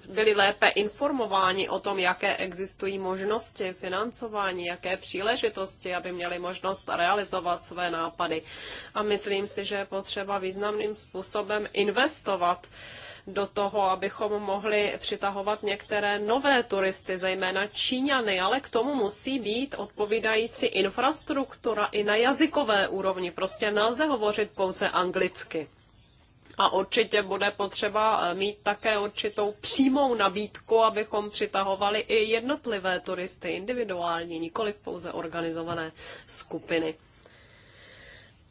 byli lépe informováni o tom, jaké existují možnosti financování, jaké příležitosti, aby měli možnost realizovat své nápady. A myslím si, že je potřeba významným způsobem investovat do toho, abychom mohli přitahovat některé nové turisty, zejména Číňany, ale k tomu musí být odpovídající infrastruktura i na jazykové úrovni. Prostě nelze hovořit pouze anglicky. A určitě bude potřeba eh, mít také určitou přímou nabídku, abychom přitahovali i jednotlivé turisty, individuální, nikoli pouze organizované skupiny.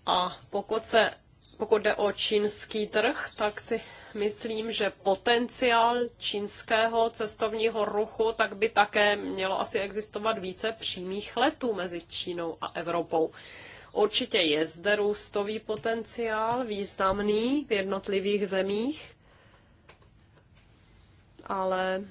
A pokud, se, pokud jde o čínský trh, tak si myslím, že potenciál čínského cestovního ruchu, tak by také mělo asi existovat více přímých letů mezi Čínou a Evropou. Určitě je zde růstový potenciál významný v jednotlivých zemích, ale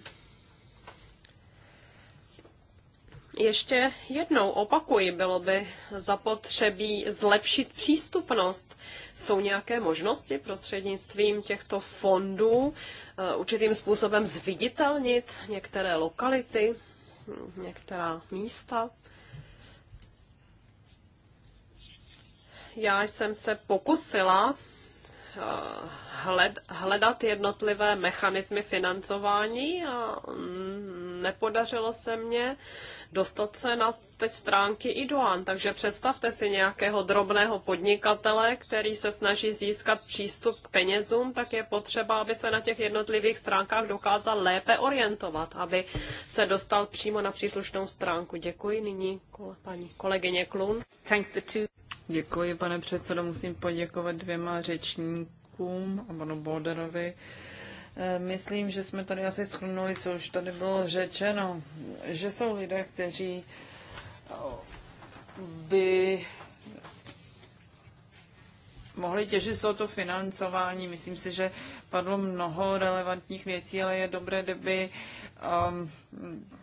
ještě jednou opakuji, bylo by zapotřebí zlepšit přístupnost. Jsou nějaké možnosti prostřednictvím těchto fondů eh, určitým způsobem zviditelnit některé lokality, hm, některá místa? já jsem se pokusila eh, hledat jednotlivé mechanismy financování a mm, nepodařilo se mně dostat se na teď stránky Iduan. Takže představte si nějakého drobného podnikatele, který se snaží získat přístup k penězům, tak je potřeba, aby se na těch jednotlivých stránkách dokázal lépe orientovat, aby se dostal přímo na příslušnou stránku. Děkuji nyní paní kolegyně Klun. Děkuji, pane předsedo. Musím poděkovat dvěma řečníkům, panu Bolderovi Eh, myslím, že jsme tady asi schrnuli, co už tady bylo řečeno, že jsou lidé, kteří by mohli těžit z tohoto financování. Myslím si, že padlo mnoho relevantních věcí, ale je dobré, kdyby um,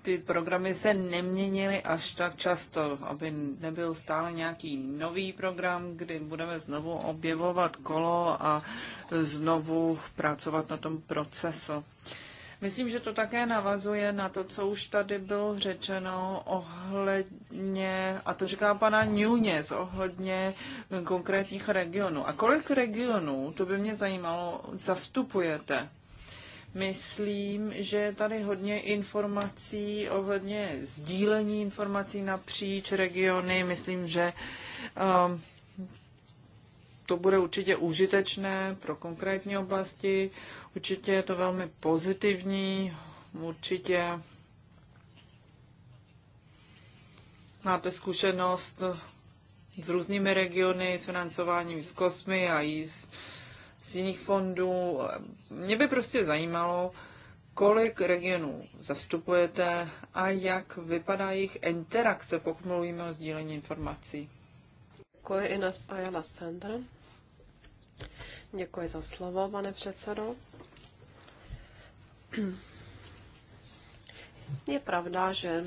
ty programy se neměnily až tak často, aby nebyl stále nějaký nový program, kdy budeme znovu objevovat kolo a znovu pracovat na tom procesu. Uh, Myslím, že to také navazuje na to, co už tady bylo řečeno ohledně, a to říká pana Nunez, ohledně konkrétních regionů. A kolik regionů, to by mě zajímalo, zastupujete? Myslím, že je tady hodně informací ohledně sdílení informací napříč regiony. Myslím, že um, to bude určitě užitečné pro konkrétní oblasti, určitě je to velmi pozitivní, určitě máte zkušenost s různými regiony, s financováním z kosmy a i z, z jiných fondů. Mě by prostě zajímalo, kolik regionů zastupujete a jak vypadá jejich interakce, pokud mluvíme o sdílení informací. Děkuji Ines Ayala Sandra. Děkuji za slovo, pane předsedo. Je pravda, že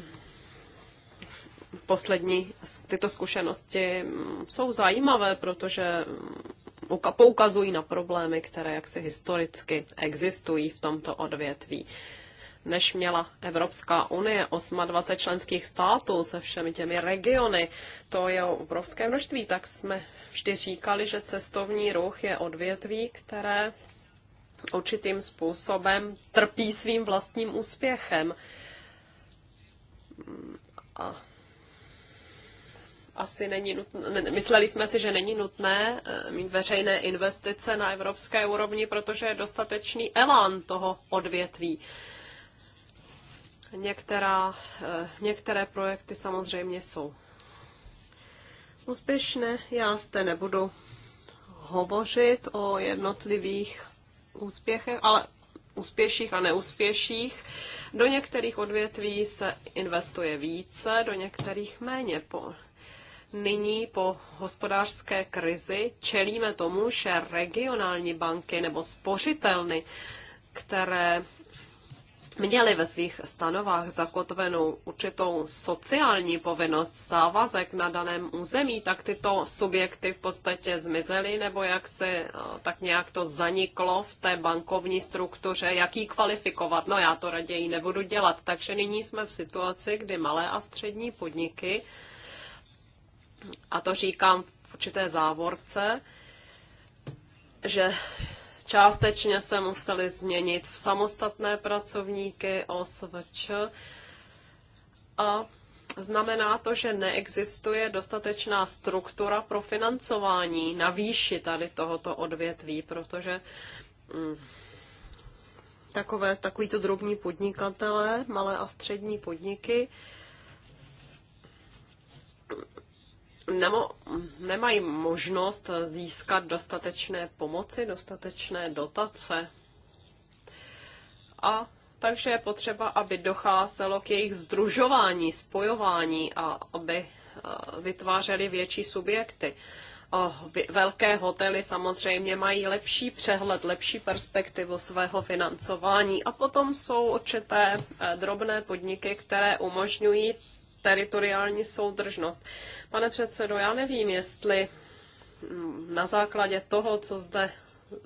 poslední tyto zkušenosti jsou zajímavé, protože poukazují na problémy, které jaksi historicky existují v tomto odvětví než měla Evropská unie, 28 členských států se všemi těmi regiony, to je obrovské množství, tak jsme vždy říkali, že cestovní ruch je odvětví, které určitým způsobem trpí svým vlastním úspěchem. A asi není nutné, mysleli jsme si, že není nutné eh, mít veřejné investice na evropské úrovni, protože je dostatečný elán toho odvětví. Některá, eh, některé projekty samozřejmě jsou úspěšné. Já zde nebudu hovořit o jednotlivých úspěchech, ale úspěších a neúspěších. Do některých odvětví se investuje více, do některých méně. Po, nyní po hospodářské krizi čelíme tomu, že regionální banky nebo spořitelny, které měli ve svých stanovách zakotvenou určitou sociální povinnost, závazek na daném území, tak tyto subjekty v podstatě zmizely, nebo jak se eh, tak nějak to zaniklo v té bankovní struktuře, jak ji kvalifikovat. No já to raději nebudu dělat. Takže nyní jsme v situaci, kdy malé a střední podniky, a to říkám v určité závorce, že Částečně se museli změnit v samostatné pracovníky OSVČ a znamená to, že neexistuje dostatečná struktura pro financování na výši tady tohoto odvětví, protože mm, takové, takovýto drobní podnikatelé, malé a střední podniky, nemo, nemají možnost získat dostatečné pomoci, dostatečné dotace. A takže je potřeba, aby docházelo k jejich združování, spojování a aby eh, vytvářely větší subjekty. Velké hotely samozřejmě mají lepší přehled, lepší perspektivu svého financování a potom jsou určité eh, drobné podniky, které umožňují teritoriální soudržnost. Pane předsedo, já nevím, jestli na základě toho, co zde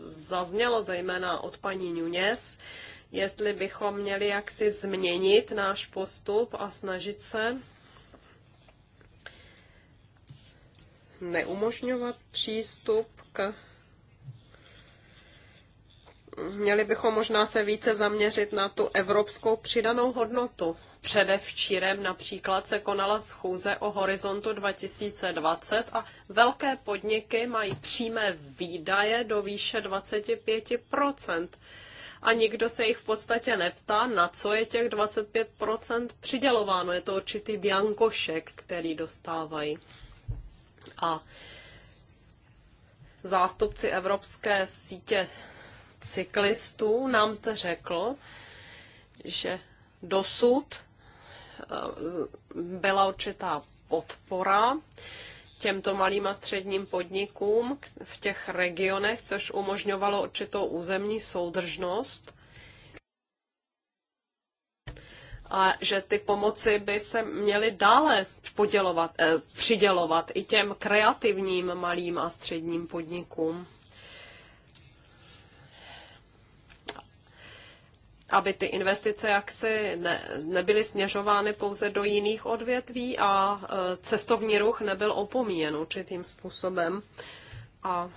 zaznělo, zejména od paní Nunes, jestli bychom měli jaksi změnit náš postup a snažit se neumožňovat přístup k měli bychom možná se více zaměřit na tu evropskou přidanou hodnotu Předevčírem například se konala schůze o horizontu 2020 a velké podniky mají přímé výdaje do výše 25 a nikdo se jich v podstatě neptá, na co je těch 25 přidělováno. Je to určitý biankošek, který dostávají. A zástupci Evropské sítě cyklistů nám zde řekl, že dosud Eh, byla určitá podpora těmto malým a středním podnikům v těch regionech, což umožňovalo určitou územní soudržnost. A že ty pomoci by se měly dále podělovat, eh, přidělovat i těm kreativním malým a středním podnikům. aby ty investice jaksi ne, nebyly směřovány pouze do jiných odvětví a e, cestovní ruch nebyl opomíjen určitým způsobem. A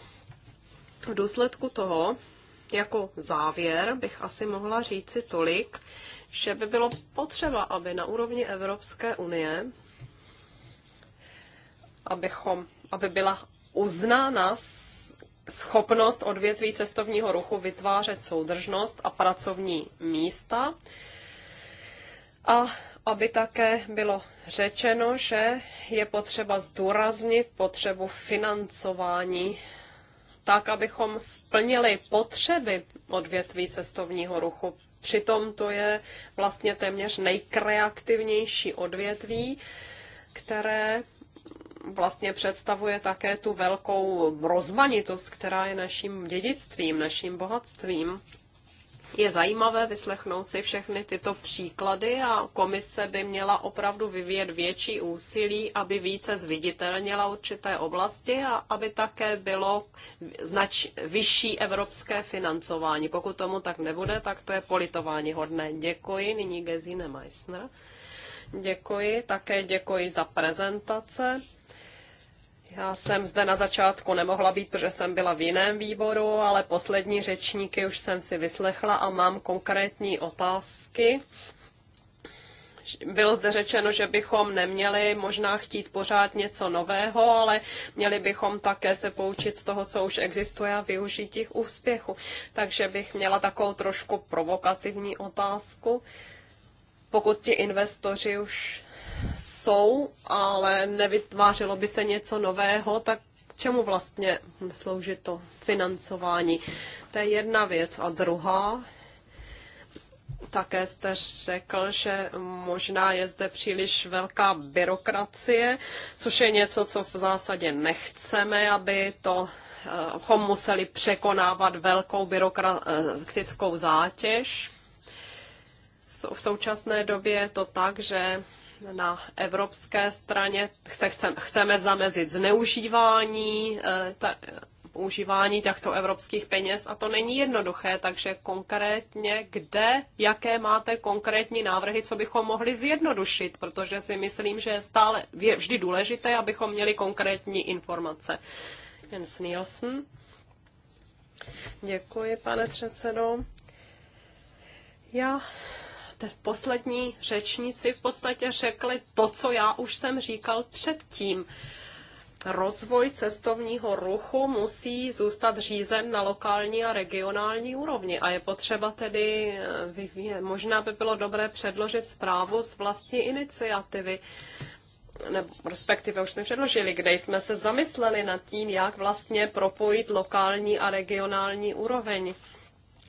v důsledku toho, jako závěr, bych asi mohla říci tolik, že by bylo potřeba, aby na úrovni Evropské unie, abychom, aby byla uznána schopnost odvětví cestovního ruchu vytvářet soudržnost a pracovní místa. A aby také bylo řečeno, že je potřeba zdůraznit potřebu financování tak, abychom splnili potřeby odvětví cestovního ruchu. Přitom to je vlastně téměř nejkreativnější odvětví, které vlastně představuje také tu velkou rozmanitost, která je naším dědictvím, naším bohatstvím. Je zajímavé vyslechnout si všechny tyto příklady a komise by měla opravdu vyvíjet větší úsilí, aby více zviditelnila určité oblasti a aby také bylo znač vyšší evropské financování. Pokud tomu tak nebude, tak to je politování hodné. Děkuji. Nyní Gesine Meissner. Děkuji, také děkuji za prezentace. Já jsem zde na začátku nemohla být, protože jsem byla v jiném výboru, ale poslední řečníky už jsem si vyslechla a mám konkrétní otázky. Bylo zde řečeno, že bychom neměli možná chtít pořád něco nového, ale měli bychom také se poučit z toho, co už existuje a využít jich úspěchu. Takže bych měla takovou trošku provokativní otázku. Pokud ti investoři už jsou, ale nevytvářelo by se něco nového, tak čemu vlastně slouží to financování? To je jedna věc. A druhá, také jste řekl, že možná je zde příliš velká byrokracie, což je něco, co v zásadě nechceme, aby to abychom eh, museli překonávat velkou byrokratickou zátěž. V současné době je to tak, že na evropské straně se chceme, chceme zamezit zneužívání, eh, ta, používání těchto evropských peněz a to není jednoduché, takže konkrétně kde, jaké máte konkrétní návrhy, co bychom mohli zjednodušit, protože si myslím, že je stále je vždy důležité, abychom měli konkrétní informace. Jens Nielsen. Děkuji, pane předsedo. Já poslední řečníci v podstatě řekli to, co já už jsem říkal předtím. Rozvoj cestovního ruchu musí zůstat řízen na lokální a regionální úrovni a je potřeba tedy, eh, možná by bylo dobré předložit zprávu z vlastní iniciativy, nebo respektive už jsme předložili, kde jsme se zamysleli nad tím, jak vlastně propojit lokální a regionální úroveň.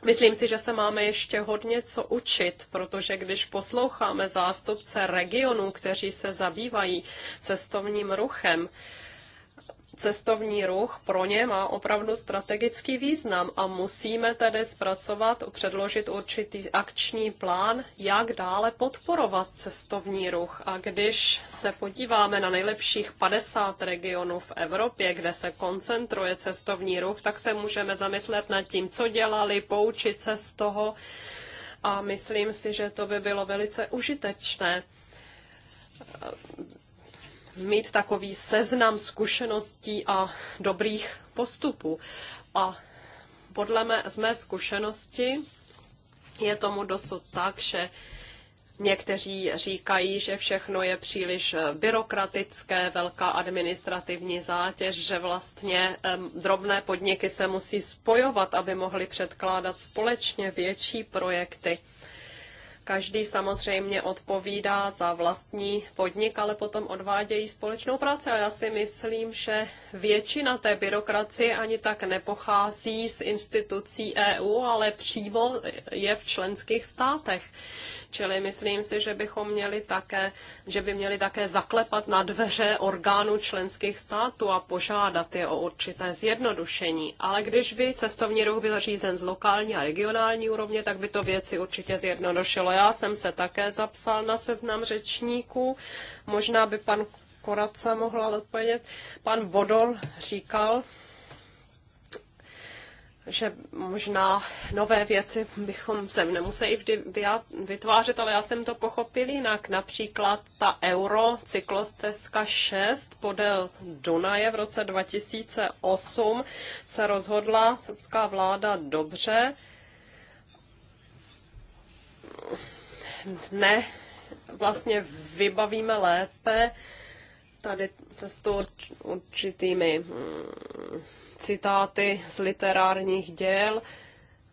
Myslím si, že se máme ještě hodně co učit, protože když posloucháme zástupce regionů, kteří se zabývají cestovním ruchem, cestovní ruch pro ně má opravdu strategický význam a musíme tedy zpracovat, předložit určitý akční plán, jak dále podporovat cestovní ruch. A když se podíváme na nejlepších 50 regionů v Evropě, kde se koncentruje cestovní ruch, tak se můžeme zamyslet nad tím, co dělali, poučit se z toho a myslím si, že to by bylo velice užitečné mít takový seznam zkušeností a dobrých postupů. A podle mé, z mé zkušenosti je tomu dosud tak, že Někteří říkají, že všechno je příliš eh, byrokratické, velká administrativní zátěž, že vlastně drobné podniky se musí spojovat, aby mohly předkládat společně větší projekty. Každý samozřejmě odpovídá za vlastní podnik, ale potom odvádějí společnou práci. A já si myslím, že většina té byrokracie ani tak nepochází z institucí EU, ale přímo je v členských státech. Čili myslím si, že bychom měli také, že by měli také zaklepat na dveře orgánů členských států a požádat je o určité zjednodušení. Ale když by cestovní ruch byl řízen z lokální a regionální úrovně, tak by to věci určitě zjednodušilo já jsem se také zapsal na seznam řečníků. Možná by pan Koraca mohla odpovědět. Pan Bodol říkal, že možná nové věci bychom se nemuseli vždy vytvářet, ale já jsem to pochopil jinak. Například ta Euro cyklostezka 6 podél Dunaje v roce 2008 se rozhodla srbská vláda dobře, dne vlastně vybavíme lépe tady se tou určitými hm, citáty z literárních děl,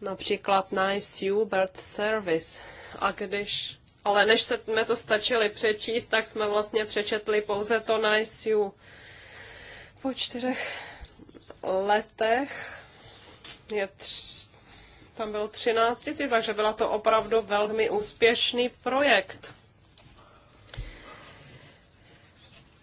například Nice Hubert Service. A když, ale než jsme to stačili přečíst, tak jsme vlastně přečetli pouze to Nice you. Po čtyřech letech je tři, tam bylo 13 tisíc, takže byla to opravdu velmi úspěšný projekt.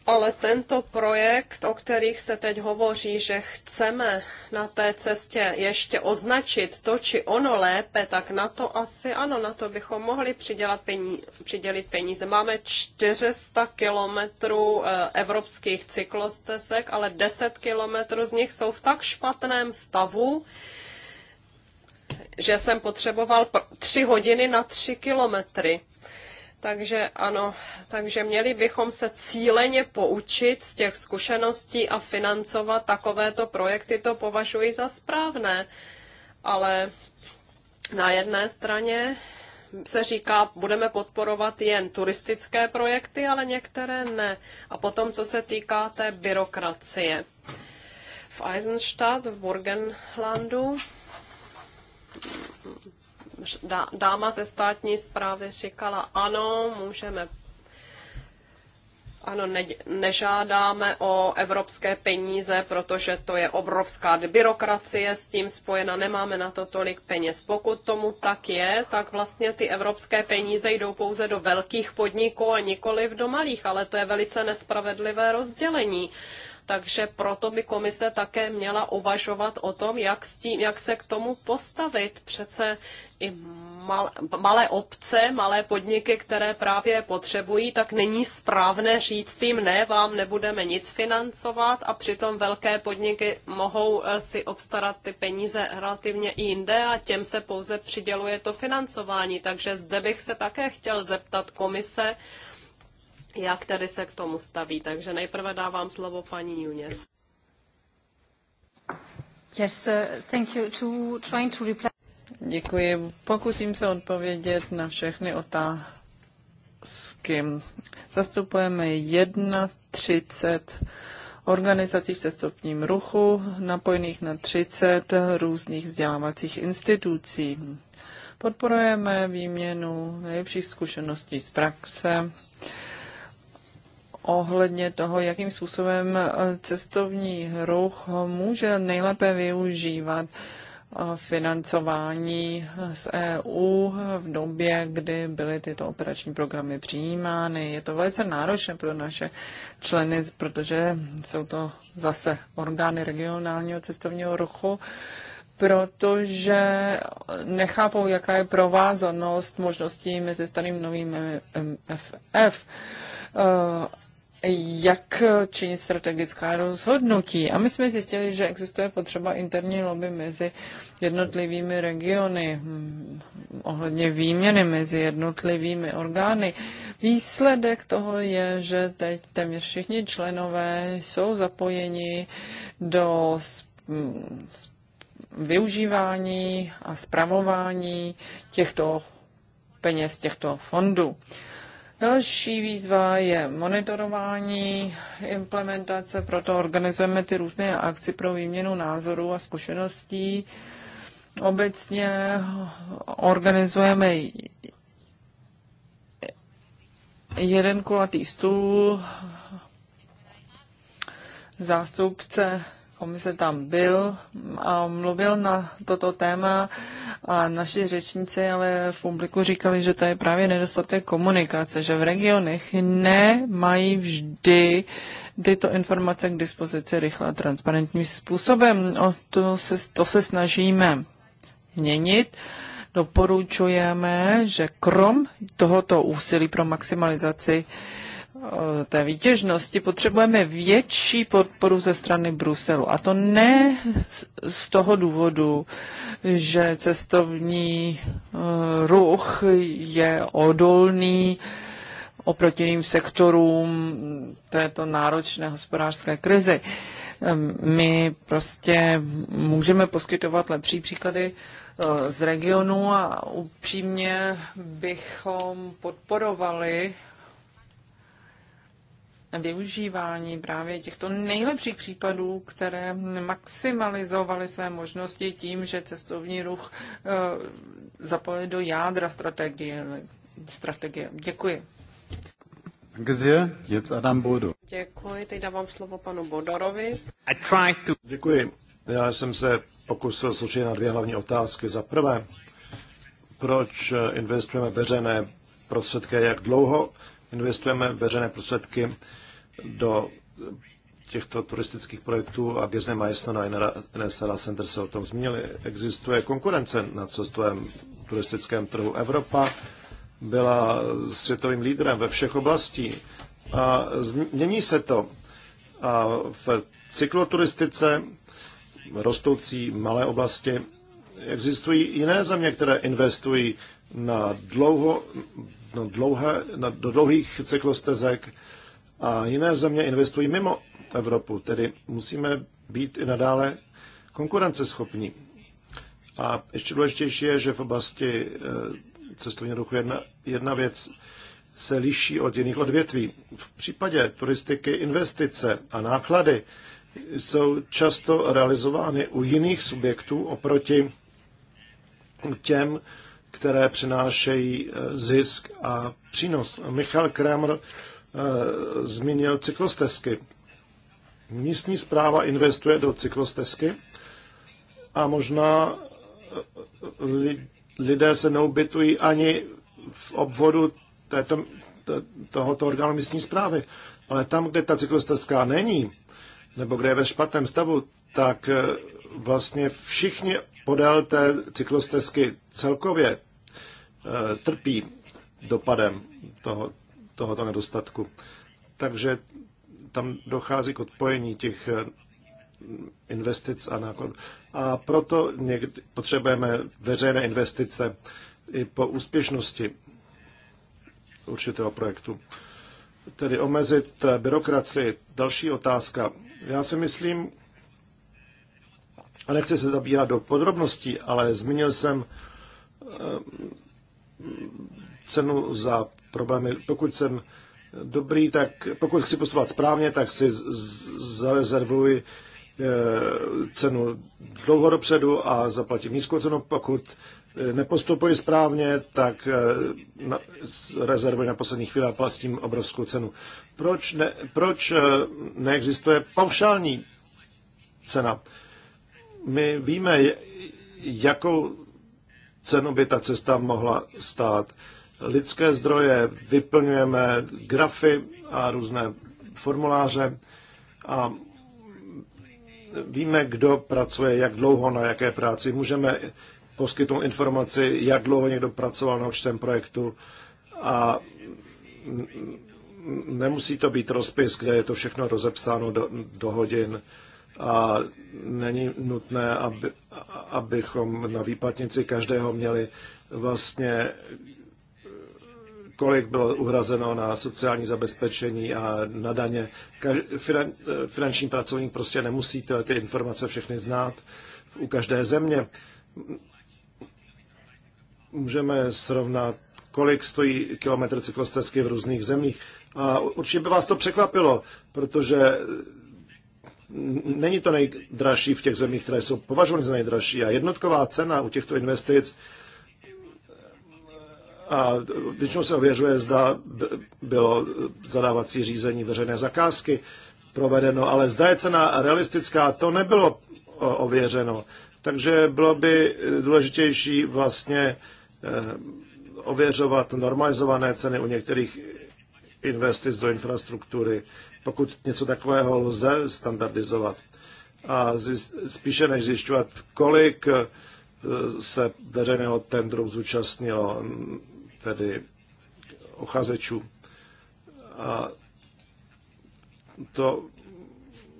Ale tento projekt, o kterých se teď hovoří, že chceme na té cestě ještě označit to či ono lépe, tak na to asi ano, na to bychom mohli přidělat peníze, přidělit peníze. Máme 400 kilometrů eh, evropských cyklostezek, ale 10 kilometrů z nich jsou v tak špatném stavu, že jsem potřeboval tři hodiny na tři kilometry. Takže ano, takže měli bychom se cíleně poučit z těch zkušeností a financovat takovéto projekty, to považuji za správné. Ale na jedné straně se říká, budeme podporovat jen turistické projekty, ale některé ne. A potom, co se týká té byrokracie. V Eisenstadt, v Burgenlandu, dáma ze státní zprávy říkala, ano, můžeme ano, ne, nežádáme o evropské peníze, protože to je obrovská byrokracie s tím spojena, nemáme na to tolik peněz. Pokud tomu tak je, tak vlastně ty evropské peníze jdou pouze do velkých podniků a nikoliv do malých, ale to je velice nespravedlivé rozdělení takže proto by komise také měla uvažovat o tom, jak, s tím, jak se k tomu postavit. Přece i mal, malé obce, malé podniky, které právě potřebují, tak není správné říct tím, ne, vám nebudeme nic financovat a přitom velké podniky mohou eh, si obstarat ty peníze relativně i jinde a těm se pouze přiděluje to financování. Takže zde bych se také chtěl zeptat komise, jak tedy se k tomu staví. Takže nejprve dávám slovo paní Nunes. Yes, uh, thank you. To trying to reply. Děkuji. Pokusím se odpovědět na všechny otázky. Zastupujeme 31 organizací v cestovním ruchu, napojených na 30 různých vzdělávacích institucí. Podporujeme výměnu nejlepších zkušeností z praxe ohledně toho, jakým způsobem eh, cestovní ruch může nejlépe využívat eh, financování eh, z EU v době, kdy byly tyto operační programy přijímány. Je to velice náročné pro naše členy, protože jsou to zase orgány regionálního cestovního ruchu, protože nechápou, jaká je provázanost možností mezi starým novým MFF jak činit strategická rozhodnutí. A my jsme zjistili, že existuje potřeba interní lobby mezi jednotlivými regiony, hm, ohledně výměny mezi jednotlivými orgány. Výsledek toho je, že teď téměř všichni členové jsou zapojeni do hm, využívání a zpravování těchto peněz, těchto fondů. Další výzva je monitorování implementace, proto organizujeme ty různé akci pro výměnu názorů a zkušeností. Obecně organizujeme jeden kulatý stůl, zástupce komise tam byl a mluvil na toto téma a naši řečníci ale v publiku říkali, že to je právě nedostatek komunikace, že v regionech nemají vždy tyto informace k dispozici rychle a transparentním způsobem. O to se, to se snažíme měnit doporučujeme, že krom tohoto úsilí pro maximalizaci té výtěžnosti potřebujeme větší podporu ze strany Bruselu. A to ne z toho důvodu, že cestovní e, ruch je odolný oproti jiným sektorům této náročné hospodářské krizi. My prostě můžeme poskytovat lepší příklady e, z regionu a upřímně bychom podporovali využívání právě těchto nejlepších případů, které maximalizovaly své možnosti tím, že cestovní ruch eh, zapojili do jádra strategie. strategie. Děkuji. Jetzt Adam Bodo. Děkuji, teď dávám slovo panu Bodorovi. I try to... Děkuji. Já jsem se pokusil slušit na dvě hlavní otázky. Za prvé, proč investujeme veřejné prostředky, jak dlouho investujeme veřejné prostředky do těchto turistických projektů a Gesne Meissner a Nesara Center se o tom zmínili. Existuje konkurence na cestovém turistickém trhu. Evropa byla světovým lídrem ve všech oblastí a změní se to. A v cykloturistice rostoucí malé oblasti existují jiné země, které investují na, dlouho, na, dlouhé, na do dlouhých cyklostezek, a jiné země investují mimo Evropu, tedy musíme být i nadále konkurenceschopní. A ještě důležitější je, že v oblasti eh, cestovního ruchu jedna, jedna věc se liší od jiných odvětví. V případě turistiky investice a náklady jsou často realizovány u jiných subjektů oproti těm, které přinášejí eh, zisk a přínos. Michal Kramer Eh, zmínil cyklostezky. Místní zpráva investuje do cyklostezky a možná eh, lidé se neubytují ani v obvodu této, tohoto orgánu místní zprávy. Ale tam, kde ta cyklostezka není, nebo kde je ve špatném stavu, tak eh, vlastně všichni podél té cyklostezky celkově trpí dopadem toho, tohoto nedostatku. Takže tam dochází k odpojení těch eh, investic a nákladů. A proto někdy potřebujeme veřejné investice i po úspěšnosti určitého projektu. Tedy omezit eh, byrokracii. Další otázka. Já si myslím, a nechci se zabíhat do podrobností, ale zmínil jsem eh, cenu za problémy. Pokud jsem dobrý, tak pokud chci postupovat správně, tak si zarezervuji eh, cenu dlouho dopředu a zaplatím nízkou cenu. Pokud eh, nepostupuji správně, tak eh, rezervuji na poslední chvíli a platím obrovskou cenu. Proč, ne, proč neexistuje paušální cena? My víme, jakou cenu by ta cesta mohla stát lidské zdroje, vyplňujeme grafy a různé formuláře a víme, kdo pracuje, jak dlouho na jaké práci. Můžeme poskytnout informaci, jak dlouho někdo pracoval na určitém projektu a nemusí to být rozpis, kde je to všechno rozepsáno do, do hodin a není nutné, aby, abychom na výplatnici každého měli vlastně kolik bylo uhrazeno na sociální zabezpečení a na daně. Finan, eh, finanční pracovník prostě nemusí ty, ty informace všechny znát u každé země. Můžeme srovnat, kolik stojí kilometr cyklostezky v různých zemích. A určitě by vás to překvapilo, protože není to nejdražší v těch zemích, které jsou považovány za nejdražší. A jednotková cena u těchto investic a většinou se ověřuje, zda bylo zadávací řízení veřejné zakázky provedeno, ale zda je cena realistická, to nebylo ověřeno. Takže bylo by e, důležitější vlastně e, ověřovat normalizované ceny u některých investic do infrastruktury, pokud něco takového lze standardizovat. A spíše než zjišťovat, kolik e, se veřejného tendru zúčastnilo tedy ochazečů. A to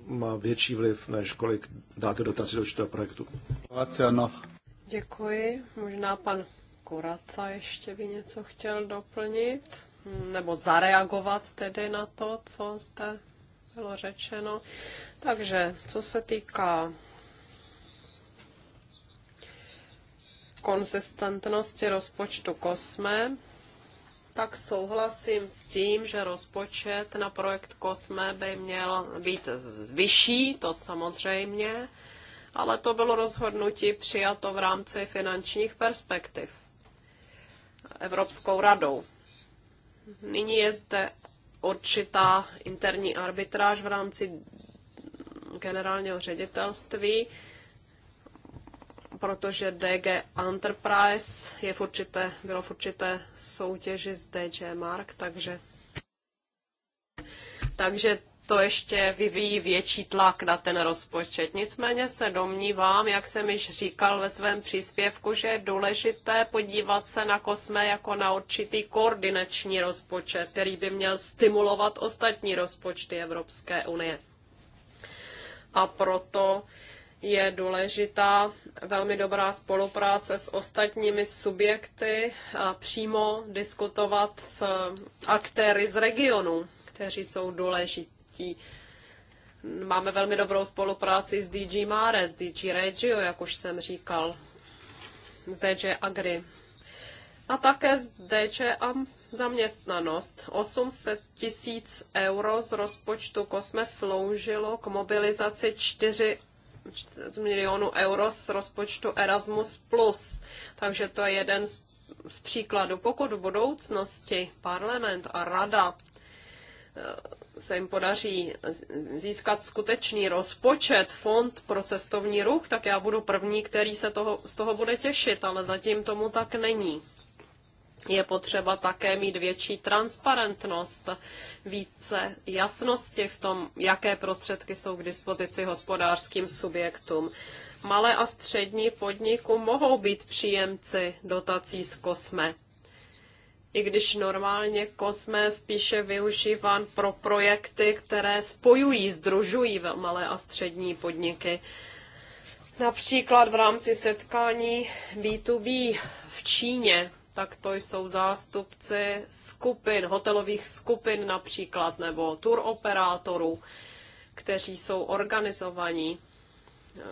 má větší vliv, než kolik dáte dotaci do určitého projektu. Děkuji. Možná pan Kuraca ještě by něco chtěl doplnit, nebo zareagovat tedy na to, co jste bylo řečeno. Takže co se týká konzistentnosti rozpočtu Kosme, tak souhlasím s tím, že rozpočet na projekt Kosme by měl být vyšší, to samozřejmě, ale to bylo rozhodnutí přijato v rámci finančních perspektiv Evropskou radou. Nyní je zde určitá interní arbitráž v rámci generálního ředitelství, protože DG Enterprise je v určité, bylo v určité soutěži s DG Mark, takže, takže to ještě vyvíjí větší tlak na ten rozpočet. Nicméně se domnívám, jak jsem již říkal ve svém příspěvku, že je důležité podívat se na kosme jako na určitý koordinační rozpočet, který by měl stimulovat ostatní rozpočty Evropské unie. A proto je důležitá velmi dobrá spolupráce s ostatními subjekty a přímo diskutovat s aktéry z regionu, kteří jsou důležití. Máme velmi dobrou spolupráci s DG Mare, s DG Regio, jak už jsem říkal, s DG Agri. A také s DG a zaměstnanost. 800 tisíc euro z rozpočtu Kosme sloužilo k mobilizaci 4 milionů euro z rozpočtu Erasmus+. Takže to je jeden z, z příkladů. Pokud v budoucnosti parlament a rada e, se jim podaří získat skutečný rozpočet, fond pro cestovní ruch, tak já budu první, který se toho, z toho bude těšit, ale zatím tomu tak není je potřeba také mít větší transparentnost, více jasnosti v tom, jaké prostředky jsou k dispozici hospodářským subjektům. Malé a střední podniku mohou být příjemci dotací z kosme. I když normálně kosme je spíše využíván pro projekty, které spojují, združují malé a střední podniky. Například v rámci setkání B2B v Číně tak to jsou zástupci skupin, hotelových skupin například, nebo tour operátorů, kteří jsou organizovaní, eh,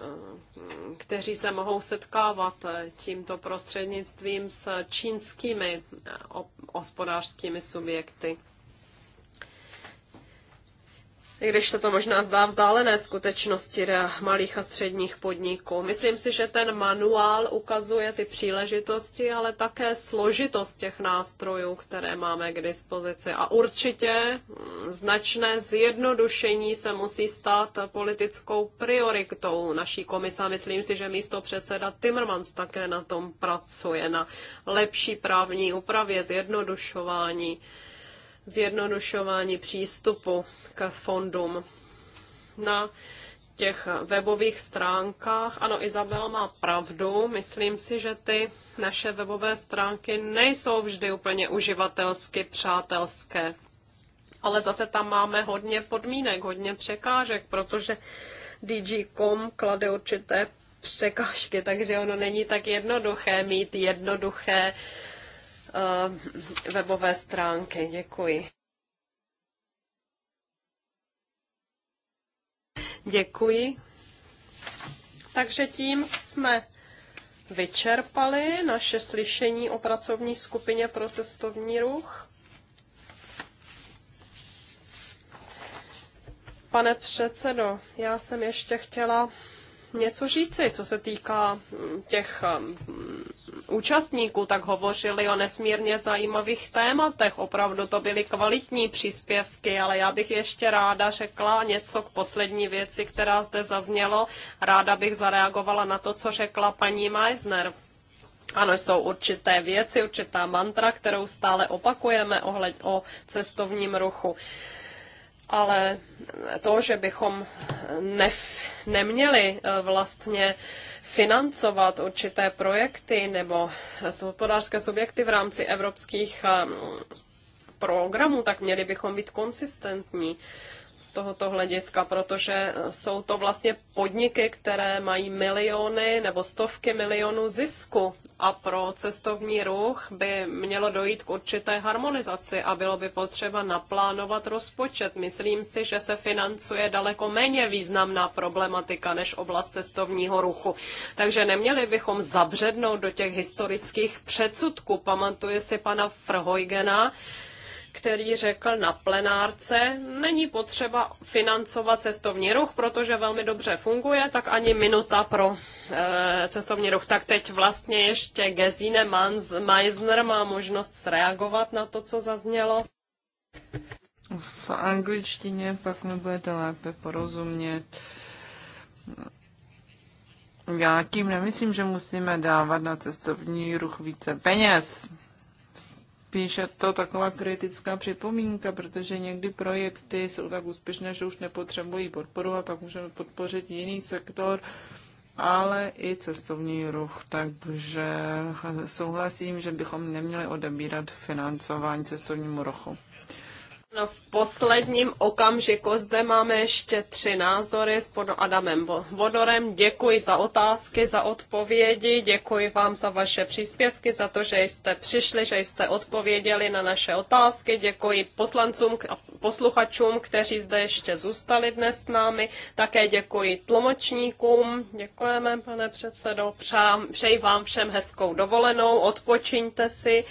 kteří se mohou setkávat eh, tímto prostřednictvím s čínskými eh, hospodářskými subjekty i když se to možná zdá vzdálené skutečnosti malých a středních podniků. Myslím si, že ten manuál ukazuje ty příležitosti, ale také složitost těch nástrojů, které máme k dispozici. A určitě značné zjednodušení se musí stát politickou prioritou naší komise. Myslím si, že místo předseda Timmermans také na tom pracuje, na lepší právní úpravě, zjednodušování zjednodušování přístupu k fondům. Na těch webových stránkách. Ano, Izabel má pravdu. Myslím si, že ty naše webové stránky nejsou vždy úplně uživatelsky přátelské. Ale zase tam máme hodně podmínek, hodně překážek, protože DG.com klade určité překážky, takže ono není tak jednoduché mít jednoduché Eh, webové stránky. Děkuji. Děkuji. Takže tím jsme vyčerpali naše slyšení o pracovní skupině pro cestovní ruch. Pane předsedo, já jsem ještě chtěla něco říci, co se týká těch eh, účastníků, tak hovořili o nesmírně zajímavých tématech. Opravdu to byly kvalitní příspěvky, ale já bych ještě ráda řekla něco k poslední věci, která zde zaznělo. Ráda bych zareagovala na to, co řekla paní Meisner. Ano, jsou určité věci, určitá mantra, kterou stále opakujeme ohled, o cestovním ruchu. Uh, ale to, že bychom nef, neměli eh, vlastně financovat určité projekty nebo hospodářské subjekty v rámci evropských eh, programů, tak měli bychom být konsistentní z tohoto hlediska, protože jsou to vlastně podniky, které mají miliony nebo stovky milionů zisku a pro cestovní ruch by mělo dojít k určité harmonizaci a bylo by potřeba naplánovat rozpočet. Myslím si, že se financuje daleko méně významná problematika než oblast cestovního ruchu. Takže neměli bychom zabřednout do těch historických předsudků. Pamatuje si pana Frhojgena, který řekl na plenárce, není potřeba financovat cestovní ruch, protože velmi dobře funguje, tak ani minuta pro e, cestovní ruch. Tak teď vlastně ještě Gesine Meisner má možnost reagovat na to, co zaznělo. V angličtině pak mi budete lépe porozumět. Já tím nemyslím, že musíme dávat na cestovní ruch více peněz. Píše to taková kritická připomínka, protože někdy projekty jsou tak úspěšné, že už nepotřebují podporu a pak můžeme podpořit jiný sektor, ale i cestovní ruch. Takže souhlasím, že bychom neměli odebírat financování cestovnímu ruchu. No v posledním okamžiku zde máme ještě tři názory s Adamem Vodorem. Děkuji za otázky, za odpovědi, děkuji vám za vaše příspěvky, za to, že jste přišli, že jste odpověděli na naše otázky. Děkuji poslancům a posluchačům, kteří zde ještě zůstali dnes s námi. Také děkuji tlumočníkům. Děkujeme, pane předsedo. Přeji vám všem hezkou dovolenou, odpočiňte si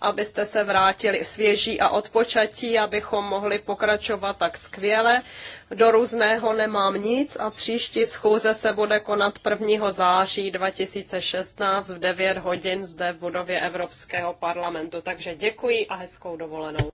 abyste se vrátili svěží a odpočatí, abychom mohli pokračovat tak skvěle. Do různého nemám nic a příští schůze se bude konat 1. září 2016 v 9 hodin zde v budově Evropského parlamentu. Takže děkuji a hezkou dovolenou.